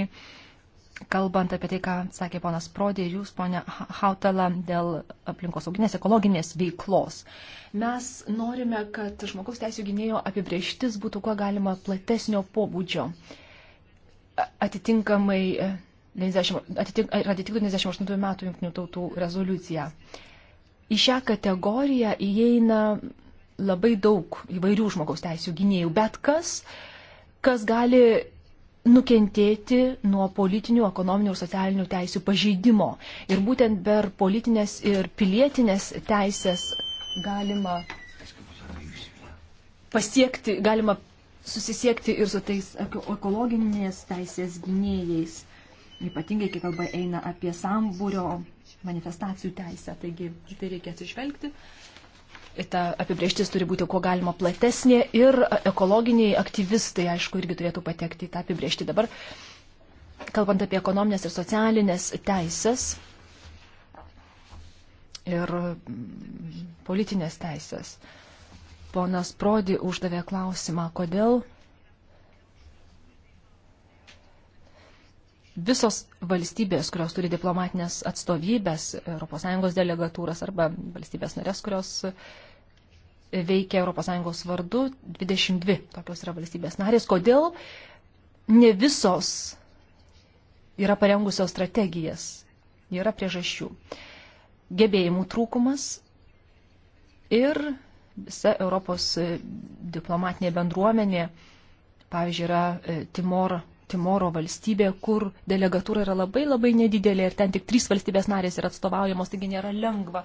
kalbant apie tai, ką sakė ponas Prodė ir jūs, ponia Hautala, dėl aplinkosauginės ekologinės veiklos. Mes norime, kad žmogaus teisų gynėjo apibrieštis būtų kuo galima platesnio pobūdžio. Atitinkamai atitiktų 98 metų jungtinių tautų rezoliuciją. Į šią kategoriją įeina labai daug įvairių žmogaus teisų gynėjų, bet kas, kas gali nukentėti nuo politinių, ekonominių ir socialinių teisų pažeidimo. Ir būtent per politinės ir pilietinės teisės galima pasiekti, galima susisiekti ir su tais ekologinės teisės gynėjais ypatingai kai kalba eina apie sambūrio manifestacijų teisę, taigi tai reikia atsižvelgti. Ir ta apibrieštis turi būti kuo galima platesnė ir ekologiniai aktyvistai, aišku, irgi turėtų patekti į tą apibriešti. Dabar, kalbant apie ekonominės ir socialinės teisės ir mm, politinės teisės, ponas Prodi uždavė klausimą, kodėl visos valstybės, kurios turi diplomatinės atstovybės, ES delegatūras arba valstybės narės, kurios e, veikia ES vardu, 22 tokios yra valstybės narės. Kodėl ne visos yra parengusios strategijas? Yra priežasčių. Gebėjimų trūkumas ir visa Europos diplomatinė bendruomenė, pavyzdžiui, yra e, Timor Timoro valstybė, kur delegatūra yra labai labai nedidelė ir ten tik trys valstybės narės yra atstovaujamos, taigi nėra lengva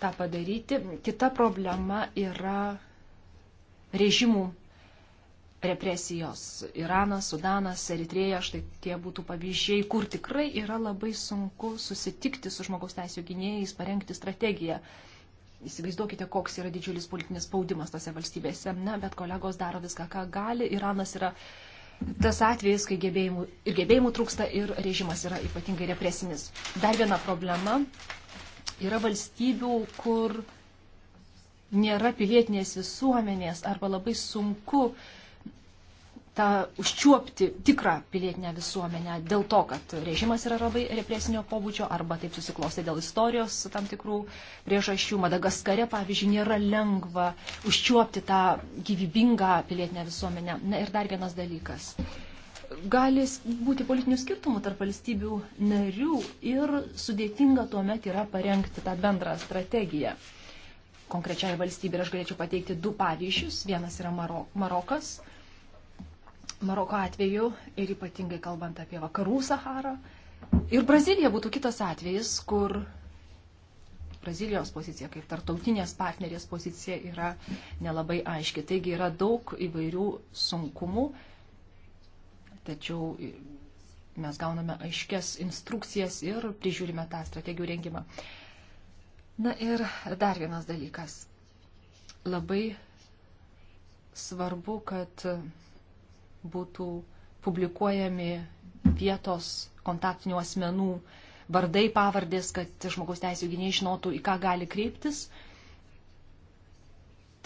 tą padaryti. Kita problema yra režimų represijos. Iranas, Sudanas, Eritrėja, štai tie būtų pavyzdžiai, kur tikrai yra labai sunku susitikti su žmogaus teisų gynėjais, parengti strategiją. Įsivaizduokite, koks yra didžiulis politinis spaudimas tose valstybėse. Na, bet kolegos daro viską, ką gali. Iranas yra tas atvejis, kai gebėjimų, ir gebėjimų trūksta, ir režimas yra ypatingai represinis. Dar viena problema yra valstybių, kur nėra pilietinės visuomenės arba labai sunku uh, tą užčiuopti tikrą pilietinę visuomenę dėl to, kad režimas yra labai represinio pobūdžio arba taip susiklostė dėl istorijos tam tikrų priežasčių. Madagaskare, pavyzdžiui, nėra lengva užčiuopti tą gyvybingą pilietinę visuomenę. Na ir dar vienas dalykas. Gali būti politinių skirtumų tarp valstybių narių ir sudėtinga tuomet yra parengti tą bendrą strategiją konkrečiai valstybei. Ir aš galėčiau pateikti du pavyzdžius. Vienas yra Marok Marokas, Maroko atveju ir ypatingai kalbant apie vakarų Saharą. Ir Brazilija būtų kitas atvejis, kur Brazilijos pozicija kaip tartautinės partnerės pozicija yra nelabai aiški. Taigi yra daug įvairių sunkumų, tačiau mes gauname aiškias instrukcijas ir prižiūrime tą strategijų rengimą. Na ir dar vienas dalykas. Labai svarbu, kad būtų publikuojami vietos kontaktinių asmenų vardai, pavardės, kad žmogaus teisų gyniai žinotų, į ką gali kreiptis.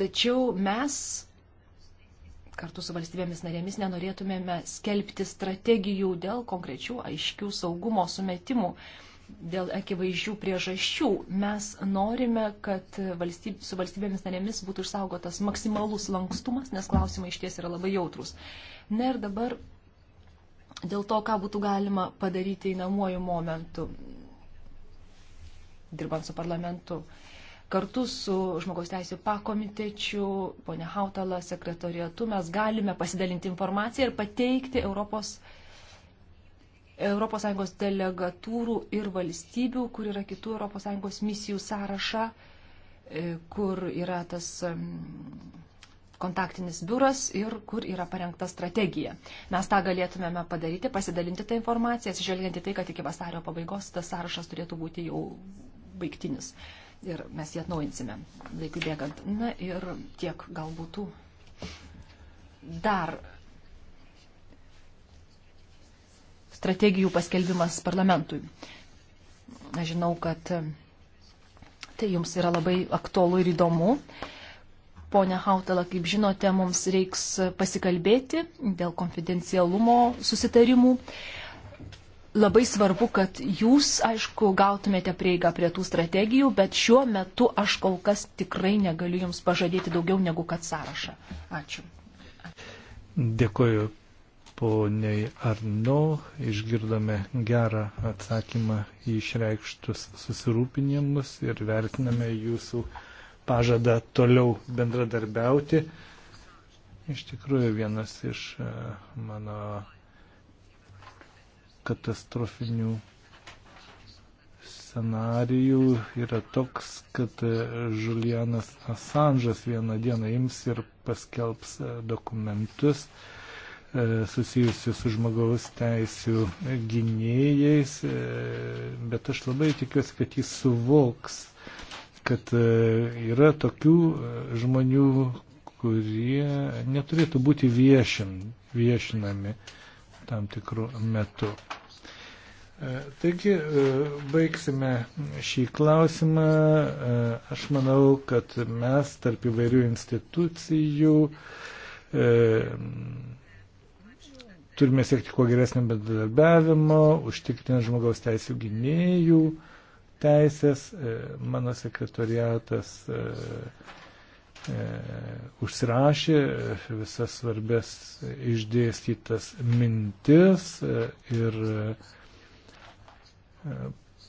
Tačiau mes kartu su valstybėmis narėmis nenorėtumėme skelbti strategijų dėl konkrečių aiškių saugumo sumetimų. Uh, dėl akivaizdžių priežasčių. Mes norime, kad valstyb, su valstybėmis narėmis būtų išsaugotas maksimalus lankstumas, nes klausimai iš ties yra labai jautrus. Na ir dabar dėl to, ką būtų galima padaryti įnamuoju momentu, dirbant su parlamentu. Kartu su žmogaus teisų pakomitečiu, ponia Hautala, sekretorietu, mes galime pasidalinti informaciją ir pateikti Europos uh, ES delegatūrų ir valstybių, kur yra kitų ES misijų sąrašą, e, kur yra tas kontaktinis biuras ir kur yra parengta strategija. Mes tą galėtumėme padaryti, pasidalinti tą informaciją, atsižvelgiant į tai, kad iki vasario pabaigos tas sąrašas turėtų būti jau baigtinis. Ir mes jį atnaujinsime laikui bėgant. Na ir tiek gal būtų. Dar strategijų paskelbimas parlamentui. Aš žinau, kad tai jums yra labai aktualu ir įdomu. Pone Hautala, kaip žinote, mums reiks pasikalbėti dėl konfidencialumo susitarimų. Labai svarbu, kad jūs, aišku, gautumėte prieigą prie tų strategijų, bet šiuo metu aš kol kas tikrai negaliu jums pažadėti daugiau negu kad sąrašą. Ačiū. Dėkuoju, poniai Arno išgirdome gerą atsakymą į išreikštus susirūpinimus ir vertiname jūsų pažadą toliau bendradarbiauti. Iš tikrųjų, vienas iš e, mano katastrofinių scenarijų yra toks, kad e, Julianas Assange'as vieną dieną ims ir paskelbs e, dokumentus, uh, E, susijusių su žmogaus teisų gynėjais, e, bet aš labai tikiuosi, kad jis suvoks, kad e, yra tokių žmonių, kurie neturėtų būti viešin, viešinami tam tikrų metų. Taigi, baigsime šį klausimą. Aš manau, kad mes tarp įvairių institucijų Turime siekti kuo geresnio bendradarbiavimo, užtikrinti žmogaus teisų gynėjų teisės. E, mano sekretoriatas e, e, užsirašė visas svarbės išdėstytas mintis ir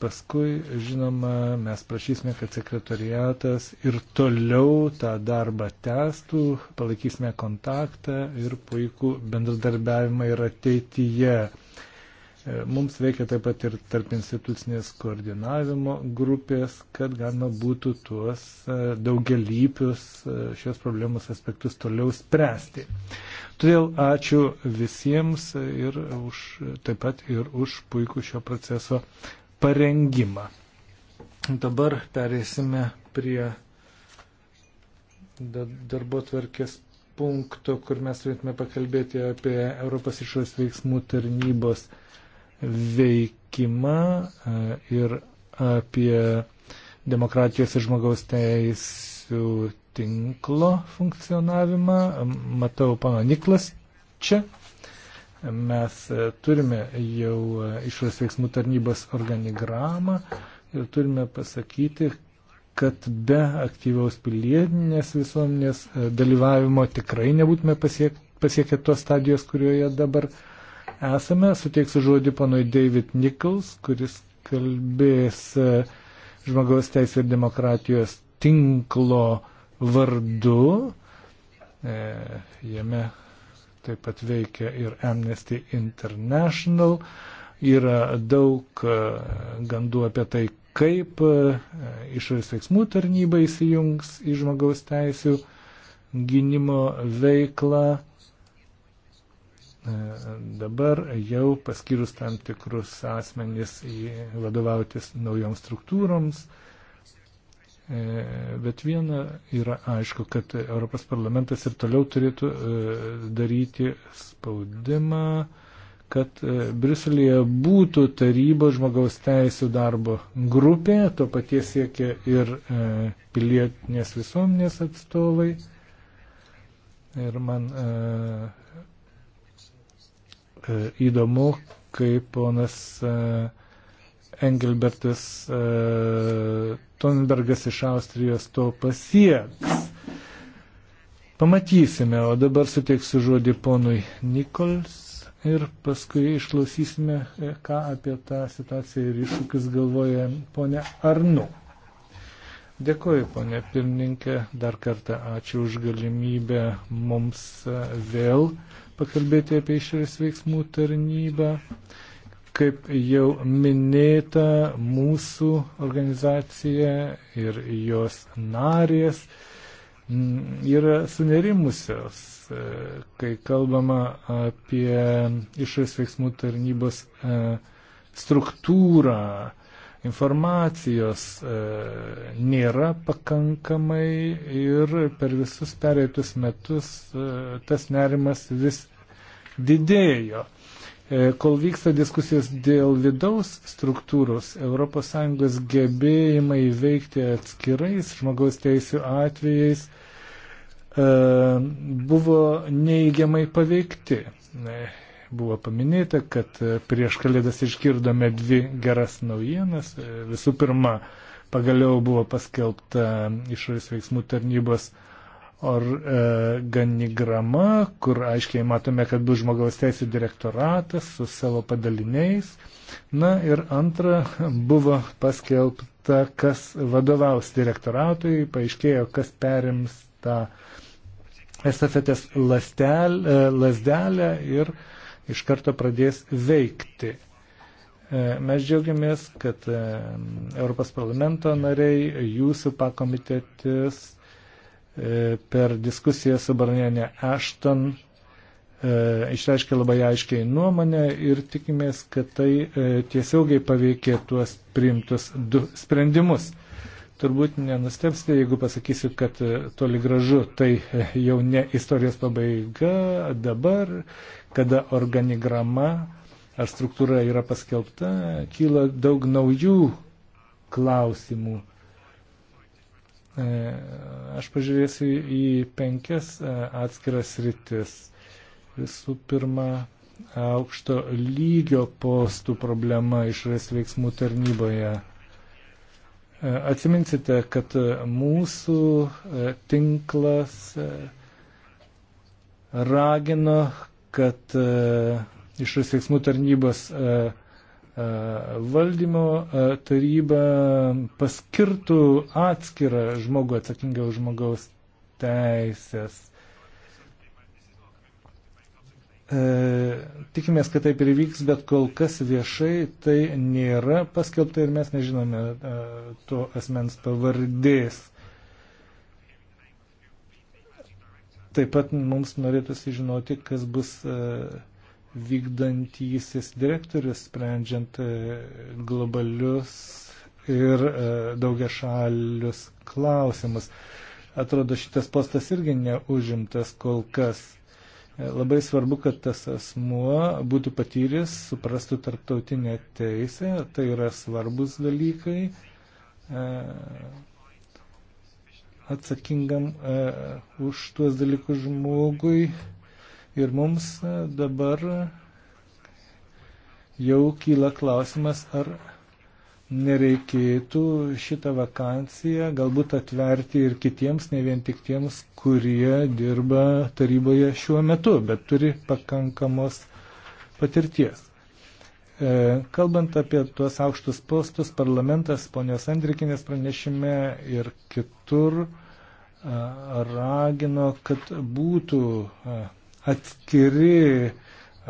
Paskui, žinoma, mes prašysime, kad sekretariatas ir toliau tą darbą tęstų, palaikysime kontaktą ir puikų bendradarbiavimą ir ateityje. E, mums veikia taip pat ir tarp institucinės koordinavimo grupės, kad galima būtų tuos e, daugelypius e, šios problemos aspektus toliau spręsti. Todėl ačiū visiems ir už, taip pat ir už puikų šio proceso parengimą. Dabar perėsime prie darbo tvarkės punkto, kur mes turėtume pakalbėti apie Europos išorės veiksmų tarnybos veikimą e, ir apie demokratijos ir žmogaus teisų tinklo funkcionavimą. Matau, pana Niklas čia Mes e, turime jau e, išorės veiksmų tarnybos organigramą ir turime pasakyti, kad be aktyviaus pilietinės visuomenės e, dalyvavimo tikrai nebūtume pasiek, pasiekę tos stadijos, kurioje dabar esame. Suteiksiu žodį panui David Nichols, kuris kalbės žmogaus teisų ir demokratijos tinklo vardu. E, jame taip pat veikia ir Amnesty International. Yra daug e, gandų apie tai, kaip e, išorės veiksmų tarnyba įsijungs į žmogaus teisų gynimo veiklą. E, dabar jau paskyrus tam tikrus asmenys vadovautis naujoms struktūroms, E, bet viena yra aišku, kad Europos parlamentas ir toliau turėtų e, daryti spaudimą, kad e, Briuselėje būtų taryba žmogaus teisų darbo grupė, to paties siekia ir pilietinės visuomenės atstovai. Ir man įdomu, kaip ponas uh, Engelbertas e, Tonbergas iš Austrijos to pasieks. Pamatysime, o dabar suteiksiu žodį ponui Nikols ir paskui išklausysime, e, ką apie tą situaciją ir iššūkius galvoja ponia Arnu. Dėkuoju, ponė pirmininkė, dar kartą ačiū už galimybę mums e, vėl pakalbėti apie išorės veiksmų tarnybą. Kaip jau minėta, mūsų organizacija ir jos narės mm, yra sunerimusios, e, kai kalbama apie išorės veiksmų tarnybos e, struktūrą. Informacijos e, nėra pakankamai ir per visus pereitus metus tas nerimas vis didėjo. E, kol vyksta diskusijos dėl vidaus struktūros, ES gebėjimai veikti atskirais žmogaus teisų atvejais e, buvo neįgiamai paveikti. E, buvo paminėta, kad prieš kalėdas išgirdome dvi geras naujienas. Visų pirma, pagaliau buvo paskelbta išorės veiksmų tarnybos uh, Or e, ganigrama, kur aiškiai matome, kad bus žmogaus teisų direktoratas su savo padaliniais. Na ir antra, buvo paskelbta, kas vadovaus direktoratui, paaiškėjo, kas perims tą estafetės e, lasdelę ir iš karto pradės veikti. E, mes džiaugiamės, kad e, Europos parlamento nariai, jūsų pakomitetis E, per diskusiją su Barnienė Ashton e, išreiškė labai aiškiai nuomonę ir tikimės, kad tai e, tiesiogiai paveikė tuos priimtus du sprendimus. Turbūt nenustepsite, jeigu pasakysiu, kad toli gražu tai jau ne istorijos pabaiga dabar, kada organigrama ar struktūra yra paskelbta, kyla daug naujų klausimų E, aš pažiūrėsiu į penkias e, atskiras rytis. Visų pirma, aukšto lygio postų problema išorės veiksmų tarnyboje. E, atsiminsite, kad mūsų tinklas ragino, kad išorės veiksmų tarnybos E, valdymo e, taryba paskirtų atskirą žmogų atsakingą už žmogaus teisės. E, tikimės, kad taip ir vyks, bet kol kas viešai tai nėra paskelbta ir mes nežinome to asmens pavardės. Taip pat mums norėtųsi žinoti, kas bus uh, vykdantysis direktorius sprendžiant e, globalius ir e, daugiašalius klausimus. Atrodo, šitas postas irgi neužimtas kol kas. E, labai svarbu, kad tas asmuo būtų patyręs, suprastų tarptautinę teisę, tai yra svarbus dalykai atsakingam už tuos dalykus žmogui Ir mums e, dabar jau kyla klausimas, ar nereikėtų šitą vakanciją galbūt atverti ir kitiems, ne vien tik tiems, kurie dirba taryboje šiuo metu, bet turi pakankamos patirties. E, kalbant apie tuos aukštus postus, parlamentas ponios Andrikinės pranešime ir kitur ragino, kad būtų atskiri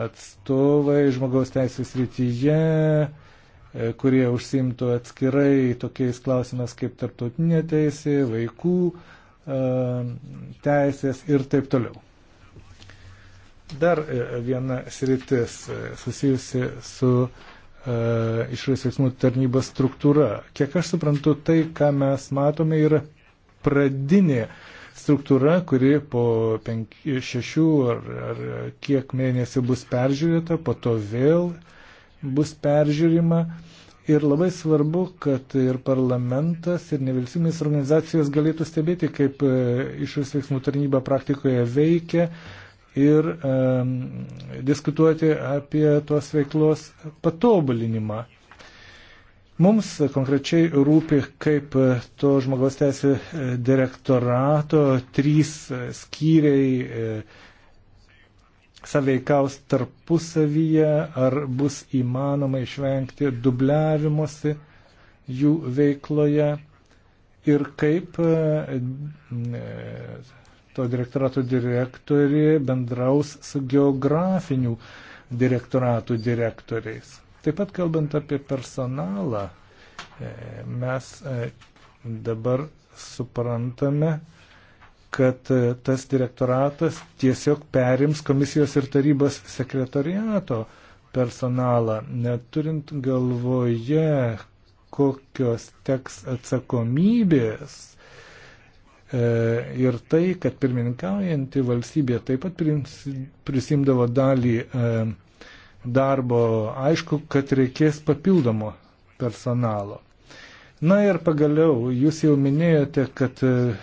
atstovai žmogaus teisės rytyje, e, kurie užsimtų atskirai tokiais klausimais kaip tarptautinė teisė, vaikų e, teisės ir taip toliau. Dar e, viena sritis susijusi su išorės veiksmų tarnybos struktūra. Kiek aš suprantu, tai, ką mes matome, yra pradinė uh, struktūra, kuri po penki, šešių ar, ar kiek mėnesių bus peržiūrėta, po to vėl bus peržiūrima. Ir labai svarbu, kad ir parlamentas, ir nevilsimės organizacijos galėtų stebėti, kaip e, išorės veiksmų tarnyba praktikoje veikia ir um, diskutuoti apie tos veiklos patobulinimą. Mums konkrečiai rūpi, kaip to žmogaus teisų e, direktorato trys e, skyriai e, saveikaus tarpusavyje, ar bus įmanoma išvengti dubliavimuose jų veikloje ir kaip to direktorato direktorė bendraus su geografinių direktoratų direktoriais. Taip pat kalbant apie personalą, e, mes e, dabar suprantame, kad e, tas direktoratas tiesiog perims komisijos ir tarybos sekretariato personalą, neturint galvoje, kokios teks atsakomybės. Ir tai, kad pirmininkaujanti valstybė taip pat prisimdavo dalį darbo, aišku, kad reikės papildomo personalo. Na ir pagaliau, jūs jau minėjote, kad e,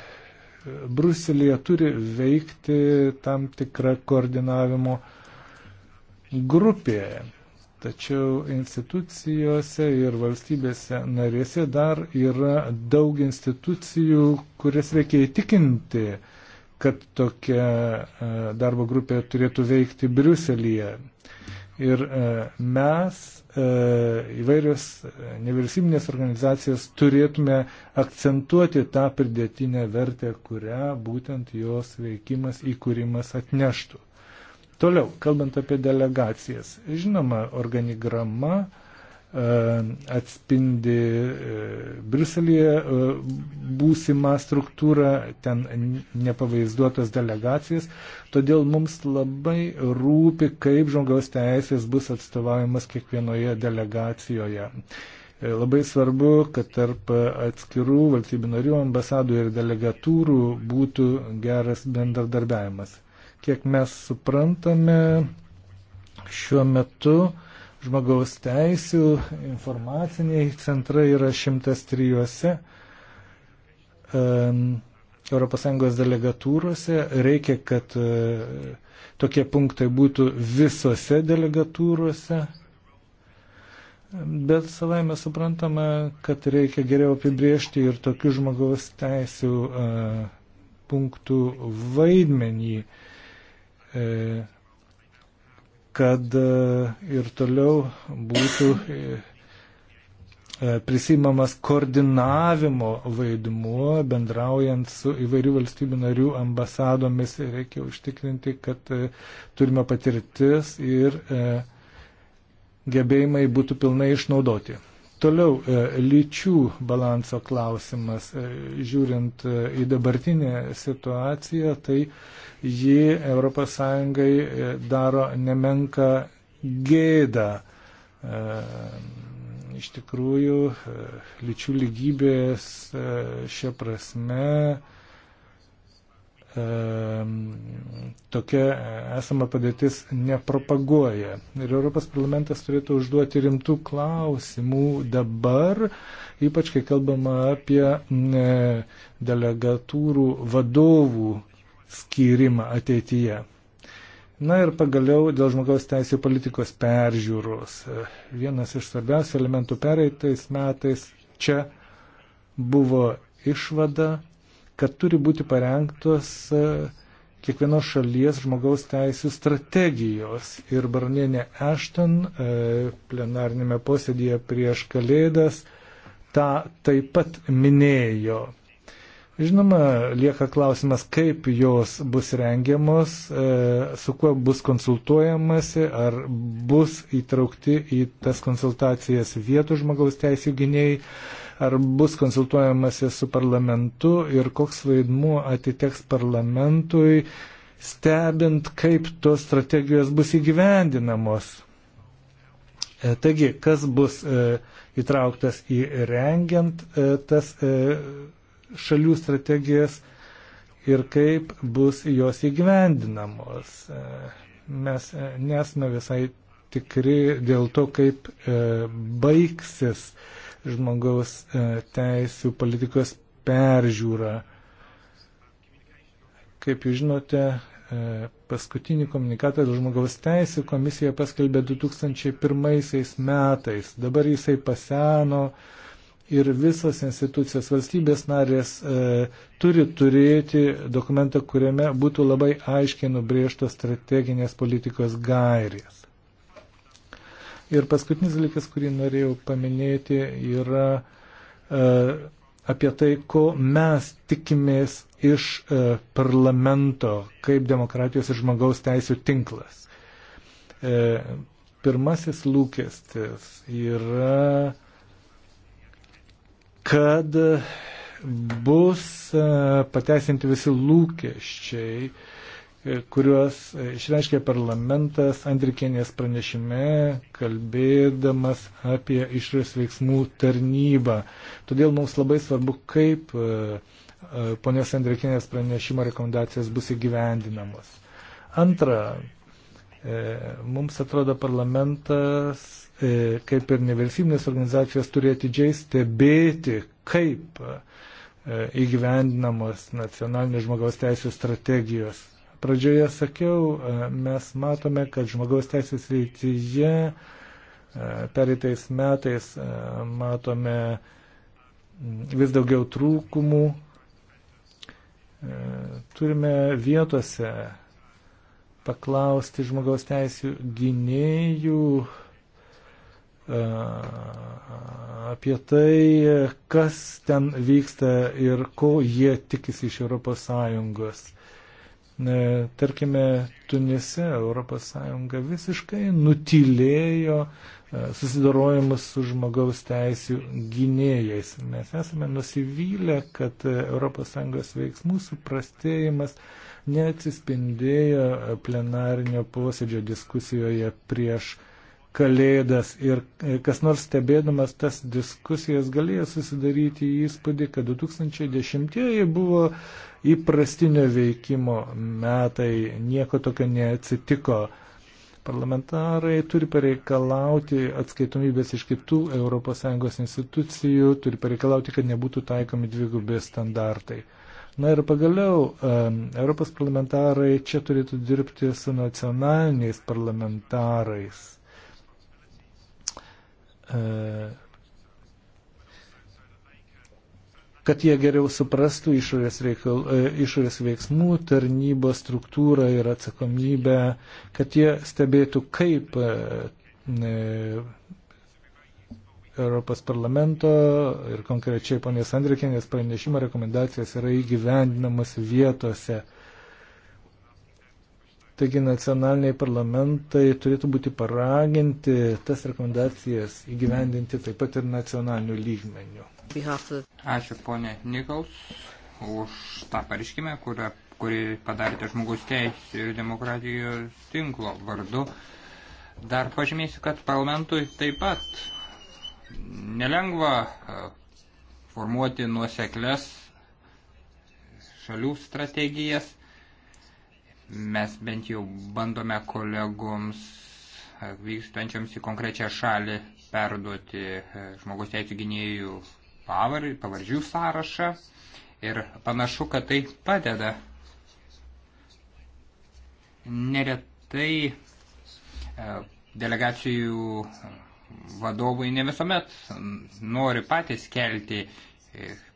Bruselėje turi veikti tam tikra koordinavimo grupė. Tačiau institucijose ir valstybėse narėse dar yra daug institucijų, kurias reikia įtikinti, kad tokia e, darbo grupė turėtų veikti Briuselyje. Ir e, mes e, įvairios e, nevyriausybinės organizacijas turėtume akcentuoti tą pridėtinę vertę, kurią būtent jos veikimas įkūrimas atneštų. Toliau, kalbant apie delegacijas, žinoma, organigrama E, atspindi e, Bruselėje e, būsimą struktūrą, ten nepavaizduotas delegacijas. Todėl mums labai rūpi, kaip žmogaus teisės bus atstovavimas kiekvienoje delegacijoje. Labai svarbu, kad tarp atskirų valstybių narių, ambasadų ir delegatūrų būtų geras bendradarbiavimas. Kiek mes suprantame, šiuo metu uh, žmogaus teisių, informaciniai centrai yra 103. ES delegatūrose reikia, kad e, tokie punktai būtų visose delegatūrose. Bet savai mes suprantame, kad reikia geriau apibriežti ir tokių žmogaus teisų a, e, punktų vaidmenį. E, kad e, ir toliau būtų e, e, prisimamas koordinavimo vaidmuo, bendraujant su įvairių valstybių narių ambasadomis, reikia užtikrinti, kad turime patirtis ir gebėjimai būtų pilnai išnaudoti. Toliau e, lyčių balanso klausimas. E, žiūrint e, į dabartinę situaciją, tai ji ES daro nemenka gėdą. Iš tikrųjų, lyčių lygybės šia prasme tokia esama padėtis nepropaguoja. Ir Europos parlamentas turėtų užduoti rimtų klausimų dabar, ypač kai kalbama apie delegatūrų vadovų skyrimą ateityje. Na ir pagaliau dėl žmogaus teisų politikos peržiūros. Vienas iš svarbiausių elementų pereitais metais čia buvo išvada, kad turi būti parengtos e, kiekvienos šalies žmogaus teisų strategijos. Ir baronienė Ashton e, plenarnėme posėdėje prieš kalėdas tą taip pat minėjo. Žinoma, lieka klausimas, kaip jos bus rengiamos, e, su kuo bus konsultuojamasi, ar bus įtraukti į tas konsultacijas vietų žmogaus teisų gynėjai. Ar bus konsultuojamasi su parlamentu ir koks vaidmuo atiteks parlamentui, stebint, kaip tos strategijos bus įgyvendinamos. E, taigi, kas bus e, įtrauktas į rengiant e, tas šalių strategijas ir kaip bus jos įgyvendinamos. Mes nesame visai tikri dėl to, kaip baigsis uh, žmogaus e, teisų politikos peržiūrą. Kaip jūs žinote, e, paskutinį komunikatą dėl žmogaus teisų komisija paskelbė 2001 metais. Dabar jisai paseno ir visos institucijos valstybės narės e, turi turėti dokumentą, kuriame būtų labai aiškiai nubrėžtos strateginės politikos gairės. Ir paskutinis dalykas, kurį norėjau paminėti, yra e, apie tai, ko mes tikimės iš e, parlamento kaip demokratijos ir žmogaus teisų tinklas. E, pirmasis lūkestis yra, kad bus e, pateisinti visi lūkesčiai, kuriuos išreiškė parlamentas Andrikienės pranešime, kalbėdamas apie išorės veiksmų tarnybą. Todėl mums labai svarbu, kaip e, e, ponios Andrikienės pranešimo rekomendacijos bus įgyvendinamos. Antra, e, mums atrodo parlamentas, kaip ir nevyriausybinės organizacijos, turi atidžiai stebėti, kaip įgyvendinamos nacionalinės žmogaus teisų strategijos pradžioje sakiau, e, mes matome, kad žmogaus teisės rytyje e, pereitais metais e, matome mm, vis daugiau trūkumų. Turime vietose paklausti žmogaus teisų gynėjų apie tai, kas ten vyksta ir ko jie tikisi iš ES. Tarkime, Tunise ES visiškai nutilėjo e, susidarojimus su žmogaus teisų gynėjais. Mes esame nusivylę, kad ES veiksmų suprastėjimas neatsispindėjo plenarinio posėdžio diskusijoje prieš Kalėdas ir e, kas nors stebėdamas tas diskusijas galėjo susidaryti įspūdį, kad 2010-ieji buvo įprastinio veikimo metai, nieko tokio neatsitiko. Parlamentarai turi pareikalauti atskaitomybės iš kitų ES institucijų, turi pareikalauti, kad nebūtų taikomi dvigubės standartai. Na ir pagaliau, Europos parlamentarai čia turėtų dirbti su nacionaliniais parlamentarais E, kad jie geriau suprastų išorės, reikal, e, išorės veiksmų, tarnybos struktūrą ir atsakomybę, kad jie stebėtų, kaip e, Europos parlamento ir konkrečiai ponės Andrikinės pranešimo rekomendacijos yra įgyvendinamas vietose. Taigi nacionaliniai parlamentai turėtų būti paraginti tas rekomendacijas įgyvendinti taip pat ir nacionalinių lygmenių. Ačiū ponė Nikols už tą pareiškimą, kurį, kurį padarėte žmogus teisų ir demokratijos tinklo vardu. Dar pažymėsiu, kad parlamentui taip pat nelengva e, formuoti nuoseklės šalių strategijas Mes bent jau bandome kolegoms vykstančiams į konkrečią šalį perduoti e, žmogaus teisų gynėjų pavardžių sąrašą ir panašu, kad tai padeda. Neretai e, delegacijų vadovai ne visuomet nori patys kelti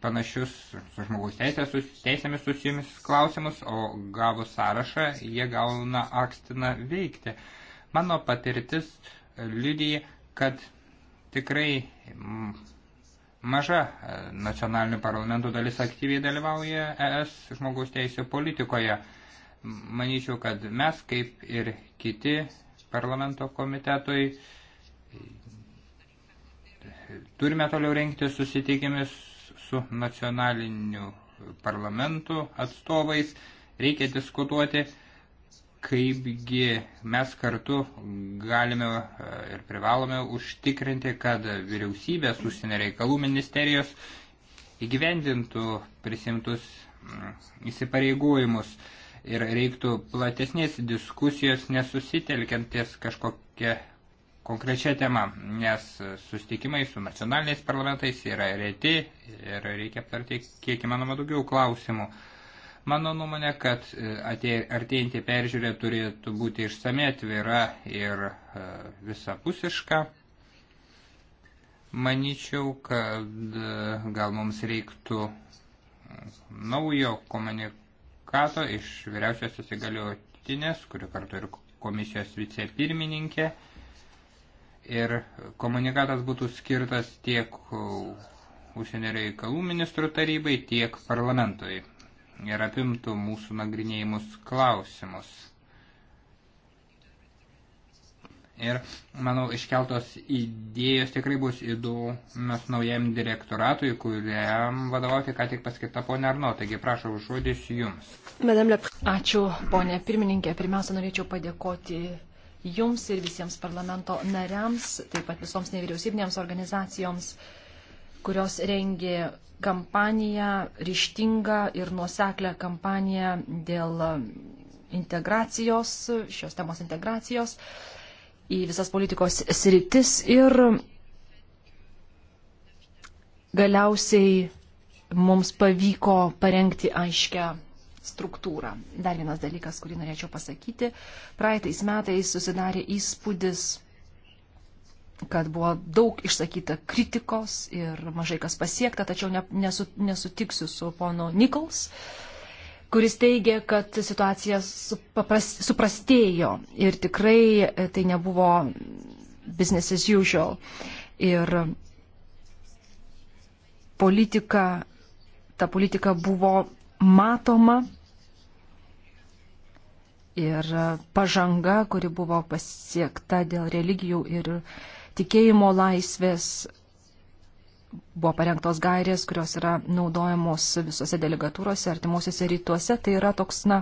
panašius su žmogaus teisės, teisėmis susijusius klausimus, o gavus sąrašą jie gauna akstiną veikti. Mano patirtis liudyja, kad tikrai mm, maža e, nacionalinių parlamentų dalis aktyviai dalyvauja ES žmogaus teisų politikoje. Manyčiau, kad mes, kaip ir kiti parlamento komitetui, turime toliau rengti susitikimus su nacionaliniu parlamentu atstovais, reikia diskutuoti, kaipgi mes kartu galime e, ir privalome užtikrinti, kad vyriausybės užsienio reikalų ministerijos įgyvendintų prisimtus mm, įsipareigojimus ir reiktų platesnės diskusijos nesusitelkiant ties kažkokia konkrečia tema, nes sustikimai su nacionaliniais parlamentais yra reti ir reikia aptarti kiek įmanoma daugiau klausimų. Mano nuomonė, kad e, artėjantį peržiūrę turėtų būti išsame atvira ir e, visapusiška. Manyčiau, kad e, gal mums reiktų mm, naujo komunikato iš vyriausios įsigaliotinės, kuri kartu ir komisijos vicepirmininkė. pirmininkė ir komunikatas būtų skirtas tiek užsienio reikalų ministrų tarybai, tiek parlamentui ir apimtų mūsų nagrinėjimus klausimus. Ir, manau, iškeltos idėjos tikrai bus įdomios naujam direktoratui, kuriam vadovauti ką tik paskirta ponė Arno. Taigi, prašau, žodis jums. Ačiū, ponė pirmininkė. Pirmiausia, norėčiau padėkoti jums ir visiems parlamento nariams, taip pat visoms nevyriausybinėms organizacijoms, kurios rengė kampaniją, ryštingą ir nuoseklę kampaniją dėl integracijos, šios temos integracijos į visas politikos sritis ir galiausiai mums pavyko parengti aiškę struktūrą. Dar vienas dalykas, kurį norėčiau pasakyti. Praeitais metais susidarė įspūdis, kad buvo daug išsakyta kritikos ir mažai kas pasiekta, tačiau ne, nesu, nesutiksiu su pono Nikols kuris teigia, kad situacija suprastėjo ir tikrai e, tai nebuvo business as usual. Ir politika, ta politika buvo matoma ir pažanga, kuri buvo pasiekta dėl religijų ir tikėjimo laisvės, buvo parengtos gairės, kurios yra naudojamos visose delegatūrose, artimuosiuose rytuose. Tai yra toks, na,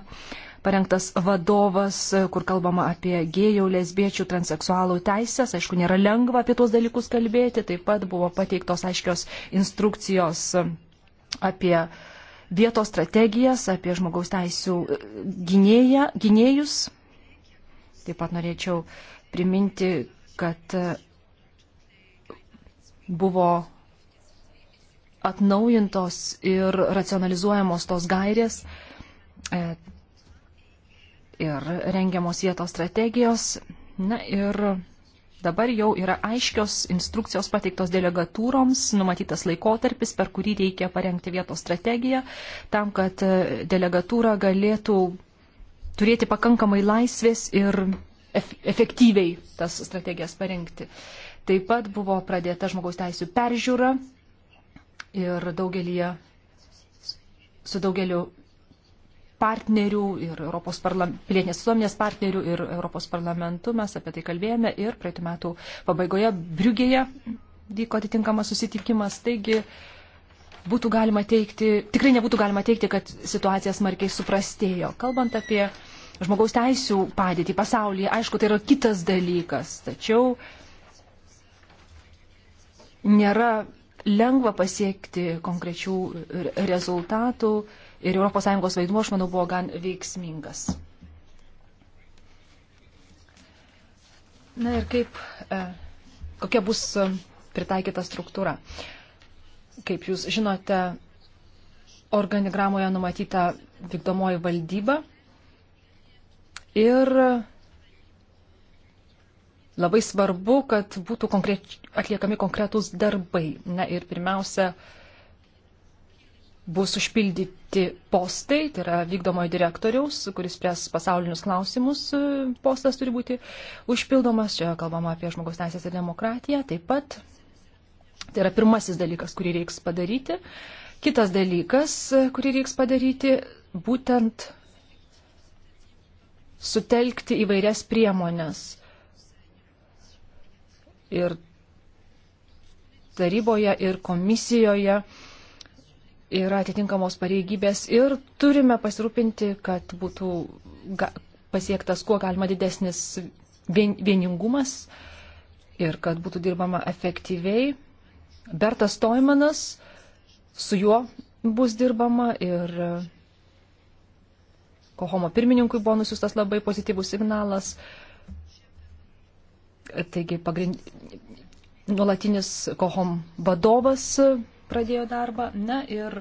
parengtas vadovas, kur kalbama apie gėjų, lesbiečių, transeksualų teisės. Aišku, nėra lengva apie tuos dalykus kalbėti. Taip pat buvo pateiktos aiškios instrukcijos apie uh, vietos strategijas, apie žmogaus teisų e, gynėja, gynėjus. Taip pat norėčiau priminti, kad e, buvo atnaujintos ir racionalizuojamos tos gairės e, ir rengiamos vietos strategijos. Na ir Dabar jau yra aiškios instrukcijos pateiktos delegatūroms, numatytas laikotarpis, per kurį reikia parengti vietos strategiją, tam, kad e, delegatūra galėtų turėti pakankamai laisvės ir efektyviai tas strategijas parengti. Taip pat buvo pradėta žmogaus teisų peržiūra ir daugelį, su daugeliu partnerių ir Europos pilietinės visuomenės partnerių ir Europos parlamentu. Mes apie tai kalbėjome ir praeitų metų pabaigoje Briugėje vyko atitinkamas susitikimas. Taigi, būtų galima teikti, tikrai nebūtų galima teikti, kad situacija smarkiai suprastėjo. Kalbant apie žmogaus teisų padėtį pasaulyje, aišku, tai yra kitas dalykas, tačiau nėra lengva pasiekti konkrečių rezultatų ir ES vaidmuo, aš manau, buvo gan veiksmingas. Na ir kaip, e, kokia bus e, pritaikyta struktūra. Kaip jūs žinote, organigramoje numatyta vykdomoji valdyba ir labai svarbu, kad būtų konkreč, atliekami konkretūs darbai. Na ir pirmiausia, uh, bus užpildyti postai, tai yra vykdomojo direktoriaus, kuris spręs pasaulinius klausimus, e, postas turi būti užpildomas, čia kalbama apie žmogaus teisės ir demokratiją, taip pat tai yra pirmasis dalykas, kurį reiks padaryti. Kitas dalykas, e, kurį reiks padaryti, būtent sutelkti įvairias priemonės. Ir taryboje, ir komisijoje yra atitinkamos pareigybės ir turime pasirūpinti, kad būtų pasiektas kuo galima didesnis vieningumas ir kad būtų dirbama efektyviai. Bertas Toimanas, su juo bus dirbama ir e, Kohomo pirmininkui buvo nusiustas labai pozityvus signalas. Taigi, pagrind... nuolatinis Kohom vadovas pradėjo darbą. Na ir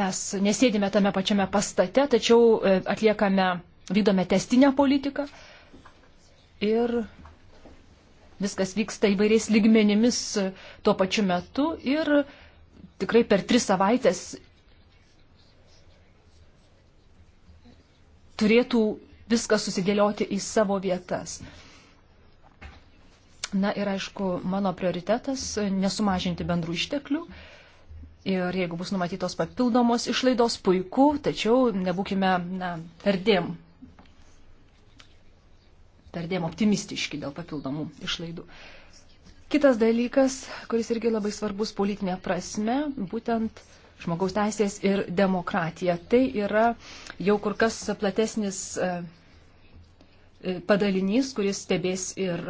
mes nesėdime tame pačiame pastate, tačiau e, atliekame, vykdome testinę politiką. Ir viskas vyksta įvairiais lygmenimis e, tuo pačiu metu ir tikrai per tris savaitės turėtų viskas susidėlioti į savo vietas. Na ir aišku, mano prioritetas - nesumažinti bendrų išteklių. Ir jeigu bus numatytos papildomos išlaidos, puiku, tačiau nebūkime na, perdėm, perdėm optimistiški dėl papildomų išlaidų. Kitas dalykas, kuris irgi labai svarbus politinė prasme, būtent žmogaus teisės ir demokratija. Tai yra jau kur kas platesnis e, padalinys, kuris stebės ir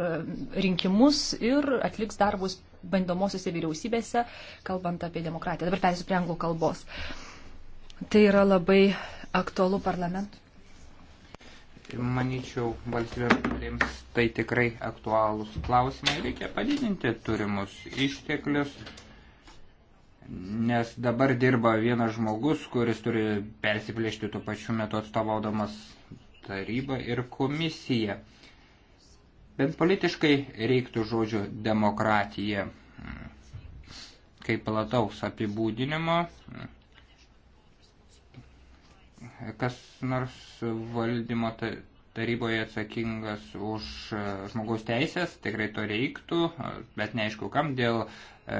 rinkimus ir atliks darbus bandomosiose vyriausybėse, kalbant apie demokratiją. Dabar perėsiu prie anglų kalbos. Tai yra labai aktualu parlamentui. Manyčiau, valstybėms tai tikrai aktualūs klausimai. Reikia padidinti turimus išteklius, nes dabar dirba vienas žmogus, kuris turi persiplėšti tuo pačiu metu atstovaudamas taryba ir komisija. Bent politiškai reiktų žodžio demokratija kaip plataus apibūdinimo, kas nors valdymo taryboje atsakingas už žmogaus teisės, tikrai to reiktų, bet neaišku kam dėl E,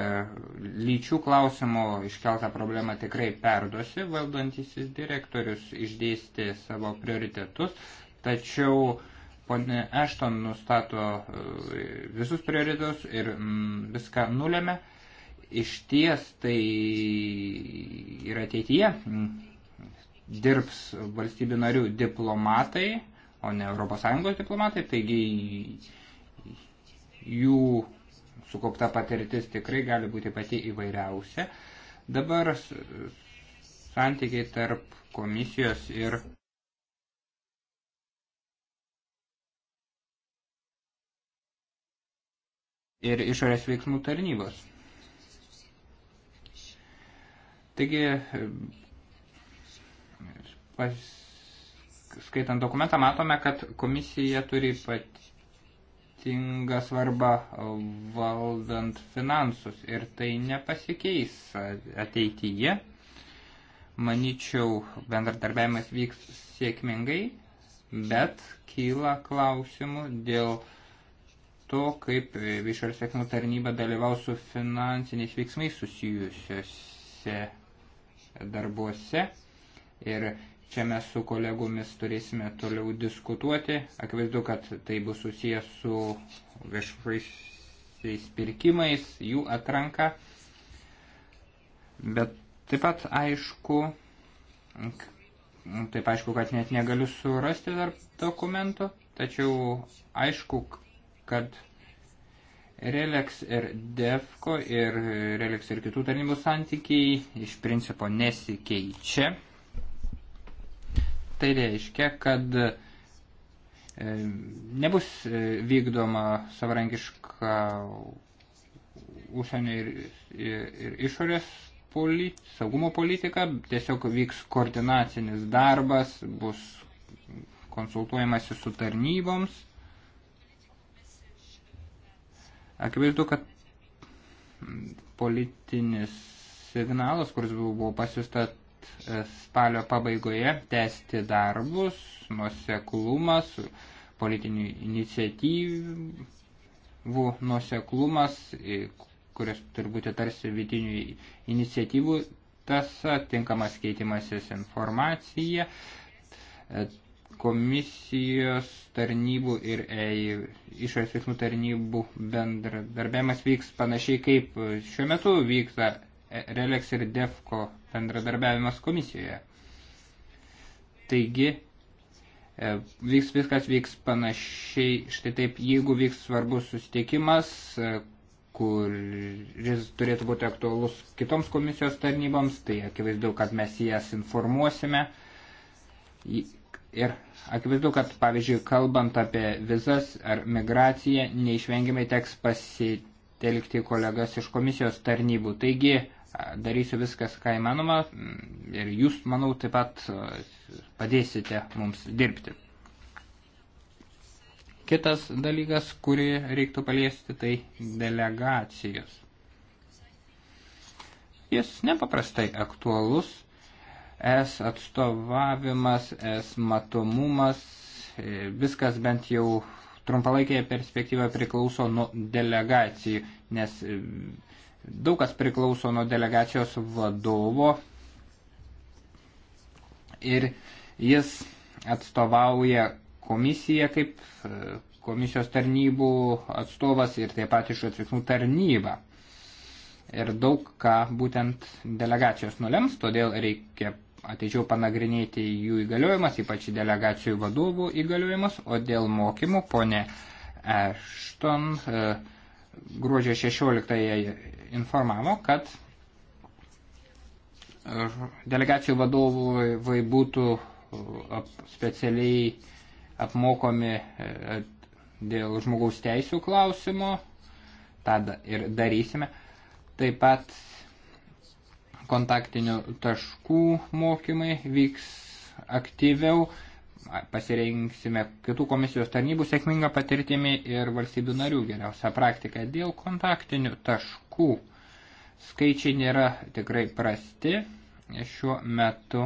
lyčių klausimų iškeltą problemą tikrai perduosi, valdantisis direktorius išdėstė savo prioritetus, tačiau ponė Ešton nustato e, visus prioritetus ir mm, viską nulėmė. Iš ties tai ir ateityje mm, dirbs valstybių narių diplomatai, o ne ES diplomatai, taigi jų sukaupta patirtis tikrai gali būti pati įvairiausia. Dabar santykiai tarp komisijos ir ir išorės veiksmų tarnybos. Taigi, pas, skaitant dokumentą, matome, kad komisija turi pat ypatinga svarba valdant finansus ir tai nepasikeis ateityje. Maničiau, bendradarbiavimas vyks sėkmingai, bet kyla klausimų dėl to, kaip viešojo sėkmų tarnyba dalyvaus su finansiniais veiksmais susijusiuose darbuose. Ir Čia mes su kolegomis turėsime toliau diskutuoti. Akivaizdu, kad tai bus susijęs su viešaisiais pirkimais, jų atranka. Bet taip pat aišku, taip aišku, kad net negaliu surasti dar dokumentų, tačiau aišku, kad Relex ir Defco ir Relex ir kitų tarnybų santykiai iš principo nesikeičia tai reiškia, kad e, nebus e, vykdoma savarankiška užsienio ir, ir, ir išorės polit, saugumo politika, tiesiog vyks koordinacinis darbas, bus konsultuojamasi su tarnyboms. Akivaizdu, kad politinis signalas, kuris buvo pasiūsta spalio pabaigoje tęsti darbus, nuseklumas, politinių iniciatyvų nuseklumas, kurias turi būti tarsi vidinių iniciatyvų, tas tinkamas keitimasis informacija, e, komisijos tarnybų ir išorės veiksmų tarnybų bendradarbiavimas vyks panašiai kaip šiuo metu vyksta Relex ir DEFCO bendradarbiavimas komisijoje. Taigi, e, vyks, viskas vyks panašiai, štai taip, jeigu vyks svarbus susitikimas, e, kuris turėtų būti aktualus kitoms komisijos tarnyboms, tai akivaizdu, kad mes jas informuosime. Ir akivaizdu, kad, pavyzdžiui, kalbant apie vizas ar migraciją, neišvengiamai teks pasitelkti kolegas iš komisijos tarnybų. Taigi, darysiu viskas, ką įmanoma ir jūs, manau, taip pat e, padėsite mums dirbti. Kitas dalykas, kurį reiktų paliesti, tai delegacijos. Jis nepaprastai aktualus, es atstovavimas, es matomumas, e, viskas bent jau trumpalaikėje perspektyvoje priklauso nuo delegacijų, nes e, Daug kas priklauso nuo delegacijos vadovo ir jis atstovauja komisiją kaip e, komisijos tarnybų atstovas ir taip pat iš atveiksmų tarnybą. Ir daug ką būtent delegacijos nulems, todėl reikia ateičiau panagrinėti jų įgaliojimas, ypač delegacijų vadovų įgaliojimas, o dėl mokymų ponė Ešton e, gruodžio 16 informavo, kad delegacijų vadovai būtų e, specialiai apmokomi e, dėl žmogaus teisų klausimo, tą ir darysime. Taip pat kontaktinių taškų mokymai vyks aktyviau, pasirinksime kitų komisijos tarnybų sėkmingą patirtimį ir valstybių narių geriausią praktiką dėl kontaktinių taškų aukų. Skaičiai nėra tikrai prasti. Šiuo metu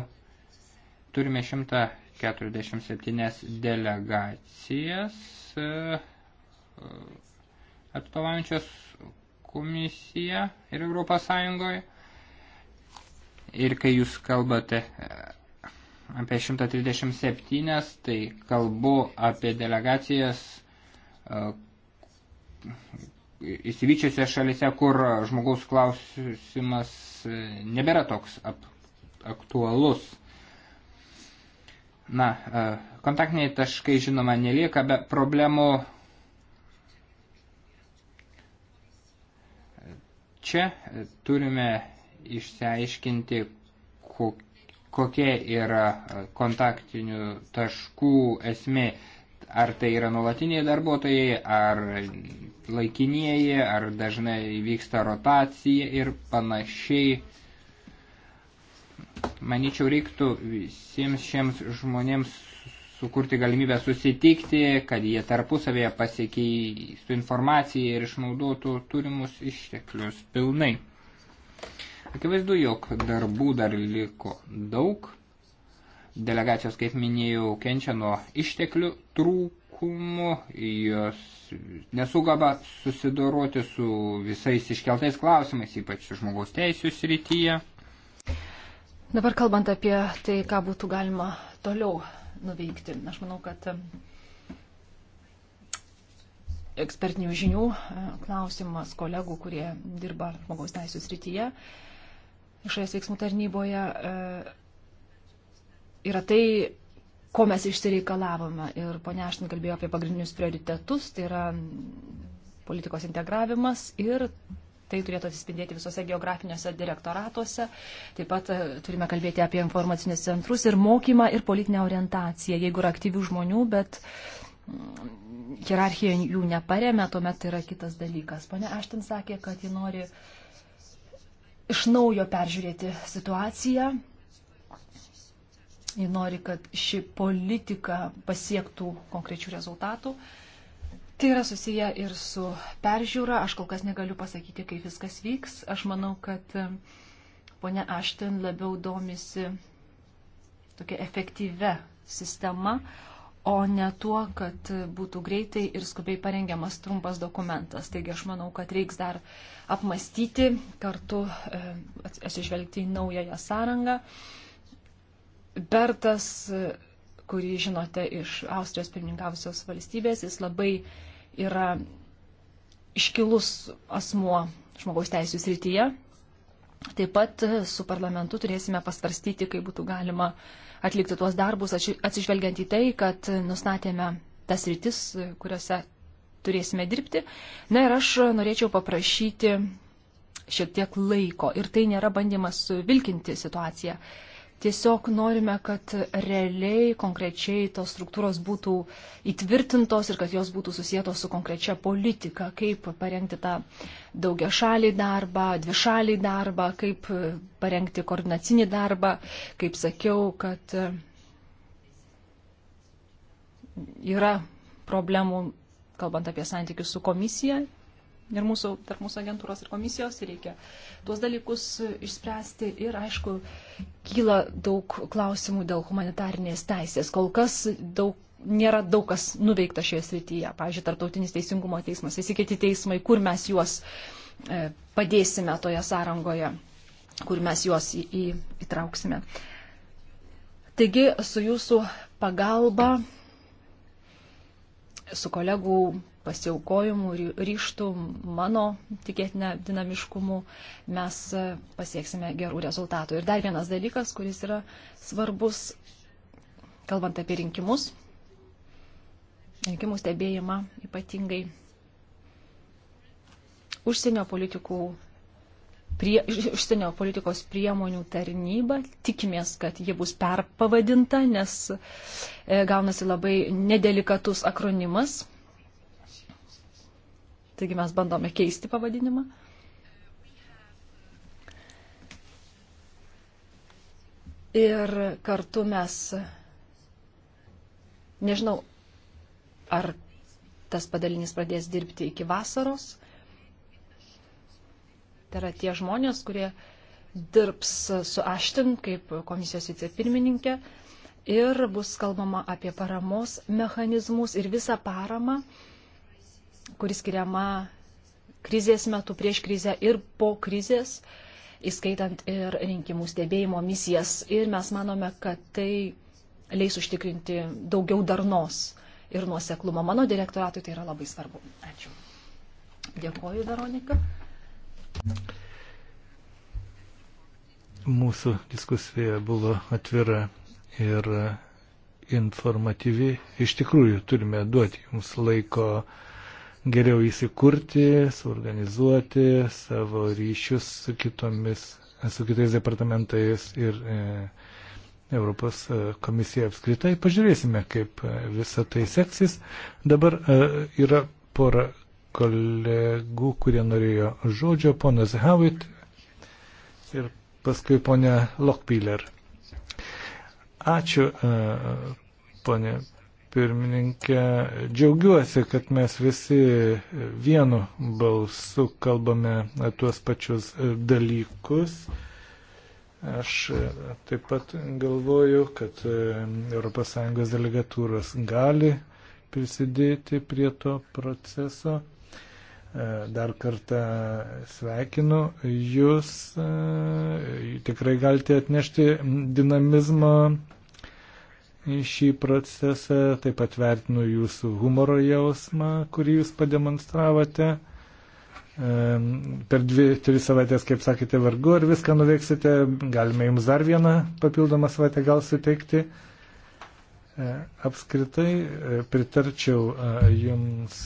turime 147 delegacijas e, atstovaujančios komisiją ir Europos Sąjungoje. Ir kai jūs kalbate e, apie 137, tai kalbu apie delegacijas, e, įsivyčiose šalise, kur žmogaus klausimas e, nebėra toks ap, aktualus. Na, e, kontaktiniai taškai, žinoma, nelieka be problemų. Čia e, turime išsiaiškinti, kokie yra kontaktinių taškų esmė ar tai yra nuolatiniai darbuotojai, ar laikinieji, ar dažnai vyksta rotacija ir panašiai. Maničiau, reiktų visiems šiems žmonėms sukurti galimybę susitikti, kad jie tarpusavėje pasikeistų informaciją ir išnaudotų turimus išteklius pilnai. Akivaizdu, jog darbų dar liko daug Delegacijos, kaip minėjau, kenčia nuo išteklių trūkumų, jos nesugaba susidoroti su visais iškeltais klausimais, ypač žmogaus teisų srityje. Dabar kalbant apie tai, ką būtų galima toliau nuveikti, aš manau, kad um, ekspertinių žinių uh, klausimas kolegų, kurie dirba žmogaus teisų srityje, išorės veiksmų tarnyboje uh, yra tai, ko mes išsireikalavome. Ir ponia Aštin kalbėjo apie pagrindinius prioritetus, tai yra politikos integravimas ir tai turėtų atsispindėti visose geografiniuose direktoratuose. Taip pat e, turime kalbėti apie informacinius centrus ir mokymą ir politinę orientaciją. Jeigu yra aktyvių žmonių, bet mm, hierarchija jų neparemė, tuomet tai yra kitas dalykas. Pone Aštin sakė, kad ji nori iš naujo peržiūrėti situaciją Ji nori, kad ši politika pasiektų konkrečių rezultatų. Tai yra susiję ir su peržiūra. Aš kol kas negaliu pasakyti, kaip viskas vyks. Aš manau, kad e, ponia Ašten labiau domisi tokia efektyve sistema, o ne tuo, kad būtų greitai ir skubiai parengiamas trumpas dokumentas. Taigi aš manau, kad reiks dar apmastyti, kartu e, atsižvelgti į naująją sąrangą. Bertas, kurį žinote iš Austrijos pirmininkavusios valstybės, jis labai yra iškilus asmuo žmogaus teisų srityje. Taip pat su parlamentu turėsime pasvarstyti, kaip būtų galima atlikti tuos darbus, atsižvelgiant į tai, kad nustatėme tas rytis, kuriuose turėsime dirbti. Na ir aš norėčiau paprašyti šiek tiek laiko. Ir tai nėra bandymas vilkinti situaciją. Tiesiog norime, kad realiai, konkrečiai tos struktūros būtų įtvirtintos ir kad jos būtų susijėtos su konkrečia politika, kaip parengti tą daugia šalį darbą, dvi šalį darbą, kaip parengti koordinacinį darbą, kaip sakiau, kad yra problemų, kalbant apie santykius su komisija ir mūsų, tarp mūsų agentūros ir komisijos reikia tuos dalykus išspręsti. Ir aišku, kyla daug klausimų dėl humanitarnės teisės. Kol kas daug, nėra daug kas nuveikta šioje srityje. Pavyzdžiui, Tartautinis teisingumo teismas, visi kiti teismai, kur mes juos e, padėsime toje sąrangoje, kur mes juos į, į, įtrauksime. Taigi, su jūsų pagalba su kolegų pasiaukojimu, ryštų, mano tikėtinę dinamiškumu mes e, pasieksime gerų rezultatų. Ir dar vienas dalykas, kuris yra svarbus, kalbant apie rinkimus, rinkimų stebėjimą ypatingai, užsienio, politikų, prie, užsienio politikos priemonių tarnyba, tikimės, kad ji bus perpavadinta, nes e, gaunasi labai nedelikatus akronimas taigi mes bandome keisti pavadinimą. Ir kartu mes, nežinau, ar tas padalinys pradės dirbti iki vasaros. Tai yra tie žmonės, kurie dirbs su Ashton kaip komisijos vicepirmininkė ir bus kalbama apie paramos mechanizmus ir visą paramą, kuris skiriama krizės metu, prieš krizę ir po krizės, įskaitant ir rinkimų stebėjimo misijas. Ir mes manome, kad tai leis užtikrinti daugiau darnos ir nuoseklumo. Mano direktoratui tai yra labai svarbu. Ačiū. Dėkoju, Veronika. Mūsų diskusija buvo atvira ir informatyvi. Iš tikrųjų, turime duoti jums laiko geriau įsikurti, suorganizuoti savo ryšius su, kitomis, su kitais departamentais ir e, Europos e, komisija apskritai. Pažiūrėsime, kaip e, visa tai seksis. Dabar e, yra pora kolegų, kurie norėjo žodžio, ponas Havit ir paskui ponia Lokpiler. Ačiū, e, e ponė pirmininkė. Džiaugiuosi, kad mes visi vienu balsu kalbame tuos pačius dalykus. Aš taip pat galvoju, kad ES delegatūros gali prisidėti prie to proceso. Dar kartą sveikinu Jūs, tikrai galite atnešti dinamizmo šį procesą, taip pat vertinu jūsų humoro jausmą, kurį jūs pademonstravote. Per dvi, tris savaitės, kaip sakėte, vargu ar viską nuveiksite, galime jums dar vieną papildomą savaitę gal suteikti. E, apskritai e, pritarčiau e, jums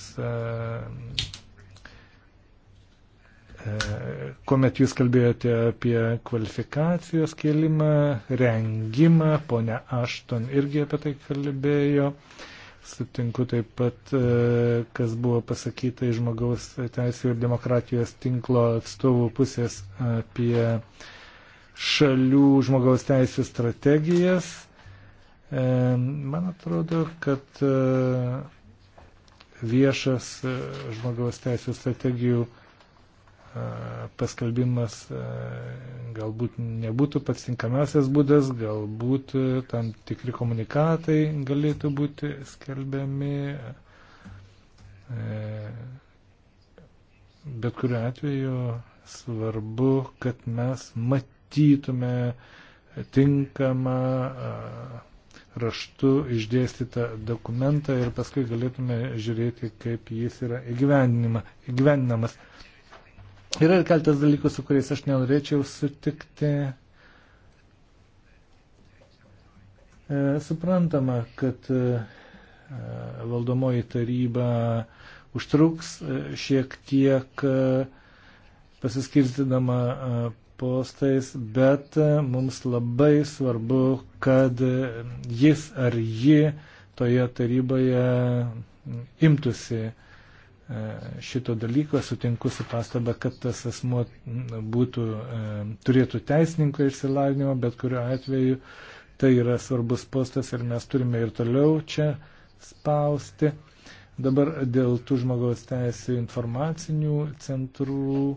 kuomet jūs kalbėjote apie kvalifikacijos kelimą, rengimą, ponia Ašton irgi apie tai kalbėjo. Sutinku taip pat, e, kas buvo pasakyta iš žmogaus teisų ir demokratijos tinklo atstovų pusės apie šalių žmogaus teisų strategijas. E, man atrodo, kad e, viešas žmogaus teisų strategijų paskelbimas galbūt nebūtų pats tinkamiausias būdas, galbūt tam tikri komunikatai galėtų būti skelbiami. Bet kuriu atveju svarbu, kad mes matytume tinkamą raštu išdėstytą dokumentą ir paskui galėtume žiūrėti, kaip jis yra įgyvendinamas. Yra ir keltas dalykų, su kuriais aš nenorėčiau sutikti. E, suprantama, kad e, valdomoji taryba užtruks e, šiek tiek e, pasiskirstydama e, postais, bet e, mums labai svarbu, kad e, jis ar ji toje taryboje imtųsi šito dalyko, sutinku su pastaba, kad tas asmo būtų, e, turėtų teisininko išsilavinimą, bet kuriuo atveju tai yra svarbus postas ir mes turime ir toliau čia spausti. Dabar dėl tų žmogaus teisų informacinių centrų.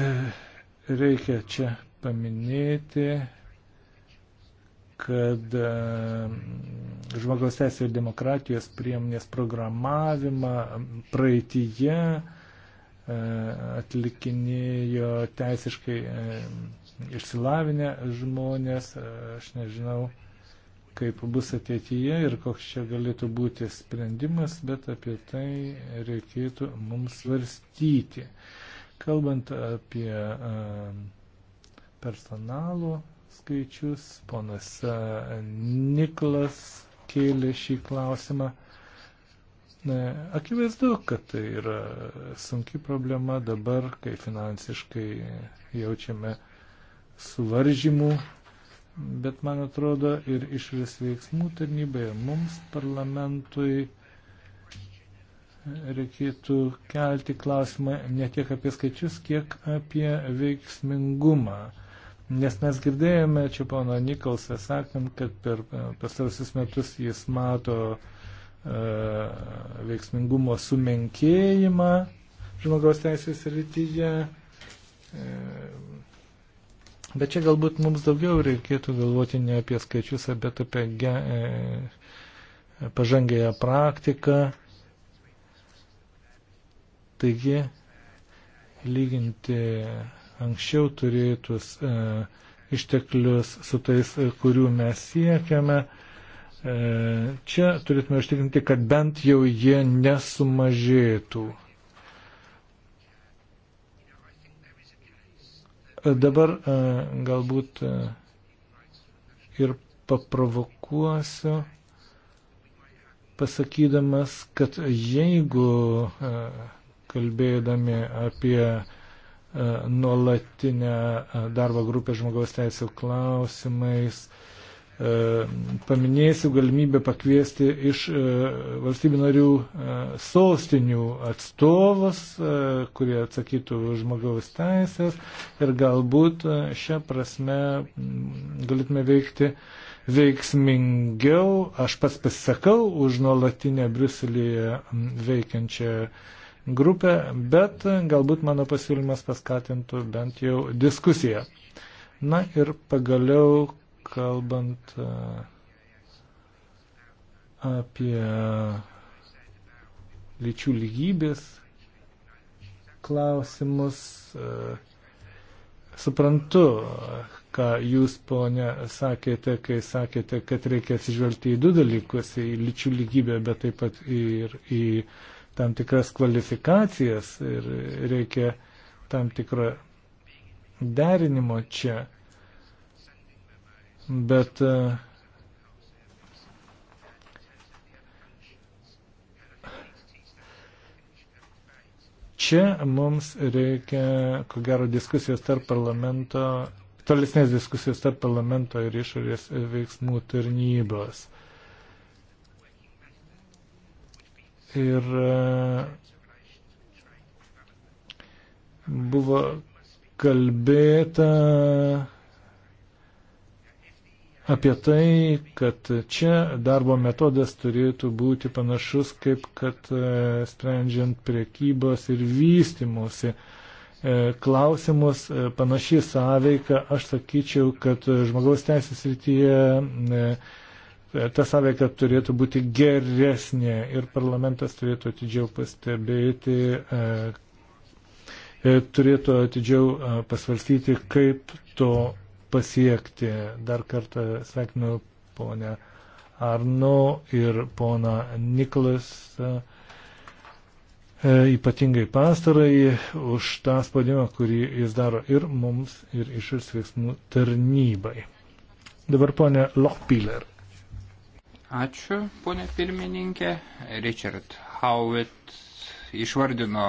E, reikia čia paminėti kad e, žmogaus teisų ir demokratijos priemonės programavimą praeitįje e, atlikinėjo teisiškai e, išsilavinę žmonės. Aš nežinau, kaip bus ateityje ir koks čia galėtų būti sprendimas, bet apie tai reikėtų mums svarstyti. Kalbant apie personalo skaičius. Ponas e, Niklas kėlė šį klausimą. E, akivaizdu, kad tai yra sunki problema dabar, kai finansiškai jaučiame suvaržymų, bet man atrodo ir išorės veiksmų tarnybai, ir mums parlamentui reikėtų kelti klausimą ne tiek apie skaičius, kiek apie veiksmingumą. Nes mes girdėjome čia pono Nikolsą sakant, kad per e, pastarusius metus jis mato e, veiksmingumo sumenkėjimą žmogaus teisės rytyje. E, bet čia galbūt mums daugiau reikėtų galvoti ne apie skaičius, bet apie ge, e, pažangėją praktiką. Taigi, lyginti anksčiau turėtus e, išteklius su tais, e, kurių mes siekiame. E, čia turėtume užtikrinti, kad bent jau jie nesumažėtų. E, dabar e, galbūt e, ir paprovokuosiu pasakydamas, kad jeigu e, kalbėdami apie nuolatinę e, darbo grupę žmogaus teisų klausimais. E, paminėsiu galimybę pakviesti iš e, valstybių narių sostinių atstovus, kurie atsakytų žmogaus teisės ir galbūt šią prasme galėtume veikti veiksmingiau. Aš pats pasisakau už nuolatinę Briuselėje veikiančią grupę, bet galbūt mano pasiūlymas paskatintų bent jau diskusiją. Na ir pagaliau, kalbant e, apie lyčių lygybės klausimus, e, suprantu, ką jūs, ponė, sakėte, kai sakėte, kad reikia atsižvelgti į du dalykus - į lyčių lygybę, bet taip pat ir į tam tikras kvalifikacijas ir reikia tam tikro derinimo čia. Bet e, čia mums reikia, ko gero, diskusijos tarp parlamento, tolesnės diskusijos tarp parlamento ir išorės veiksmų tarnybos. ir e, buvo kalbėta apie tai, kad čia darbo metodas turėtų būti panašus, kaip kad e, sprendžiant priekybos ir vystimusi e, klausimus, panaši sąveika, aš sakyčiau, kad žmogaus teisės rytyje ta sąveika turėtų būti geresnė ir parlamentas turėtų atidžiau pastebėti, e, e, turėtų atidžiau e, pasvarstyti, kaip to pasiekti. Dar kartą sveikinu ponę Arno ir poną Niklas ypatingai pastarai už tą spaudimą, kurį jis daro ir mums, ir išvis veiksmų tarnybai. Dabar ponė Lochpiller. Ačiū, ponė pirmininkė. Richard Howitt išvardino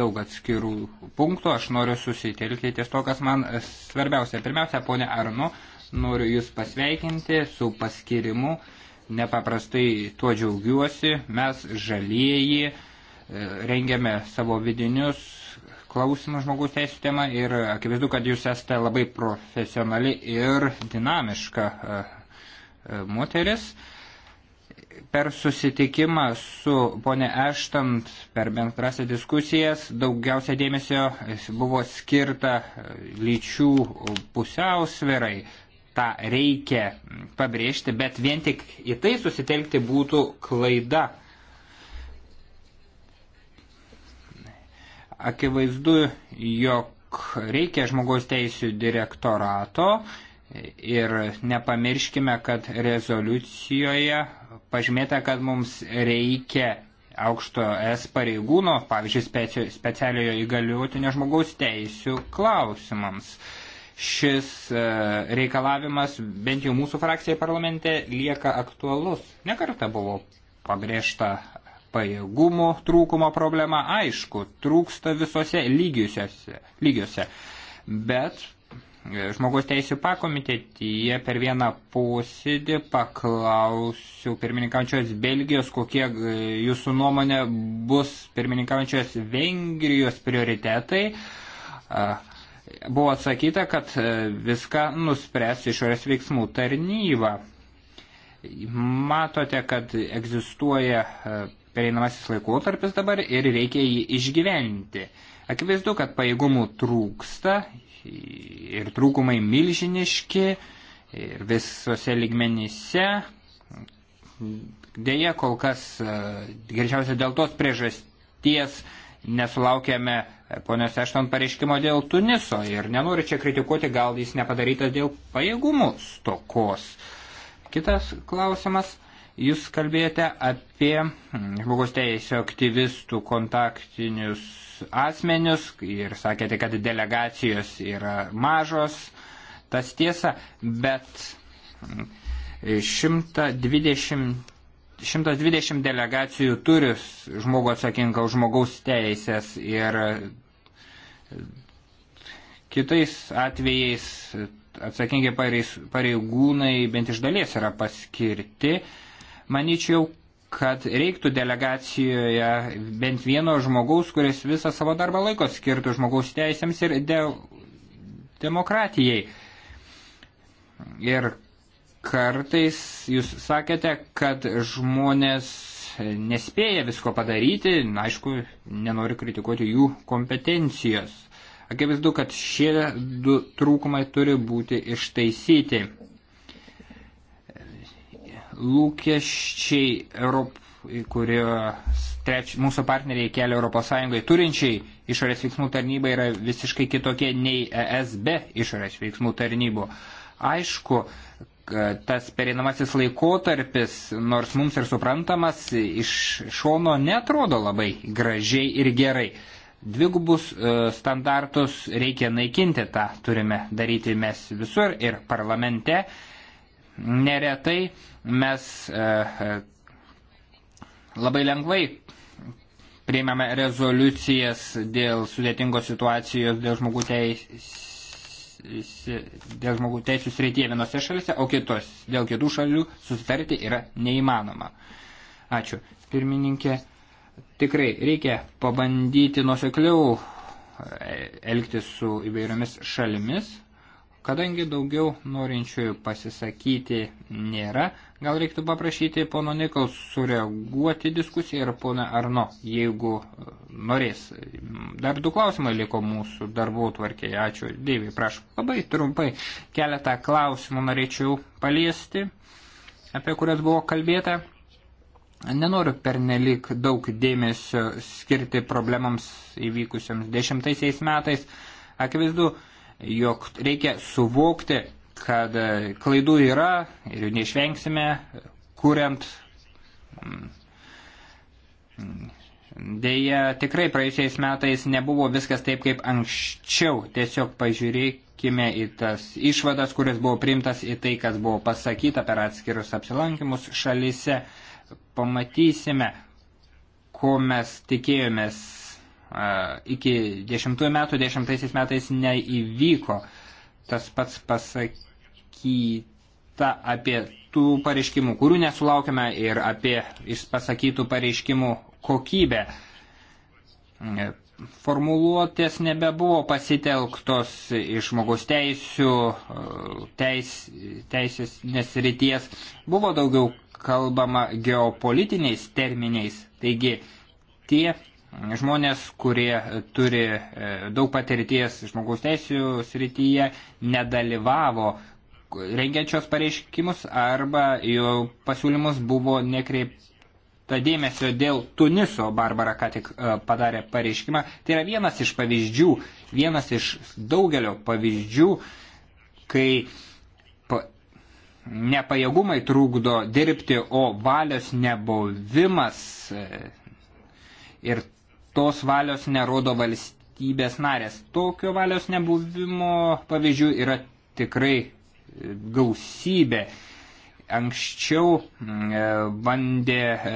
daug atskirų punktų. Aš noriu susitelkti ties to, kas man svarbiausia. Pirmiausia, ponė Arno, noriu Jūs pasveikinti su paskirimu. Nepaprastai tuo džiaugiuosi. Mes žalieji e, rengiame savo vidinius klausimus žmogus teisų tema ir akivaizdu, kad Jūs esate labai profesionali ir dinamiška e, e, moteris. Uh, per susitikimą su ponė Eštant, per bendrasią diskusijas, daugiausia dėmesio buvo skirta e, lyčių pusiausvirai. Ta reikia pabrėžti, bet vien tik į tai susitelkti būtų klaida. Akivaizdu, jog reikia žmogaus teisų direktorato, Ir nepamirškime, kad rezoliucijoje pažymėta, kad mums reikia aukšto es pareigūno, pavyzdžiui, specialiojo įgaliotinio žmogaus teisių klausimams. Šis e, reikalavimas bent jau mūsų frakcijai parlamente lieka aktualus. Nekarta buvo pabrėžta pajėgumų trūkumo problema, aišku, trūksta visose lygiuose, lygiuose. bet E, žmogaus teisų pakomitetyje per vieną posėdį paklausiu pirmininkaujančios Belgijos, kokie e, jūsų nuomonė bus pirmininkaujančios Vengrijos prioritetai. E, buvo atsakyta, kad viską nuspręs išorės veiksmų tarnyba. Matote, kad egzistuoja pereinamasis laikotarpis dabar ir reikia jį išgyventi. Akivaizdu, kad pajėgumų trūksta, ir trūkumai milžiniški ir visose ligmenyse. Deja, kol kas, e, greičiausiai dėl tos priežasties nesulaukėme ponios Ešton pareiškimo dėl Tuniso ir nenoriu čia kritikuoti, gal jis nepadarytas dėl pajėgumų stokos. Kitas klausimas Jūs kalbėjote apie žmogaus teisų aktyvistų kontaktinius asmenius ir sakėte, kad delegacijos yra mažos. Tas tiesa, bet 120, 120 delegacijų turi žmogų atsakingą už žmogaus teisės ir kitais atvejais atsakingi pareigūnai bent iš dalies yra paskirti Manyčiau, kad reiktų delegacijoje bent vieno žmogaus, kuris visą savo darbą laiko skirtų žmogaus teisėms ir de demokratijai. Ir kartais jūs sakėte, kad žmonės nespėja visko padaryti, na, aišku, nenori kritikuoti jų kompetencijos. Akivaizdu, kad šie du trūkumai turi būti ištaisyti lūkesčiai, Europ, kurie treč, mūsų partneriai kelia ES turinčiai išorės veiksmų tarnybai yra visiškai kitokie nei ES be išorės veiksmų tarnybų. Aišku, tas pereinamasis laikotarpis, nors mums ir suprantamas, iš šono netrodo labai gražiai ir gerai. Dvigubus e, standartus reikia naikinti, tą turime daryti mes visur ir parlamente, Neretai mes e, e, labai lengvai priimame rezoliucijas dėl sudėtingos situacijos, dėl žmogų, teis, dėl žmogų teisų srityje vienose šalise, o kitos, dėl kitų šalių susitarti yra neįmanoma. Ačiū. Pirmininkė, tikrai reikia pabandyti nusekliau e, elgtis su įvairiomis šalimis, Kadangi daugiau norinčiųjų pasisakyti nėra, gal reiktų paprašyti pono Nikaus sureaguoti diskusiją ir pono Arno, jeigu e, norės. Dar du klausimai liko mūsų darbų tvarkėje. Ačiū, Deiviai, prašau. Labai trumpai keletą klausimų norėčiau paliesti, apie kurias buvo kalbėta. Nenoriu pernelik daug dėmesio skirti problemams įvykusiems dešimtaisiais metais. Akivaizdu, jog reikia suvokti, kad e, klaidų yra ir jų neišvengsime, kuriant. Mm, mm, Deja, tikrai praėjusiais metais nebuvo viskas taip kaip anksčiau. Tiesiog pažiūrėkime į tas išvadas, kuris buvo priimtas, į tai, kas buvo pasakyta per atskirus apsilankimus šalyse. Pamatysime, ko mes tikėjomės iki 10 metų, 10 metais neįvyko. Tas pats pasakyta apie tų pareiškimų, kurių nesulaukime ir apie pasakytų pareiškimų kokybę. E, formuluotės nebebuvo pasitelktos iš žmogaus teisių, e, teis, teisės nesrities. Buvo daugiau kalbama geopolitiniais terminiais. Taigi tie Žmonės, kurie turi e, daug patirties žmogaus teisų srityje, nedalyvavo rengiančios pareiškimus arba jų pasiūlymus buvo nekreipta dėmesio dėl Tuniso. Barbara ką tik e, padarė pareiškimą. Tai yra vienas iš pavyzdžių, vienas iš daugelio pavyzdžių, kai nepajėgumai trukdo dirbti, o valios nebuvimas e, ir tos valios nerodo valstybės narės. Tokio valios nebuvimo pavyzdžių yra tikrai e, gausybė. Anksčiau mm, e, bandė e,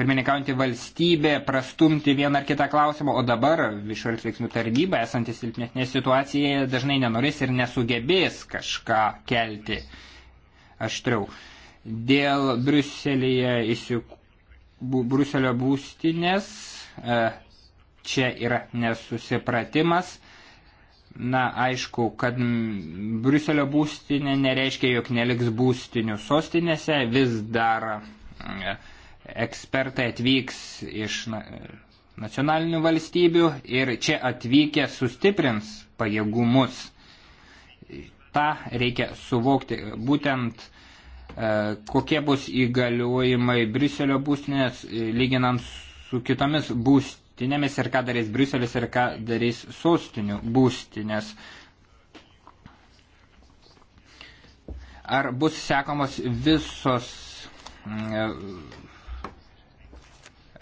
pirmininkaujantį valstybę prastumti vieną ar kitą klausimą, o dabar viešuolis veiksmų tarnyba, esantis silpnesnė situacija, dažnai nenorės ir nesugebės kažką kelti aštriau. Dėl Briuselėje įsikūrimo Bruselio būstinės. E, čia yra nesusipratimas. Na, aišku, kad Bruselio būstinė nereiškia, jog neliks būstinių sostinėse. Vis dar ekspertai atvyks iš nacionalinių valstybių ir čia atvykę sustiprins pajėgumus. Ta reikia suvokti. Būtent E, kokie bus įgaliojimai Briuselio būstinės e, lyginant su kitomis būstinėmis ir ką darys Briuselis ir ką darys sostinių būstinės. Ar bus sekamos visos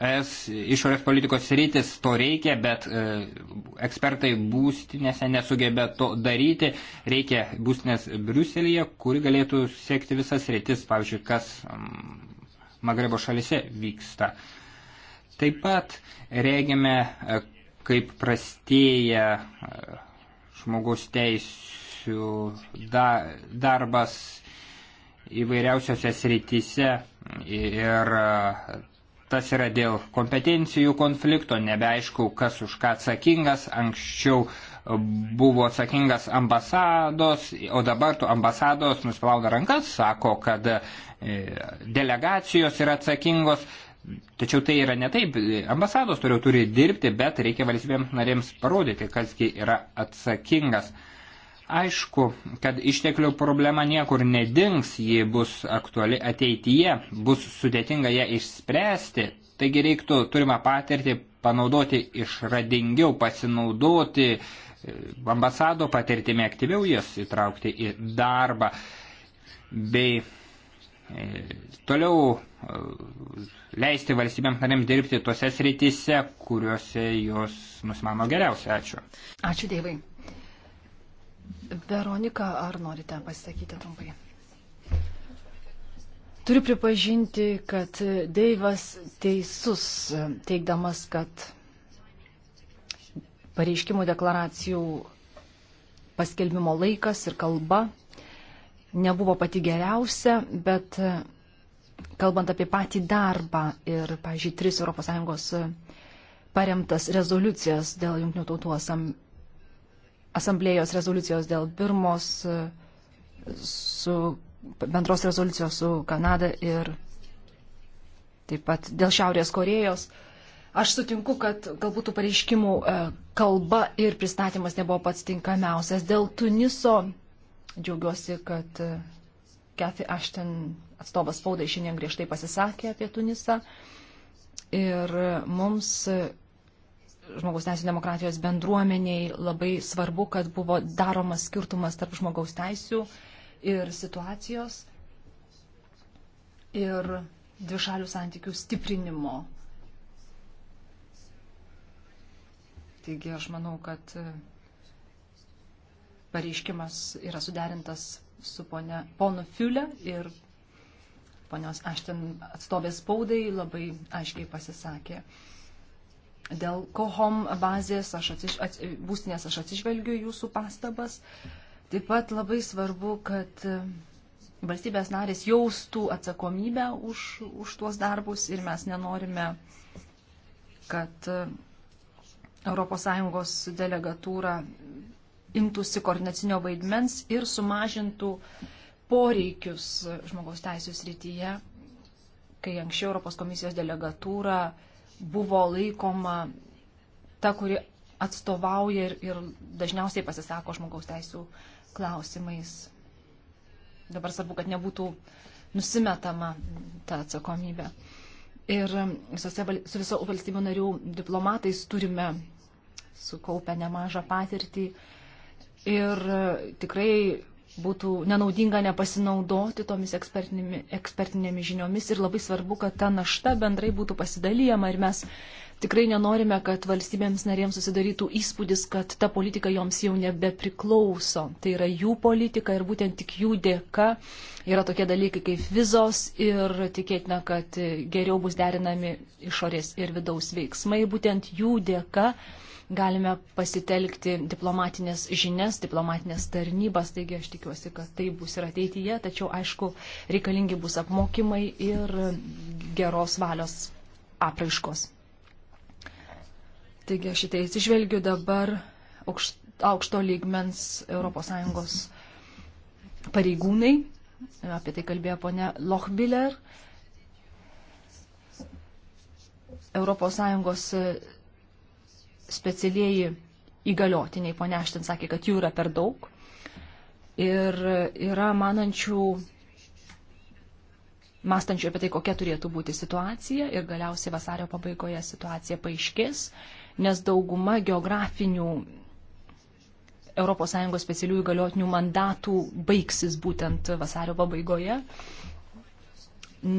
es išorės politikos rytis to reikia, bet e, ekspertai būstinėse nesugebė to daryti. Reikia būstinės Briuselėje, kuri galėtų siekti visas rytis, pavyzdžiui, kas Magrebo šalise vyksta. Taip pat regime, e, kaip prastėja e, žmogaus teisų da, darbas įvairiausiose srityse ir e, Tas yra dėl kompetencijų konflikto, nebeaišku, kas už ką atsakingas. Anksčiau buvo atsakingas ambasados, o dabar tu ambasados nusplauna rankas, sako, kad e, delegacijos yra atsakingos. Tačiau tai yra ne taip. Ambasados turiu turi dirbti, bet reikia valstybėms narėms parodyti, kasgi yra atsakingas. Aišku, kad išteklių problema niekur nedings, ji bus aktuali ateityje, bus sudėtinga ją išspręsti, taigi reiktų turimą patirtį panaudoti išradingiau, pasinaudoti e, ambasado patirtimi aktyviau jas įtraukti į darbą, bei e, toliau e, leisti valstybėms narėms dirbti tose sritise, kuriuose jos nusimano geriausia. Ačiū. Ačiū Dievai. Veronika, ar norite pasakyti trumpai? Turiu pripažinti, kad Deivas teisus, teikdamas, kad pareiškimų deklaracijų paskelbimo laikas ir kalba nebuvo pati geriausia, bet kalbant apie patį darbą ir, pažiūrėjau, tris ES paremtas rezoliucijas dėl Junktinių tautų asam, asamblėjos rezoliucijos dėl Birmos, su bendros rezoliucijos su Kanada ir taip pat dėl Šiaurės Korejos. Aš sutinku, kad galbūt tų pareiškimų e, kalba ir pristatymas nebuvo pats tinkamiausias. Dėl Tuniso džiaugiuosi, kad Kathy e, Ashton atstovas spaudai šiandien griežtai pasisakė apie Tunisą. Ir mums žmogaus teisų demokratijos bendruomeniai labai svarbu, kad buvo daromas skirtumas tarp žmogaus teisų ir situacijos ir dvišalių santykių stiprinimo. Taigi aš manau, kad e, pareiškimas yra suderintas su ponia, ponu Fiule ir ponios Ašten atstovės spaudai labai aiškiai pasisakė. Dėl kohom bazės aš atsiž... ats... būstinės aš atsižvelgiu jūsų pastabas. Taip pat labai svarbu, kad e, valstybės narės jaustų atsakomybę už, už tuos darbus ir mes nenorime, kad ES delegatūra imtųsi koordinacinio vaidmens ir sumažintų poreikius žmogaus teisės rytyje, kai anksčiau Europos komisijos delegatūra uh, buvo laikoma ta, kuri atstovauja ir, ir dažniausiai pasisako žmogaus teisų klausimais. Dabar svarbu, kad nebūtų nusimetama ta atsakomybė. Ir visose, su viso valstybių narių diplomatais turime sukaupę nemažą patirtį. Ir tikrai būtų nenaudinga nepasinaudoti tomis ekspertinėmis žiniomis ir labai svarbu, kad ta našta bendrai būtų pasidalyjama ir mes tikrai nenorime, kad valstybėms narėms susidarytų įspūdis, kad ta politika joms jau nebepriklauso. Tai yra jų politika ir būtent tik jų dėka yra tokie dalykai kaip vizos ir tikėtina, kad geriau bus derinami išorės ir vidaus veiksmai. Būtent jų dėka galime pasitelkti diplomatinės žinias, diplomatinės tarnybas, taigi aš tikiuosi, kad tai bus ir ateityje, tačiau aišku, reikalingi bus apmokymai ir geros valios apraiškos. Taigi aš šitai atsižvelgiu dabar aukšto lygmens ES pareigūnai, apie tai kalbėjo ponia Lochbiller. ES specialieji įgaliotiniai, ponia Aštin sakė, kad jų yra per daug. Ir yra manančių, mastančių apie tai, kokia turėtų būti situacija ir galiausiai vasario pabaigoje situacija paaiškės, nes dauguma geografinių ES specialiųjų galiotinių mandatų baigsis būtent vasario pabaigoje.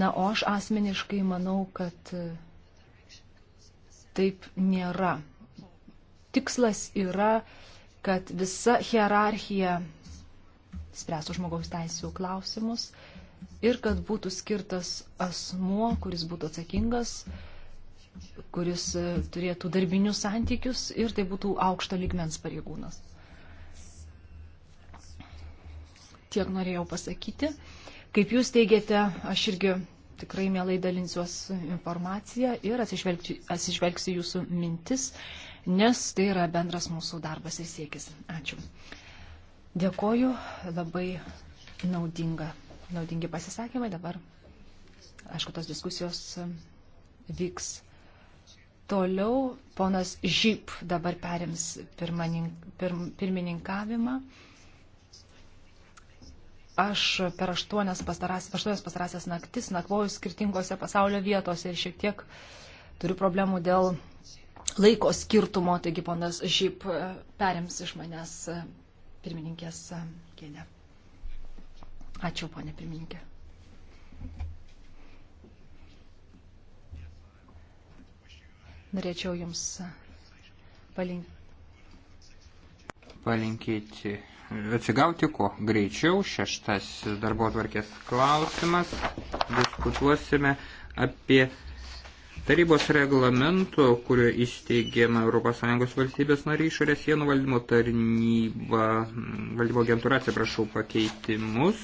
Na, o aš asmeniškai manau, kad taip nėra tikslas yra, kad visa hierarchija spręstų žmogaus teisų klausimus ir kad būtų skirtas asmuo, kuris būtų atsakingas, kuris e, turėtų darbinius santykius ir tai būtų aukšto lygmens pareigūnas. Tiek norėjau pasakyti. Kaip jūs teigiate, aš irgi tikrai mielai dalinsiuos informaciją ir atsižvelgsiu, atsižvelgsiu jūsų mintis nes tai yra bendras mūsų darbas ir siekis. Ačiū. Dėkoju, labai naudinga, naudingi pasisakymai dabar. Aišku, tos diskusijos e, vyks. Toliau ponas Žyp dabar perims pirmininkavimą. Aš per aštuonias pastarąsias, aštuonias pastarąsias naktis nakvoju skirtingose pasaulio vietose ir šiek tiek turiu problemų dėl laiko skirtumo, taigi ponas Žyp e, perims iš manęs e, pirmininkės kėdę. E, Ačiū, ponė pirmininkė. Norėčiau Jums palink... palinkėti atsigauti kuo greičiau. Šeštasis darbo atvarkės klausimas. Diskutuosime apie Tarybos reglamento, kurio įsteigiama ES valstybės nariai išorės sienų valdymo tarnyba, mm, valdymo agentūra, atsiprašau, pakeitimus.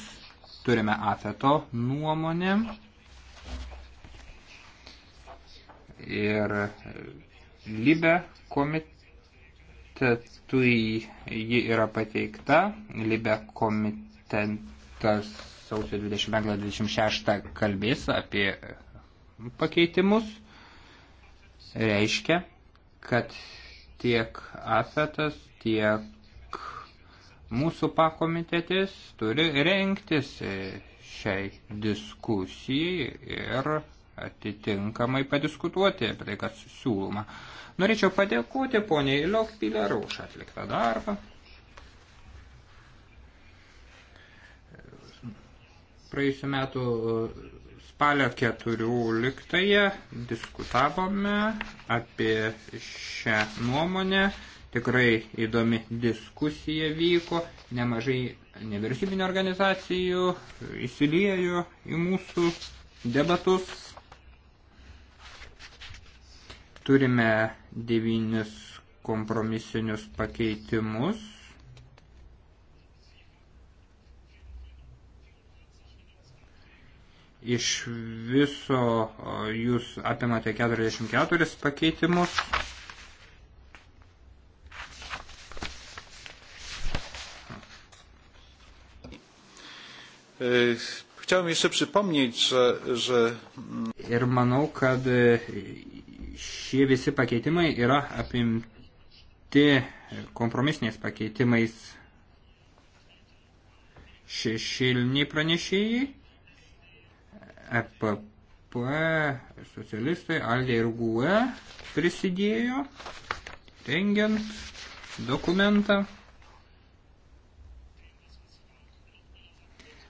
Turime AFETO nuomonę. Ir e, Libe komitetui ji yra pateikta. Libe komitetas sausio 25-26 kalbės apie e, pakeitimus reiškia, kad tiek afetas, tiek mūsų pakomitetis turi rengtis šiai diskusijai ir atitinkamai padiskutuoti apie tai, kas siūloma. Norėčiau padėkoti poniai Liokpiler už atliktą darbą. Praėjusiu metu spalio 14 diskutavome apie šią nuomonę. Tikrai įdomi diskusija vyko, nemažai nevyriausybinio organizacijų įsiliejo į mūsų debatus. Turime devynis kompromisinius pakeitimus Iš viso jūs apimate 44 pakeitimus. E, Chciałem jeszcze przypomnieć, że, że... Mm, Ir manau, kad e, šie visi pakeitimai yra apimti kompromisiniais pakeitimais šešilniai pranešėjai. EPP, socialistai, Aldė ir GUE prisidėjo rengiant dokumentą.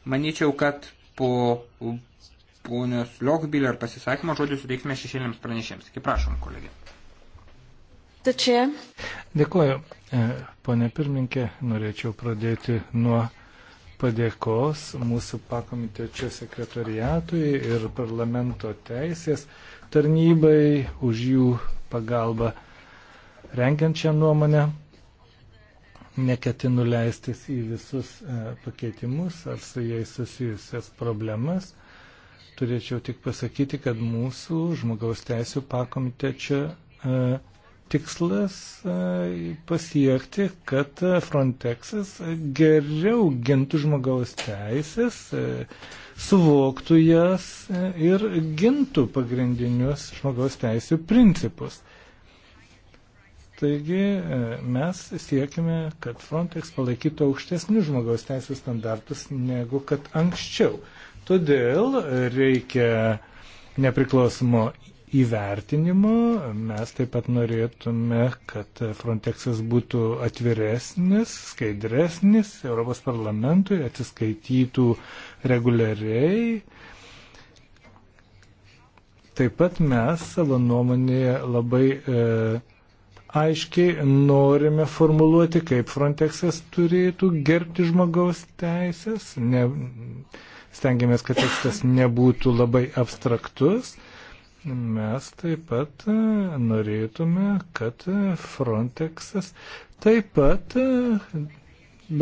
Manyčiau, kad po ponios Lokbiller pasisakymo žodį suteiksime šešėliams pranešėms. Kaip prašom, kolegė. Dėkuoju, e, ponė pirminkė. Norėčiau pradėti nuo padėkos mūsų pakomitečio sekretariatui ir parlamento teisės tarnybai už jų pagalbą renkiančią nuomonę. Neketinu leistis į visus e, pakeitimus ar su jais susijusias problemas. Turėčiau tik pasakyti, kad mūsų žmogaus teisų pakomitečio e, tikslas e, pasiekti, kad e, Frontexas geriau gintų žmogaus teisės, e, suvoktų jas ir gintų pagrindinius žmogaus teisų principus. Taigi mes siekime, kad Frontex palaikytų aukštesnius žmogaus teisų standartus negu kad anksčiau. Todėl reikia nepriklausomo įvertinimo. Mes taip pat norėtume, kad Frontexas būtų atviresnis, skaidresnis, Europos parlamentui atsiskaitytų reguliariai. Taip pat mes savo nuomonėje labai e, aiškiai norime formuluoti, kaip Frontexas turėtų gerbti žmogaus teisės. Ne, stengiamės, kad tekstas nebūtų labai abstraktus mes taip pat e, norėtume, kad Frontexas taip pat e,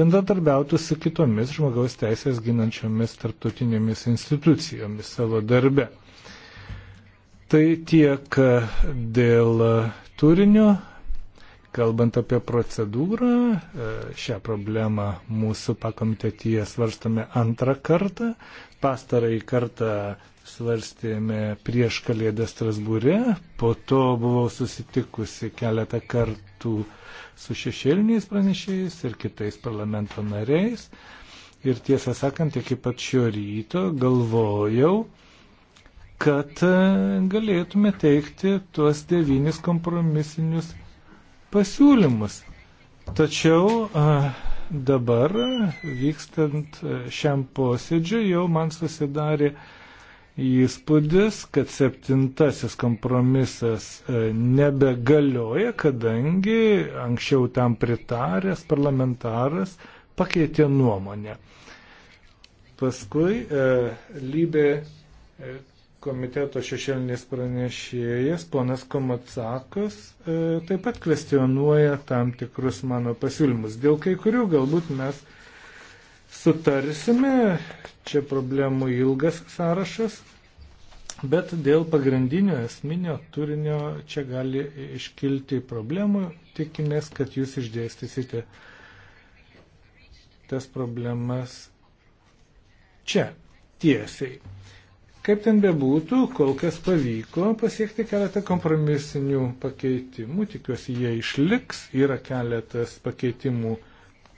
bendradarbiautų su kitomis žmogaus teisės ginančiomis tarptautinėmis institucijomis savo darbe. Tai tiek dėl turinio. Kalbant apie procedūrą, e, šią problemą mūsų pakomitetyje svarstame antrą kartą. Pastarąjį kartą svarstėme prieš kalėdą Strasbūre, po to buvau susitikusi keletą kartų su šešėliniais pranešėjais ir kitais parlamento nariais. Ir tiesą sakant, iki pat šio ryto galvojau, kad e, galėtume teikti tuos devynis kompromisinius pasiūlymus. Tačiau e, dabar, vykstant e, šiam posėdžiu, jau man susidarė uh, įspūdis, kad septintasis kompromisas e, nebegalioja, kadangi anksčiau tam pritaręs parlamentaras pakeitė nuomonę. Paskui e, lybė e, komiteto šešėlinis pranešėjas, ponas Komatsakas, e, taip pat kvestionuoja tam tikrus mano pasiūlymus. Dėl kai kurių galbūt mes e, sutarsime, čia problemų ilgas sąrašas, bet dėl pagrindinio esminio turinio čia gali iškilti problemų, tikimės, kad jūs išdėstysite tas problemas čia tiesiai. Kaip ten bebūtų, kol kas pavyko pasiekti keletą kompromisinių pakeitimų, tikiuosi jie išliks, yra keletas pakeitimų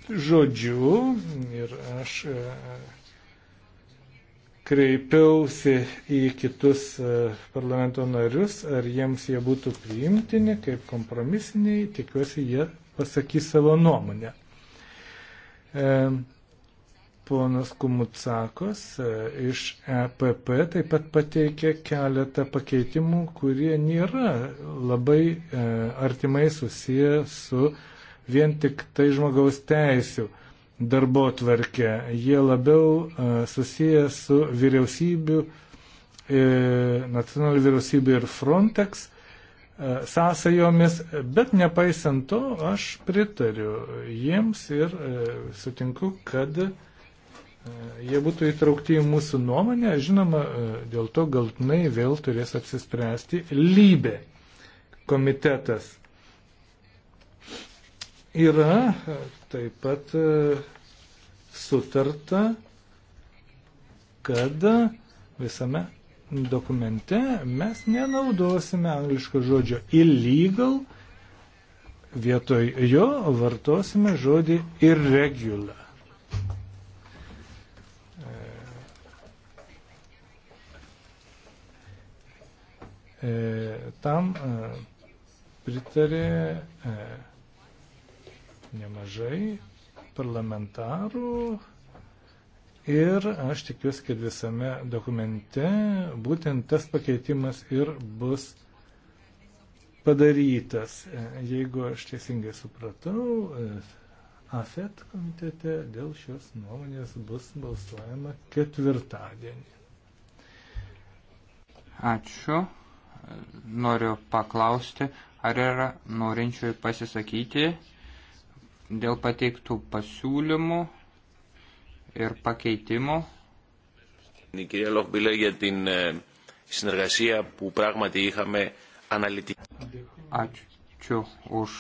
žodžiu ir aš e, kreipiausi į kitus e, parlamento narius, ar jiems jie būtų priimtini kaip kompromisiniai, tikiuosi, jie pasakys savo nuomonę. E, ponas Kumutsakos iš EPP taip pat pateikė keletą pakeitimų, kurie nėra labai artimai susiję su uh, vien tik tai žmogaus teisų darbo tvarkė. Jie labiau e, susiję su vyriausybių, e, nacionalinių vyriausybių ir Frontex e, sąsajomis, bet nepaisant to aš pritariu jiems ir sutinku, kad jie būtų įtraukti į mūsų nuomonę, žinoma, dėl to galtinai vėl turės apsispręsti lybė komitetas. Yra taip pat e, sutarta, kad visame dokumente mes nenaudosime angliško žodžio illegal, vietoj jo vartosime žodį irregular. E, e, tam pritarė nemažai parlamentarų ir aš tikiuosi, kad visame dokumente būtent tas pakeitimas ir bus padarytas. Jeigu aš teisingai supratau, AFET komitete dėl šios nuomonės bus balsuojama ketvirtadienį. Ačiū. Noriu paklausti, ar yra norinčiųjų pasisakyti Dėl pateiktų pasiūlymų ir pakeitimų. Κυρία Λοχμπίλε, για την συνεργασία που πράγματι είχαμε αναλυτικά. Ačiū už,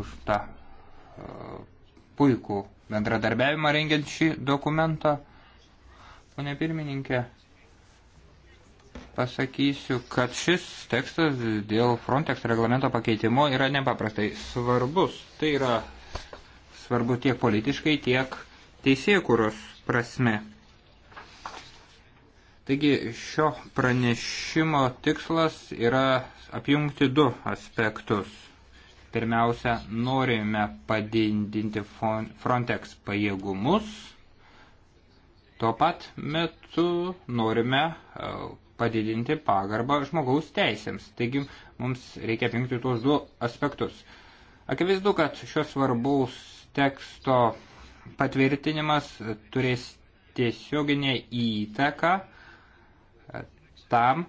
už tą puikų bendradarbiavimą rengiant šį dokumentą. Pone pirmininkė, pasakysiu, kad šis tekstas dėl Frontex reglamento pakeitimo yra nepaprastai svarbus. Tai yra svarbu tiek politiškai, tiek teisėkuros prasme. Taigi šio pranešimo tikslas yra apjungti du aspektus. Pirmiausia, norime padidinti Frontex pajėgumus. Tuo pat metu norime padidinti pagarbą žmogaus teisėms. Taigi mums reikia apjungti tuos du aspektus. Akivaizdu, kad šios svarbaus teksto patvirtinimas turės tiesioginę įtaką tam,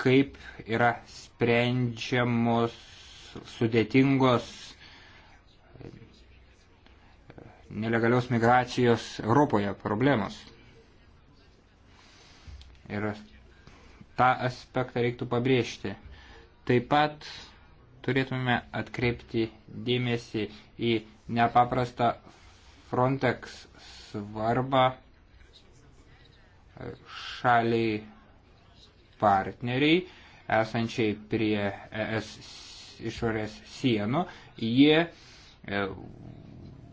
kaip yra sprendžiamos sudėtingos nelegalios migracijos Europoje problemos. Ir tą aspektą reiktų pabrėžti. Taip pat turėtume atkreipti dėmesį į nepaprastą Frontex svarbą šaliai partneriai esančiai prie ES išorės sienų. Jie e,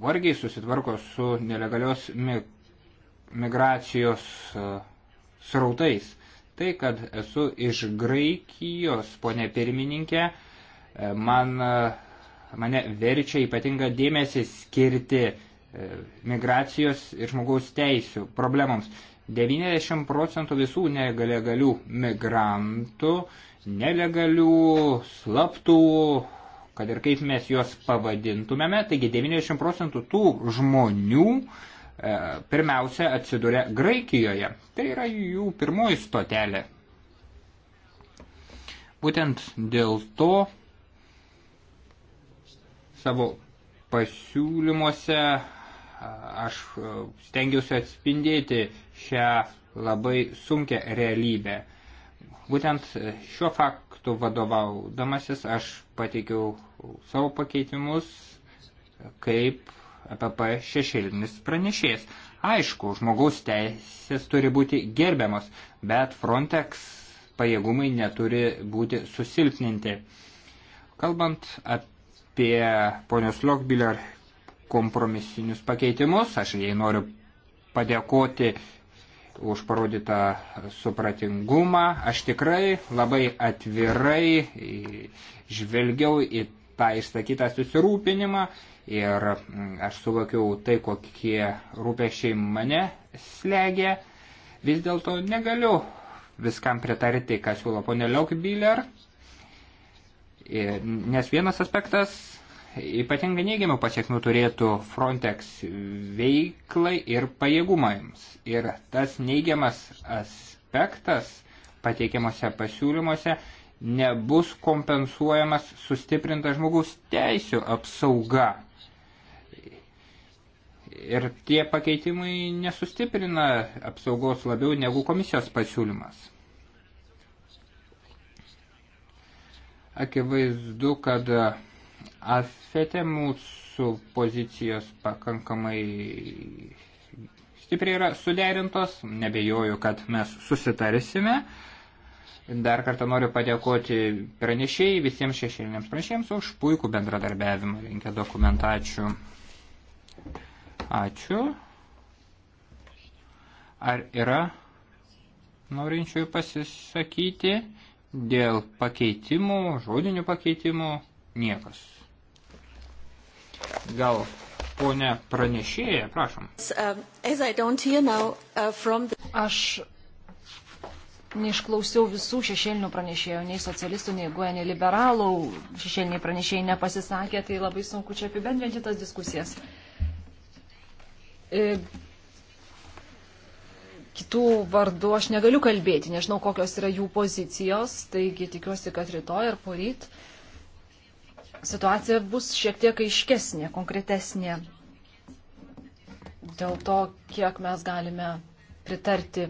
vargiai susitvarko su nelegalios migracijos e, srautais. Tai, kad esu iš Graikijos, ponė pirmininkė, man, mane verčia ypatinga dėmesį skirti e, migracijos ir žmogaus teisių problemams. 90 procentų visų nelegalių migrantų, nelegalių, slaptų, kad ir kaip mes juos pavadintumėme, taigi 90 procentų tų žmonių uh, E, pirmiausia atsiduria Graikijoje. Tai yra jų pirmoji stotelė. Būtent dėl to savo pasiūlymuose aš e, stengiausi atspindėti šią labai sunkę realybę. Būtent šiuo faktu vadovaudamasis aš pateikiau savo pakeitimus, kaip EPP šešėlinis pranešėjas. Aišku, žmogaus teisės turi būti gerbiamos, bet Frontex pajėgumai neturi būti susilpninti. Kalbant apie ponios Lokbiller kompromisinius pakeitimus, aš jai noriu padėkoti už parodytą supratingumą. Aš tikrai labai atvirai žvelgiau į tą išsakytą susirūpinimą ir mm, aš suvokiau tai, kokie rūpešiai mane slegia. Vis dėlto negaliu viskam pritarti, ką siūlo ponė Liokbiler, nes vienas aspektas ypatingai neigiamų pasiekmių turėtų Frontex veiklai ir pajėgumams. Ir tas neigiamas aspektas pateikiamuose pasiūlymuose nebus kompensuojamas sustiprinta žmogaus teisų apsauga. Ir tie pakeitimai nesustiprina apsaugos labiau negu komisijos pasiūlymas. Akivaizdu, kad afete mūsų pozicijos pakankamai stipriai yra suderintos, nebejoju, kad mes susitarsime. Dar kartą noriu padėkoti pranešėjai, visiems šešėliniams pranešėjams už puikų bendradarbiavimą rinkę dokumentačių. Ačiū. Ar yra norinčiųjų pasisakyti dėl pakeitimų, žodinių pakeitimų? Niekas. Gal ponia pranešėja, prašom. As, um, as now, uh, the... Aš neišklausiau visų šešėlinių pranešėjų, nei socialistų, nei guoja, nei liberalų šešėliniai pranešėjai nepasisakė, tai labai sunku čia apibendrinti tas diskusijas. E, kitų vardų aš negaliu kalbėti, nežinau, kokios yra jų pozicijos, taigi tikiuosi, kad rytoj ir poryt situacija bus šiek tiek aiškesnė, konkretesnė dėl to, kiek mes galime pritarti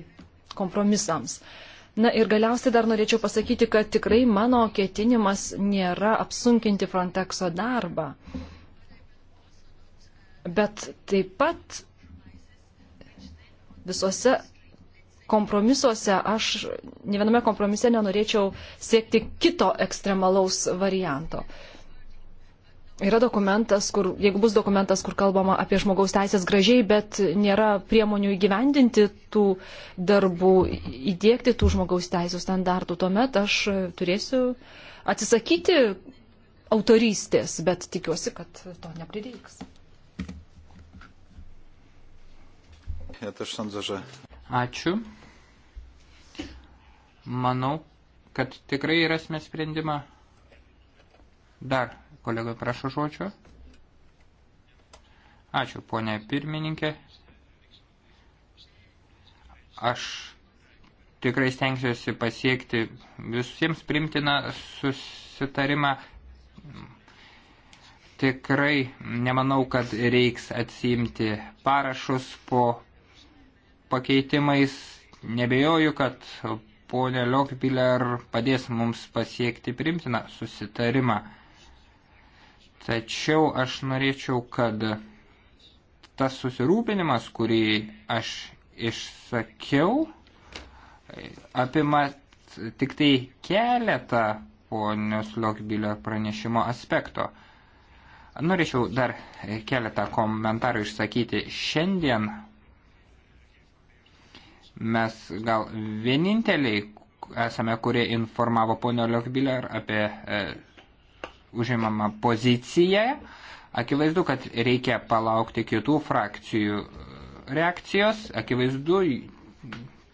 kompromisams. Uh, Na ir galiausiai dar norėčiau pasakyti, kad tikrai mano ketinimas nėra apsunkinti Frontexo darbą. Bet taip pat visuose kompromisuose aš, ne viename kompromise nenorėčiau siekti kito ekstremalaus varianto. Yra dokumentas, kur, jeigu bus dokumentas, kur kalbama apie žmogaus teisės gražiai, bet nėra priemonių įgyvendinti tų darbų, įdėkti tų žmogaus teisų standartų, tuomet aš turėsiu atsisakyti autorystės, bet tikiuosi, kad to neprireiks. Ačiū. Manau, kad tikrai rasime sprendimą. Dar Kolega prašo žodžio. Ačiū, ponė pirmininkė. Aš tikrai stengsiuosi pasiekti visiems primtiną susitarimą. Tikrai nemanau, kad reiks atsiimti parašus po pakeitimais. Nebejoju, kad ponė Lokbiler padės mums pasiekti primtiną susitarimą. Tačiau aš norėčiau, kad tas susirūpinimas, kurį aš išsakiau, apima tik tai keletą ponios Lokbilio pranešimo aspekto. Norėčiau dar keletą komentarų išsakyti. Šiandien mes gal vieninteliai esame, kurie informavo ponio Lokbilio apie e, užimama pozicija. Akivaizdu, kad reikia palaukti kitų frakcijų e, reakcijos. Akivaizdu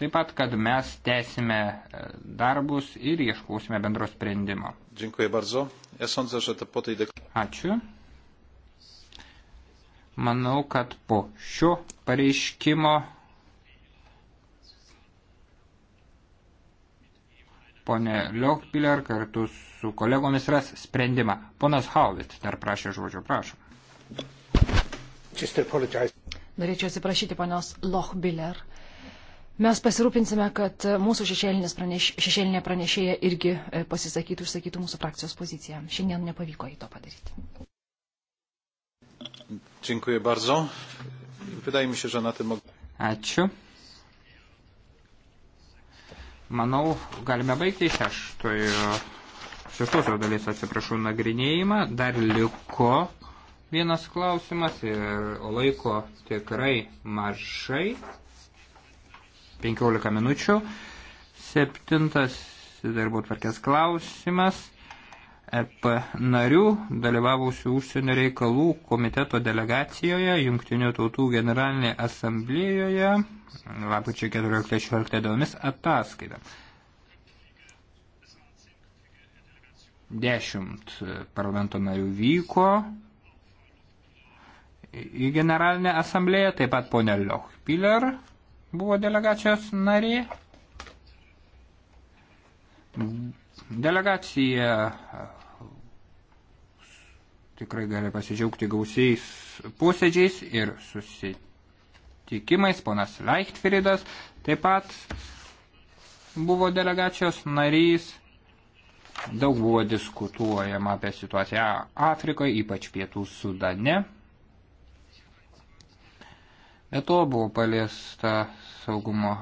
taip pat, kad mes tęsime e, darbus ir ieškosime bendro sprendimo. Ačiū. Manau, kad po šio pareiškimo ponė Liokpiller kartu su kolegomis ras sprendimą. Ponas Hauvit dar prašė žodžio, prašom. Norėčiau atsiprašyti ponios Lochbiller. Mes pasirūpinsime, kad mūsų praneš, šešėlinė pranešėja irgi e, pasisakytų, išsakytų mūsų frakcijos poziciją. Šiandien nepavyko į to padaryti. Dziękuję bardzo. Wydaje mi się, że na tym... Ačiū. Manau, galime baigti šeštojo, šeštosios dalies atsiprašau nagrinėjimą. Dar liko vienas klausimas ir laiko tikrai mažai. 15 minučių. Septintas darbo tvarkės klausimas. EP narių, dalyvavusių užsienio reikalų komiteto delegacijoje, Junktinių tautų generalinėje asamblėjoje, lapkričio 14-16 dienomis ataskaita. Dešimt parlamento narių vyko į generalinę asamblėją, taip pat ponė Lochpiller buvo delegacijos narė. Delegacija tikrai gali pasidžiaugti gausiais posėdžiais ir susitikimais. Ponas Leichtfridas taip pat buvo delegacijos narys. Daug buvo diskutuojama apie situaciją Afrikoje, ypač pietų Sudane. Be to buvo paliesta saugumo,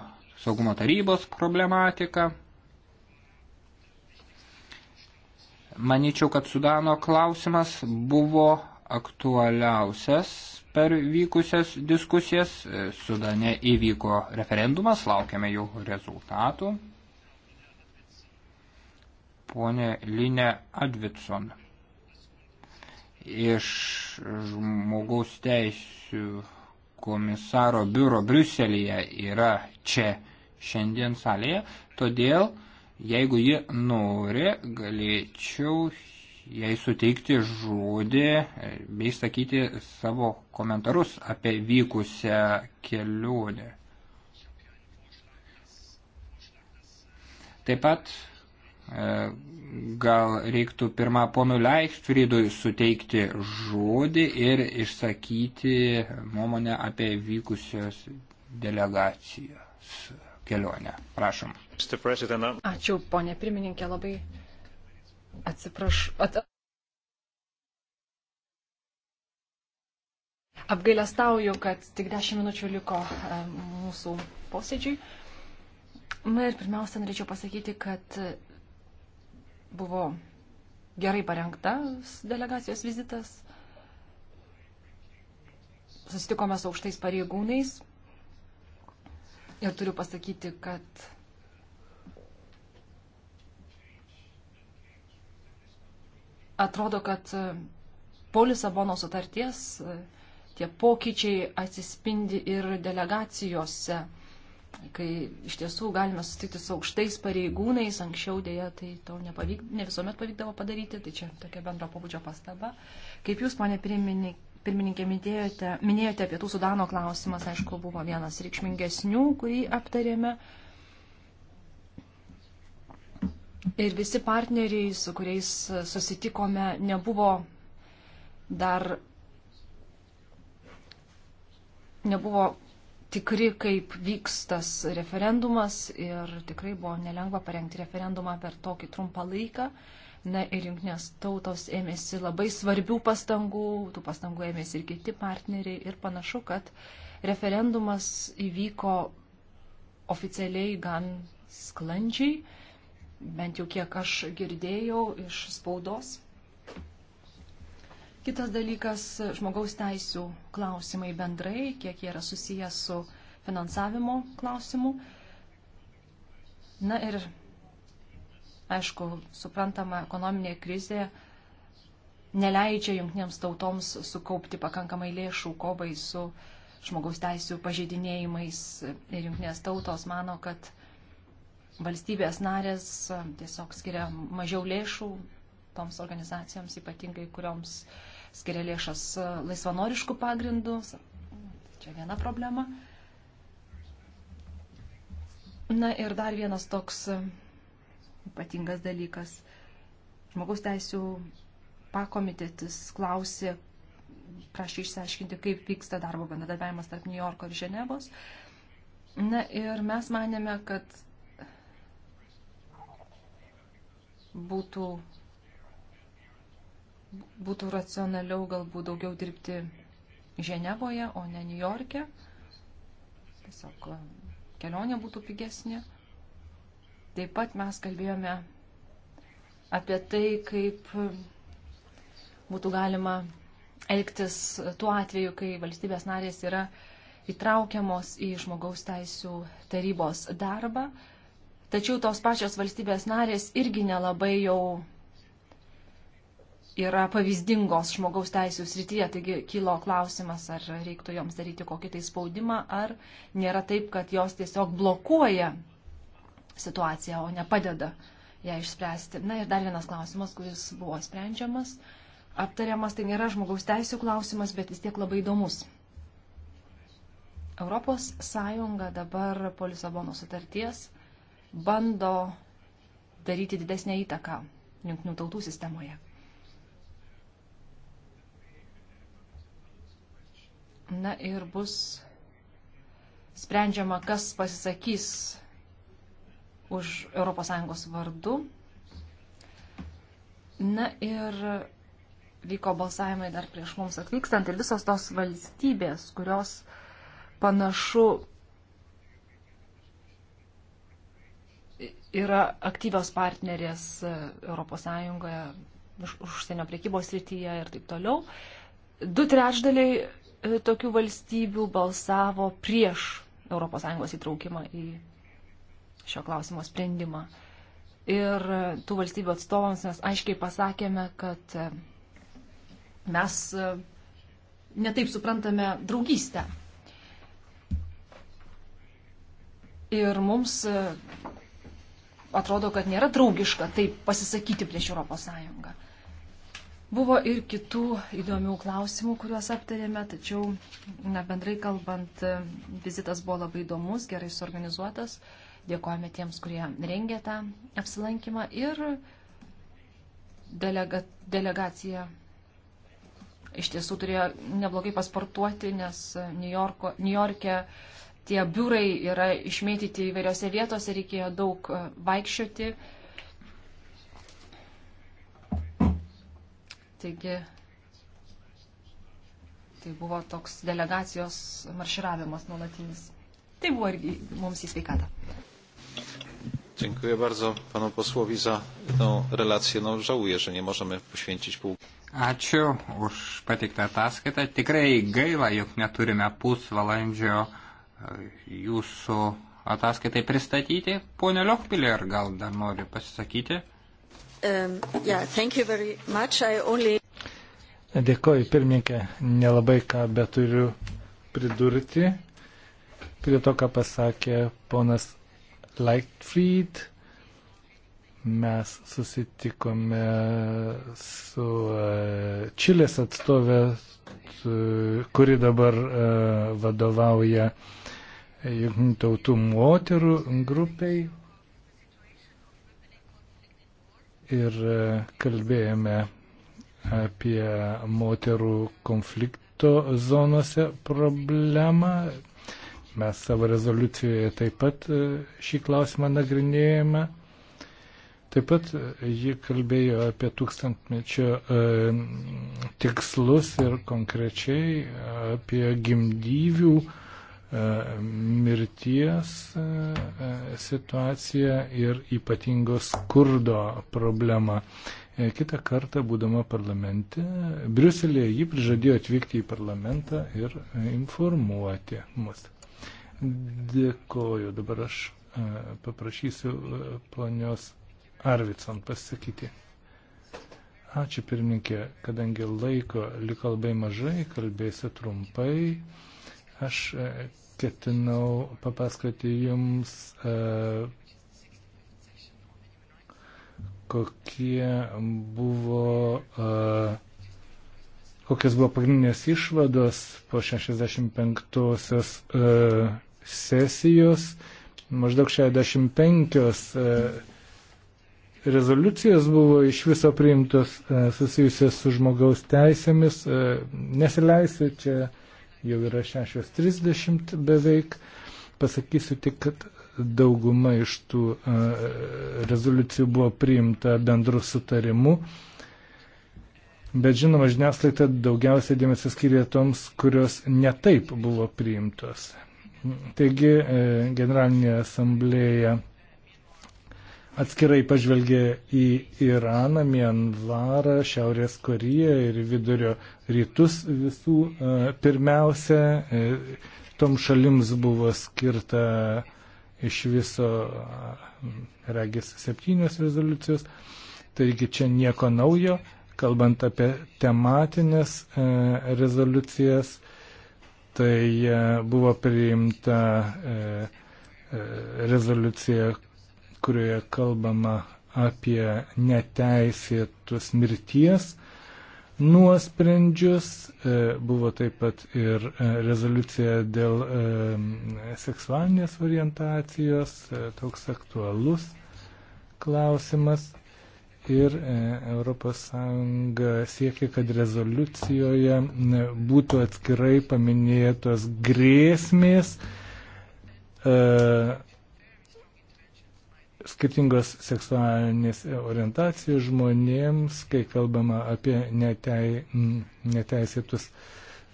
saugumo tarybos problematika. Maničiau, kad Sudano klausimas buvo aktualiausias per vykusias diskusijas. Sudane įvyko referendumas, laukiame jų rezultatų. Pone Linė Advidson iš žmogaus teisų komisaro biuro Briuselėje yra čia šiandien salėje, todėl Jeigu ji nori, galėčiau jai suteikti žodį bei sakyti savo komentarus apie vykusią kelionę. Taip pat e, gal reiktų pirmą ponui Leichtfriedui suteikti žodį ir išsakyti nuomonę apie vykusios delegacijos kelionę. Prašom. Ačiū, ponė pirmininkė, labai atsiprašau. At... Apgailestauju, kad tik 10 minučių liko e, mūsų posėdžiui. Na ir pirmiausia, norėčiau pasakyti, kad buvo gerai parengtas delegacijos vizitas. Susitikome su aukštais pareigūnais ir turiu pasakyti, kad atrodo, kad e, po Lisabono sutarties e, tie pokyčiai atsispindi ir delegacijose, kai iš tiesų galime susitikti su aukštais pareigūnais, anksčiau dėja tai to nepavyk, ne visuomet pavykdavo padaryti, tai čia tokia bendro pabudžio pastaba. Kaip jūs, ponė pirmininkė, minėjote, minėjote pietų sudano klausimas, aišku, buvo vienas reikšmingesnių, kurį aptarėme. Uh, Ir visi partneriai, su kuriais susitikome, nebuvo dar nebuvo tikri, kaip vyks tas referendumas ir tikrai buvo nelengva parengti referendumą per tokį trumpą laiką. Na ir jungtinės tautos ėmėsi labai svarbių pastangų, tų pastangų ėmėsi ir kiti partneriai ir panašu, kad referendumas įvyko oficialiai gan sklandžiai bent jau kiek aš girdėjau iš spaudos. Kitas dalykas - žmogaus teisų klausimai bendrai, kiek jie yra susijęs su finansavimo klausimu. Na ir, aišku, suprantama, ekonominė krizė neleidžia jungtinėms tautoms sukaupti pakankamai lėšų kovai su žmogaus teisų pažeidinėjimais ir jungtinės tautos mano, kad valstybės narės tiesiog skiria mažiau lėšų toms organizacijoms, ypatingai kurioms skiria lėšas laisvanoriškų pagrindų. Čia viena problema. Na ir dar vienas toks ypatingas dalykas. Žmogaus teisų pakomitetis klausė, prašė išsiaiškinti, kaip vyksta darbo bendradarbiavimas tarp New Yorko ir Ženevos. Na ir mes manėme, kad būtų, būtų racionaliau galbūt daugiau dirbti Ženevoje, o ne New York'e. Tiesiog e, kelionė būtų pigesnė. Taip pat mes kalbėjome apie tai, kaip būtų galima elgtis tuo atveju, kai valstybės narės yra įtraukiamos į žmogaus teisų tarybos darbą. Tačiau tos pačios valstybės narės irgi nelabai jau yra pavyzdingos žmogaus teisų srityje, taigi kilo klausimas, ar reiktų joms daryti kokį tai spaudimą, ar nėra taip, kad jos tiesiog blokuoja situaciją, o ne padeda ją išspręsti. Na ir dar vienas klausimas, kuris buvo sprendžiamas, aptariamas, tai nėra žmogaus teisų klausimas, bet vis tiek labai įdomus. Europos Sąjunga dabar po Lisabono sutarties bando daryti didesnę įtaką jungtinių tautų sistemoje. Na ir bus sprendžiama, kas pasisakys už ES vardu. Na ir vyko balsavimai dar prieš mums atvykstant ir visos tos valstybės, kurios panašu yra aktyvios partnerės ES užsienio priekybos rytyje ir taip toliau. Du trečdaliai e, tokių valstybių balsavo prieš ES įtraukimą į šio klausimo sprendimą. Ir e, tų valstybių atstovams mes aiškiai pasakėme, kad e, mes netaip suprantame draugystę. Ir mums atrodo, kad nėra draugiška taip pasisakyti prieš Europos Sąjungą. Buvo ir kitų įdomių klausimų, kuriuos aptarėme, tačiau, na, bendrai kalbant, vizitas buvo labai įdomus, gerai suorganizuotas. Dėkojame tiems, kurie rengė tą apsilankymą ir delega, delegacija iš tiesų turėjo neblogai pasportuoti, nes Niujorke New tie biurai yra išmėtyti įvairiose vietose, reikėjo daug e, vaikščioti. Taigi tai buvo toks delegacijos marširavimas nuolatinis. Tai buvo irgi mums į sveikatą. Dziękuję bardzo panu posłowi za tą relację. No, żałuję, że nie możemy poświęcić pół. Ačiū už pateiktą ataskaitą. Tikrai gaila, jog neturime pusvalandžio jūsų ataskaitai pristatyti. Pone Lochpiller, gal dar nori pasisakyti? Um, yeah, only... Dėkoju, pirmininkė, nelabai ką beturiu pridurti prie to, ką pasakė ponas Lightfried. Mes susitikome su uh, Čilės atstovė, kuri dabar uh, vadovauja uh, jungtinių tautų moterų grupiai ir e, kalbėjome apie moterų konflikto zonose problemą. Mes savo rezoliucijoje taip pat e, šį klausimą nagrinėjame. Taip pat e, ji kalbėjo apie tūkstantmečio e, tikslus ir konkrečiai apie gimdyvių e, E, mirties e, e, situaciją ir ypatingos skurdo problemą. Kita kartą, būdama parlamente, Briuselėje ji prižadėjo atvykti į parlamentą ir informuoti mus. Dėkoju. Dabar aš paprašysiu ponios Arvicon pasakyti. Ačiū pirmininkė, kadangi laiko liko labai mažai, kalbėsiu trumpai. Aš ketinau papasakoti jums, e, kokie buvo, e, kokios buvo pagrindinės išvados po 65-osios e, sesijos. Maždaug 65 rezoliucijos buvo iš viso priimtos susijusios su žmogaus teisėmis. Nesileisiu čia jau yra 6.30 beveik. Pasakysiu tik, kad dauguma iš tų e, rezoliucijų buvo priimta bendru sutarimu. Bet žinoma, žiniasklaida daugiausiai dėmesio skiria toms, kurios netaip buvo priimtos. Taigi e, Generalinė asamblėja atskirai pažvelgė į Iraną, Mianvarą, Šiaurės Koreją ir vidurio rytus visų. E, pirmiausia, e, tom šalims buvo skirta iš viso, e, regis, septynios rezoliucijos. Taigi čia nieko naujo, kalbant apie tematinės rezoliucijas, tai buvo priimta rezoliucija, kurioje kalbama apie neteisėtus mirties nuosprendžius, e, buvo taip pat ir e, rezoliucija dėl e, seksualinės orientacijos, toks aktualus klausimas. Ir ES siekia, kad rezoliucijoje būtų atskirai paminėtos grėsmės skirtingos seksualinės orientacijos žmonėms, kai kalbama apie netei, neteisėtus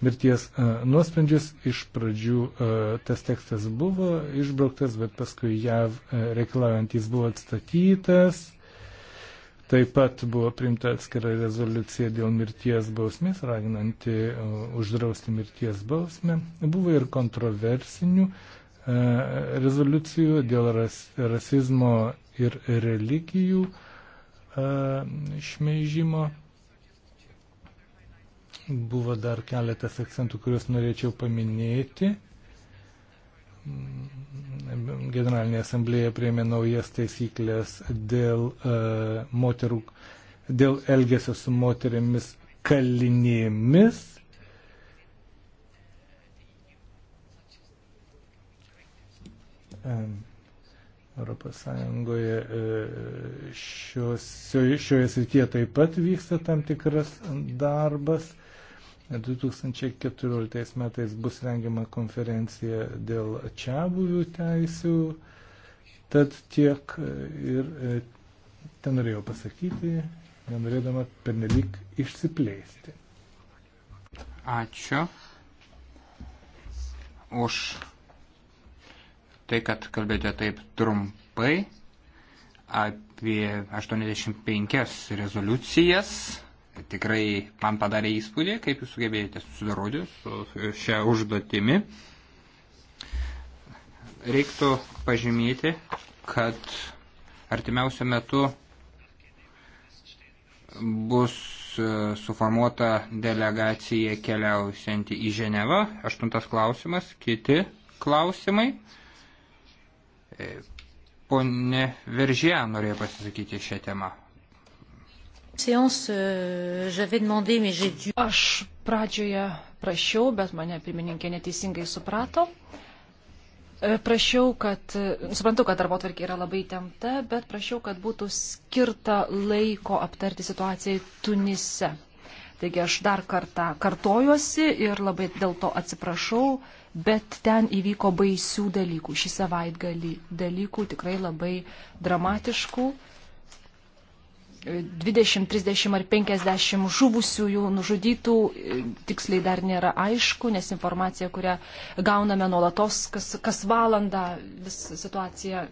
mirties e, nuosprendžius. Iš pradžių e, tas tekstas buvo išbrauktas, bet paskui JAV e, reikalaujantis buvo atstatytas. Taip pat buvo primta atskira rezoliucija dėl mirties bausmės, raginanti uždrausti mirties bausmę. Buvo ir kontroversinių uh, E, rezoliucijų dėl ras, rasizmo ir religijų e, šmeižimo. Buvo dar keletas akcentų, kuriuos norėčiau paminėti. Generalinė asamblėja prieėmė naujas taisyklės dėl, uh, moterų, dėl elgesio su moterimis kalinėmis Europos Sąjungoje e, šioje, šioje srityje taip pat vyksta tam tikras darbas. 2014 metais bus rengiama konferencija dėl čia buvių teisių. Tad tiek e, ir e, ten norėjau pasakyti, nenorėdama pernelik išsiplėsti. Ačiū už tai, kad kalbėjote taip trumpai apie 85 rezoliucijas. Tikrai man padarė įspūdį, kaip jūs sugebėjote susidaroti su šią užduotimi. Reiktų pažymėti, kad artimiausiu metu bus e, suformuota delegacija keliausianti į Ženevą. Aštuntas klausimas, kiti klausimai. E, Pone Veržė norėjo pasisakyti šią temą. Euh, aš pradžioje prašiau, bet mane pirmininkė neteisingai suprato. E, prašiau, kad, e, suprantu, kad darbo tvarkė yra labai temta, bet prašiau, kad būtų skirta laiko aptarti situaciją Tunise. Taigi aš dar kartą kartojuosi ir labai dėl to atsiprašau bet ten įvyko baisių dalykų, šį savaitgalį dalykų tikrai labai dramatiškų. 20, 30 ar 50 žuvusiųjų, nužudytų, tiksliai dar nėra aišku, nes informacija, kurią gauname nuolatos, kas, kas valandą vis situacija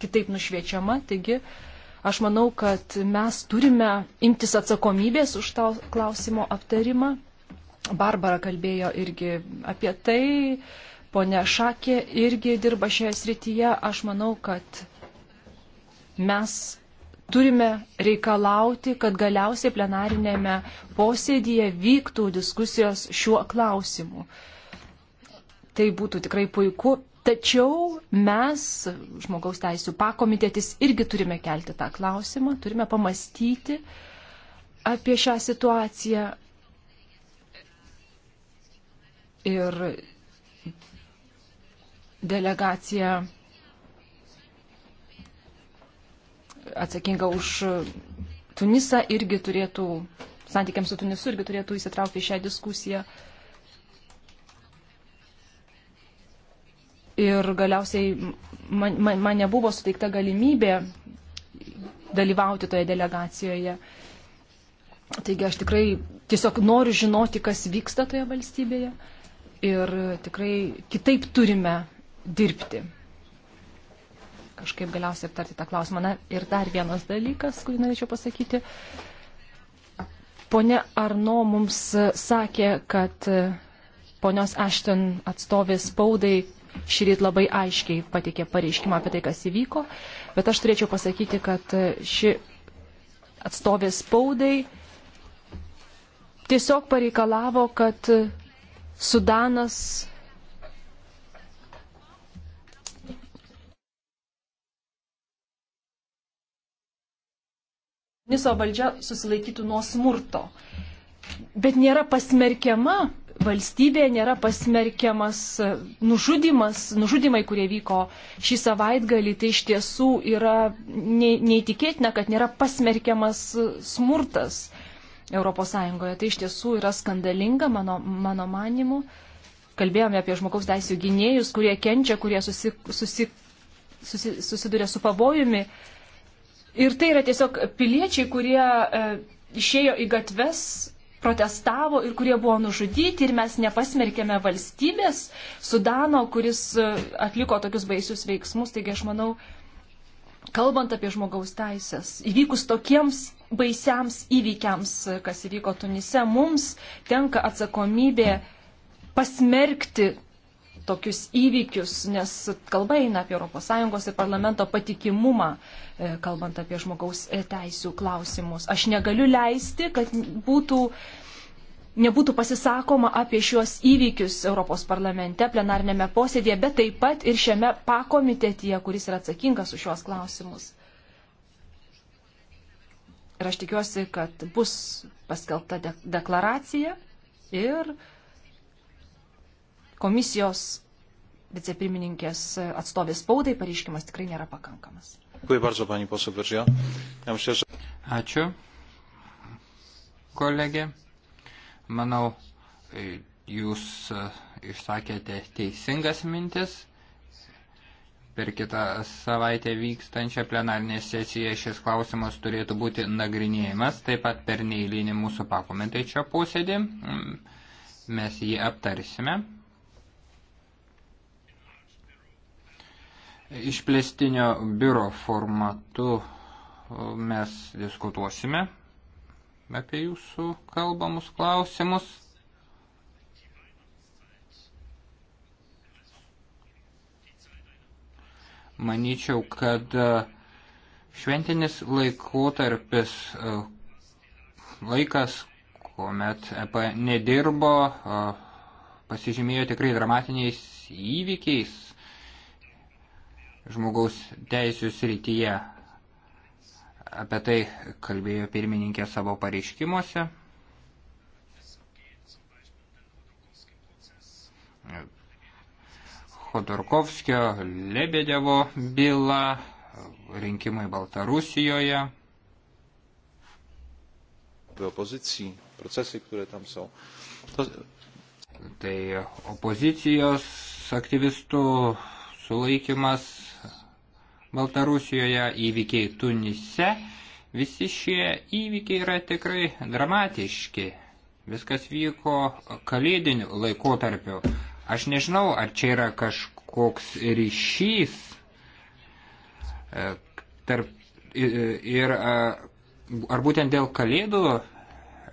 kitaip nušviečiama. Taigi aš manau, kad mes turime imtis atsakomybės už to klausimo aptarimą Barbara kalbėjo irgi apie tai, ponia Šakė irgi dirba šioje srityje. Aš manau, kad mes turime reikalauti, kad galiausiai plenarinėme posėdėje vyktų diskusijos šiuo klausimu. Tai būtų tikrai puiku, tačiau mes, žmogaus teisų pakomitėtis, irgi turime kelti tą klausimą, turime pamastyti apie šią situaciją ir delegacija atsakinga už Tunisą irgi turėtų, santykiams su Tunisu irgi turėtų įsitraukti į šią diskusiją. Ir galiausiai man, man, man nebuvo suteikta galimybė dalyvauti toje delegacijoje. Taigi aš tikrai tiesiog noriu žinoti, kas vyksta toje valstybėje. Uh, ir tikrai kitaip turime dirbti. Kažkaip galiausiai aptarti tą klausimą. Na ir dar vienas dalykas, kurį norėčiau pasakyti. Pone Arno mums sakė, kad ponios Ashton atstovės spaudai šįryt labai aiškiai pateikė pareiškimą apie tai, kas įvyko, bet aš turėčiau pasakyti, kad ši atstovė spaudai tiesiog pareikalavo, kad Sudanas. Niso valdžia susilaikytų nuo smurto, bet nėra pasmerkiama valstybė, nėra pasmerkiamas e, nužudimas, nužudimai, kurie vyko šį savaitgalį, tai iš tiesų yra neįtikėtina, kad nėra pasmerkiamas e, smurtas. ES. Tai iš tiesų yra skandalinga, mano, mano manimu. Kalbėjome apie žmogaus teisų gynėjus, kurie kenčia, kurie susi, susi, susi, susiduria su pavojumi. Ir tai yra tiesiog piliečiai, kurie e, išėjo į gatves protestavo ir kurie buvo nužudyti ir mes nepasmerkėme valstybės Sudano, kuris e, atliko tokius baisius veiksmus. Taigi aš manau, kalbant apie žmogaus teisės, įvykus tokiems baisiams įvykiams, kas įvyko Tunise, mums tenka atsakomybė pasmerkti tokius įvykius, nes kalba eina apie ES ir parlamento patikimumą, e, kalbant apie žmogaus e, teisų klausimus. Aš negaliu leisti, kad būtų, nebūtų pasisakoma apie šiuos įvykius Europos parlamente, plenarnėme posėdėje, bet taip pat ir šiame pakomitetyje, kuris yra atsakingas už šiuos klausimus. Ir aš tikiuosi, kad bus paskelbta de deklaracija ir komisijos vicepirmininkės atstovės spaudai pareiškimas tikrai nėra pakankamas. Ačiū, kolegė. Manau, e, jūs e, išsakėte teisingas mintis per kitą savaitę vykstančią plenarinę sesiją šis klausimas turėtų būti nagrinėjimas, taip pat per neįlynį mūsų pakomentai čia posėdį. Mm, mes jį aptarsime. Išplėstinio biuro formatu mes diskutuosime apie jūsų kalbamus klausimus. manyčiau, kad e, šventinis laikotarpis e, laikas, kuomet EP nedirbo, e, pasižymėjo tikrai dramatiniais įvykiais žmogaus teisų srityje. Apie tai kalbėjo pirmininkė savo pareiškimuose. Khodorkovskio, Lebedevo byla, rinkimai Baltarusijoje. Opozicijai, procesai, kurie tam savo. To... Tai opozicijos aktyvistų sulaikimas Baltarusijoje, įvykiai Tunise, visi šie įvykiai yra tikrai dramatiški. Viskas vyko kalėdiniu laikotarpiu. Aš nežinau, ar čia yra kažkoks ryšys e, tarp ir ar būtent dėl kalėdų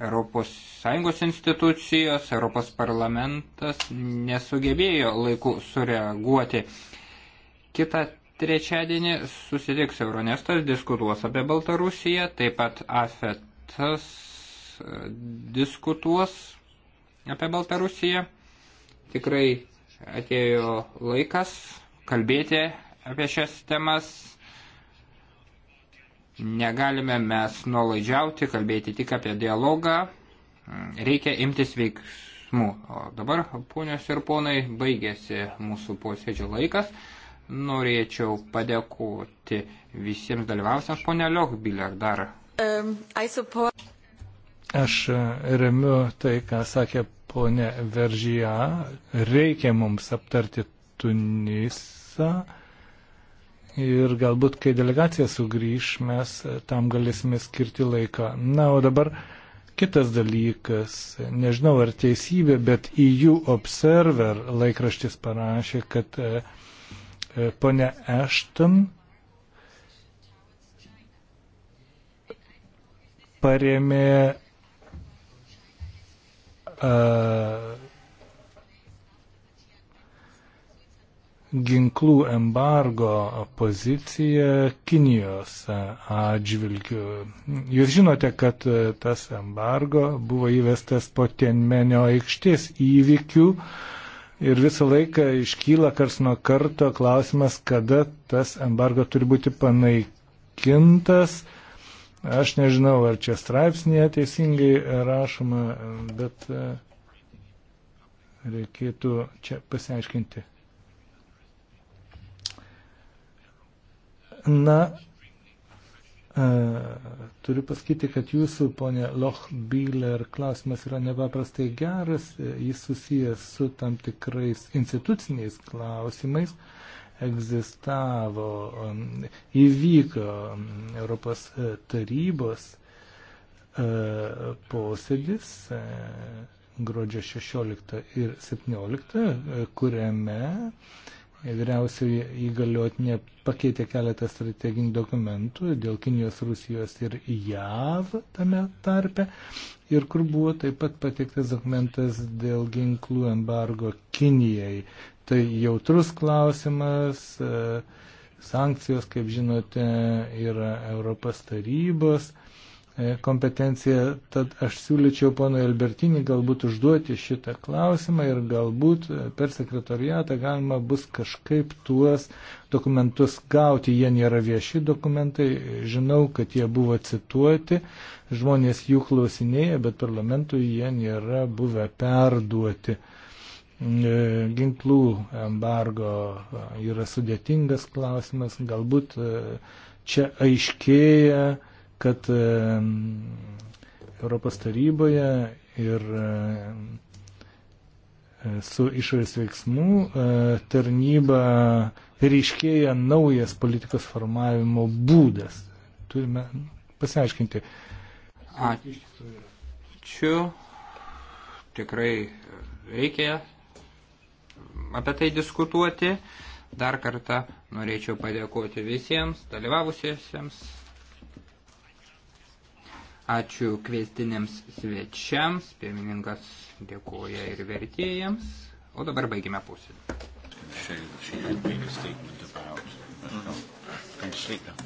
ES institucijos, ES parlamentas nesugebėjo laiku sureaguoti. Kita trečiadienį susitiks Euronestas, diskutuos apie Baltarusiją, taip pat AFETAS e, diskutuos apie Baltarusiją. Tikrai atėjo laikas kalbėti apie šias temas. Negalime mes nuolaidžiauti, kalbėti tik apie dialogą. Reikia imtis veiksmų. O dabar, ponios ir ponai, baigėsi mūsų posėdžio laikas. Norėčiau padėkoti visiems dalyvausiams, ponė Liokbilė, dar. Um, Aš e, remiu tai, ką sakė ponė Veržyje. Reikia mums aptarti Tunisą. Ir galbūt, kai delegacija sugrįž, mes tam galėsime skirti laiką. Na, o dabar kitas dalykas. Nežinau, ar teisybė, bet EU Observer laikraštis parašė, kad e, e ponia Ashton paremė E, ginklų embargo poziciją Kinijos e, atžvilgių. Jūs žinote, kad e, tas embargo buvo įvestas po Tienmenio aikštės įvykių ir visą laiką iškyla kars nuo karto klausimas, kada tas embargo turi būti panaikintas. Aš nežinau, ar čia straipsnėje teisingai rašoma, bet e, reikėtų čia pasiaiškinti. Na, e, turiu pasakyti, kad jūsų, ponė Lochbiller, klausimas yra nepaprastai geras, jis susijęs su tam tikrais instituciniais klausimais. E, egzistavo, um, įvyko um, Europos e, tarybos e, posėdis e, gruodžio 16 ir 17, kuriame vyriausioji įgaliotinė pakeitė keletą strateginių dokumentų dėl Kinijos, Rusijos ir JAV tame tarpe ir kur buvo taip pat pateiktas dokumentas dėl ginklų embargo Kinijai tai jautrus klausimas. E, sankcijos, kaip žinote, yra Europos tarybos e, kompetencija. Tad aš siūlyčiau ponui Albertinį galbūt užduoti šitą klausimą ir galbūt e, per sekretoriatą galima bus kažkaip tuos dokumentus gauti. Jie nėra vieši dokumentai, žinau, kad jie buvo cituoti, žmonės jų klausinėja, bet parlamentui jie nėra buvę perduoti. E, ginklų embargo e, yra sudėtingas klausimas, galbūt e, čia aiškėja, kad Europos taryboje ir su išorės veiksmų tarnyba ryškėja naujas politikos formavimo būdas. Turime pasiaiškinti. Ačiū. Tikrai reikia apie tai diskutuoti. Dar kartą norėčiau padėkoti visiems dalyvavusiesiems. Ačiū kviestiniams svečiams, pirmininkas dėkoja ir vertėjams. O dabar baigime pusę. She, she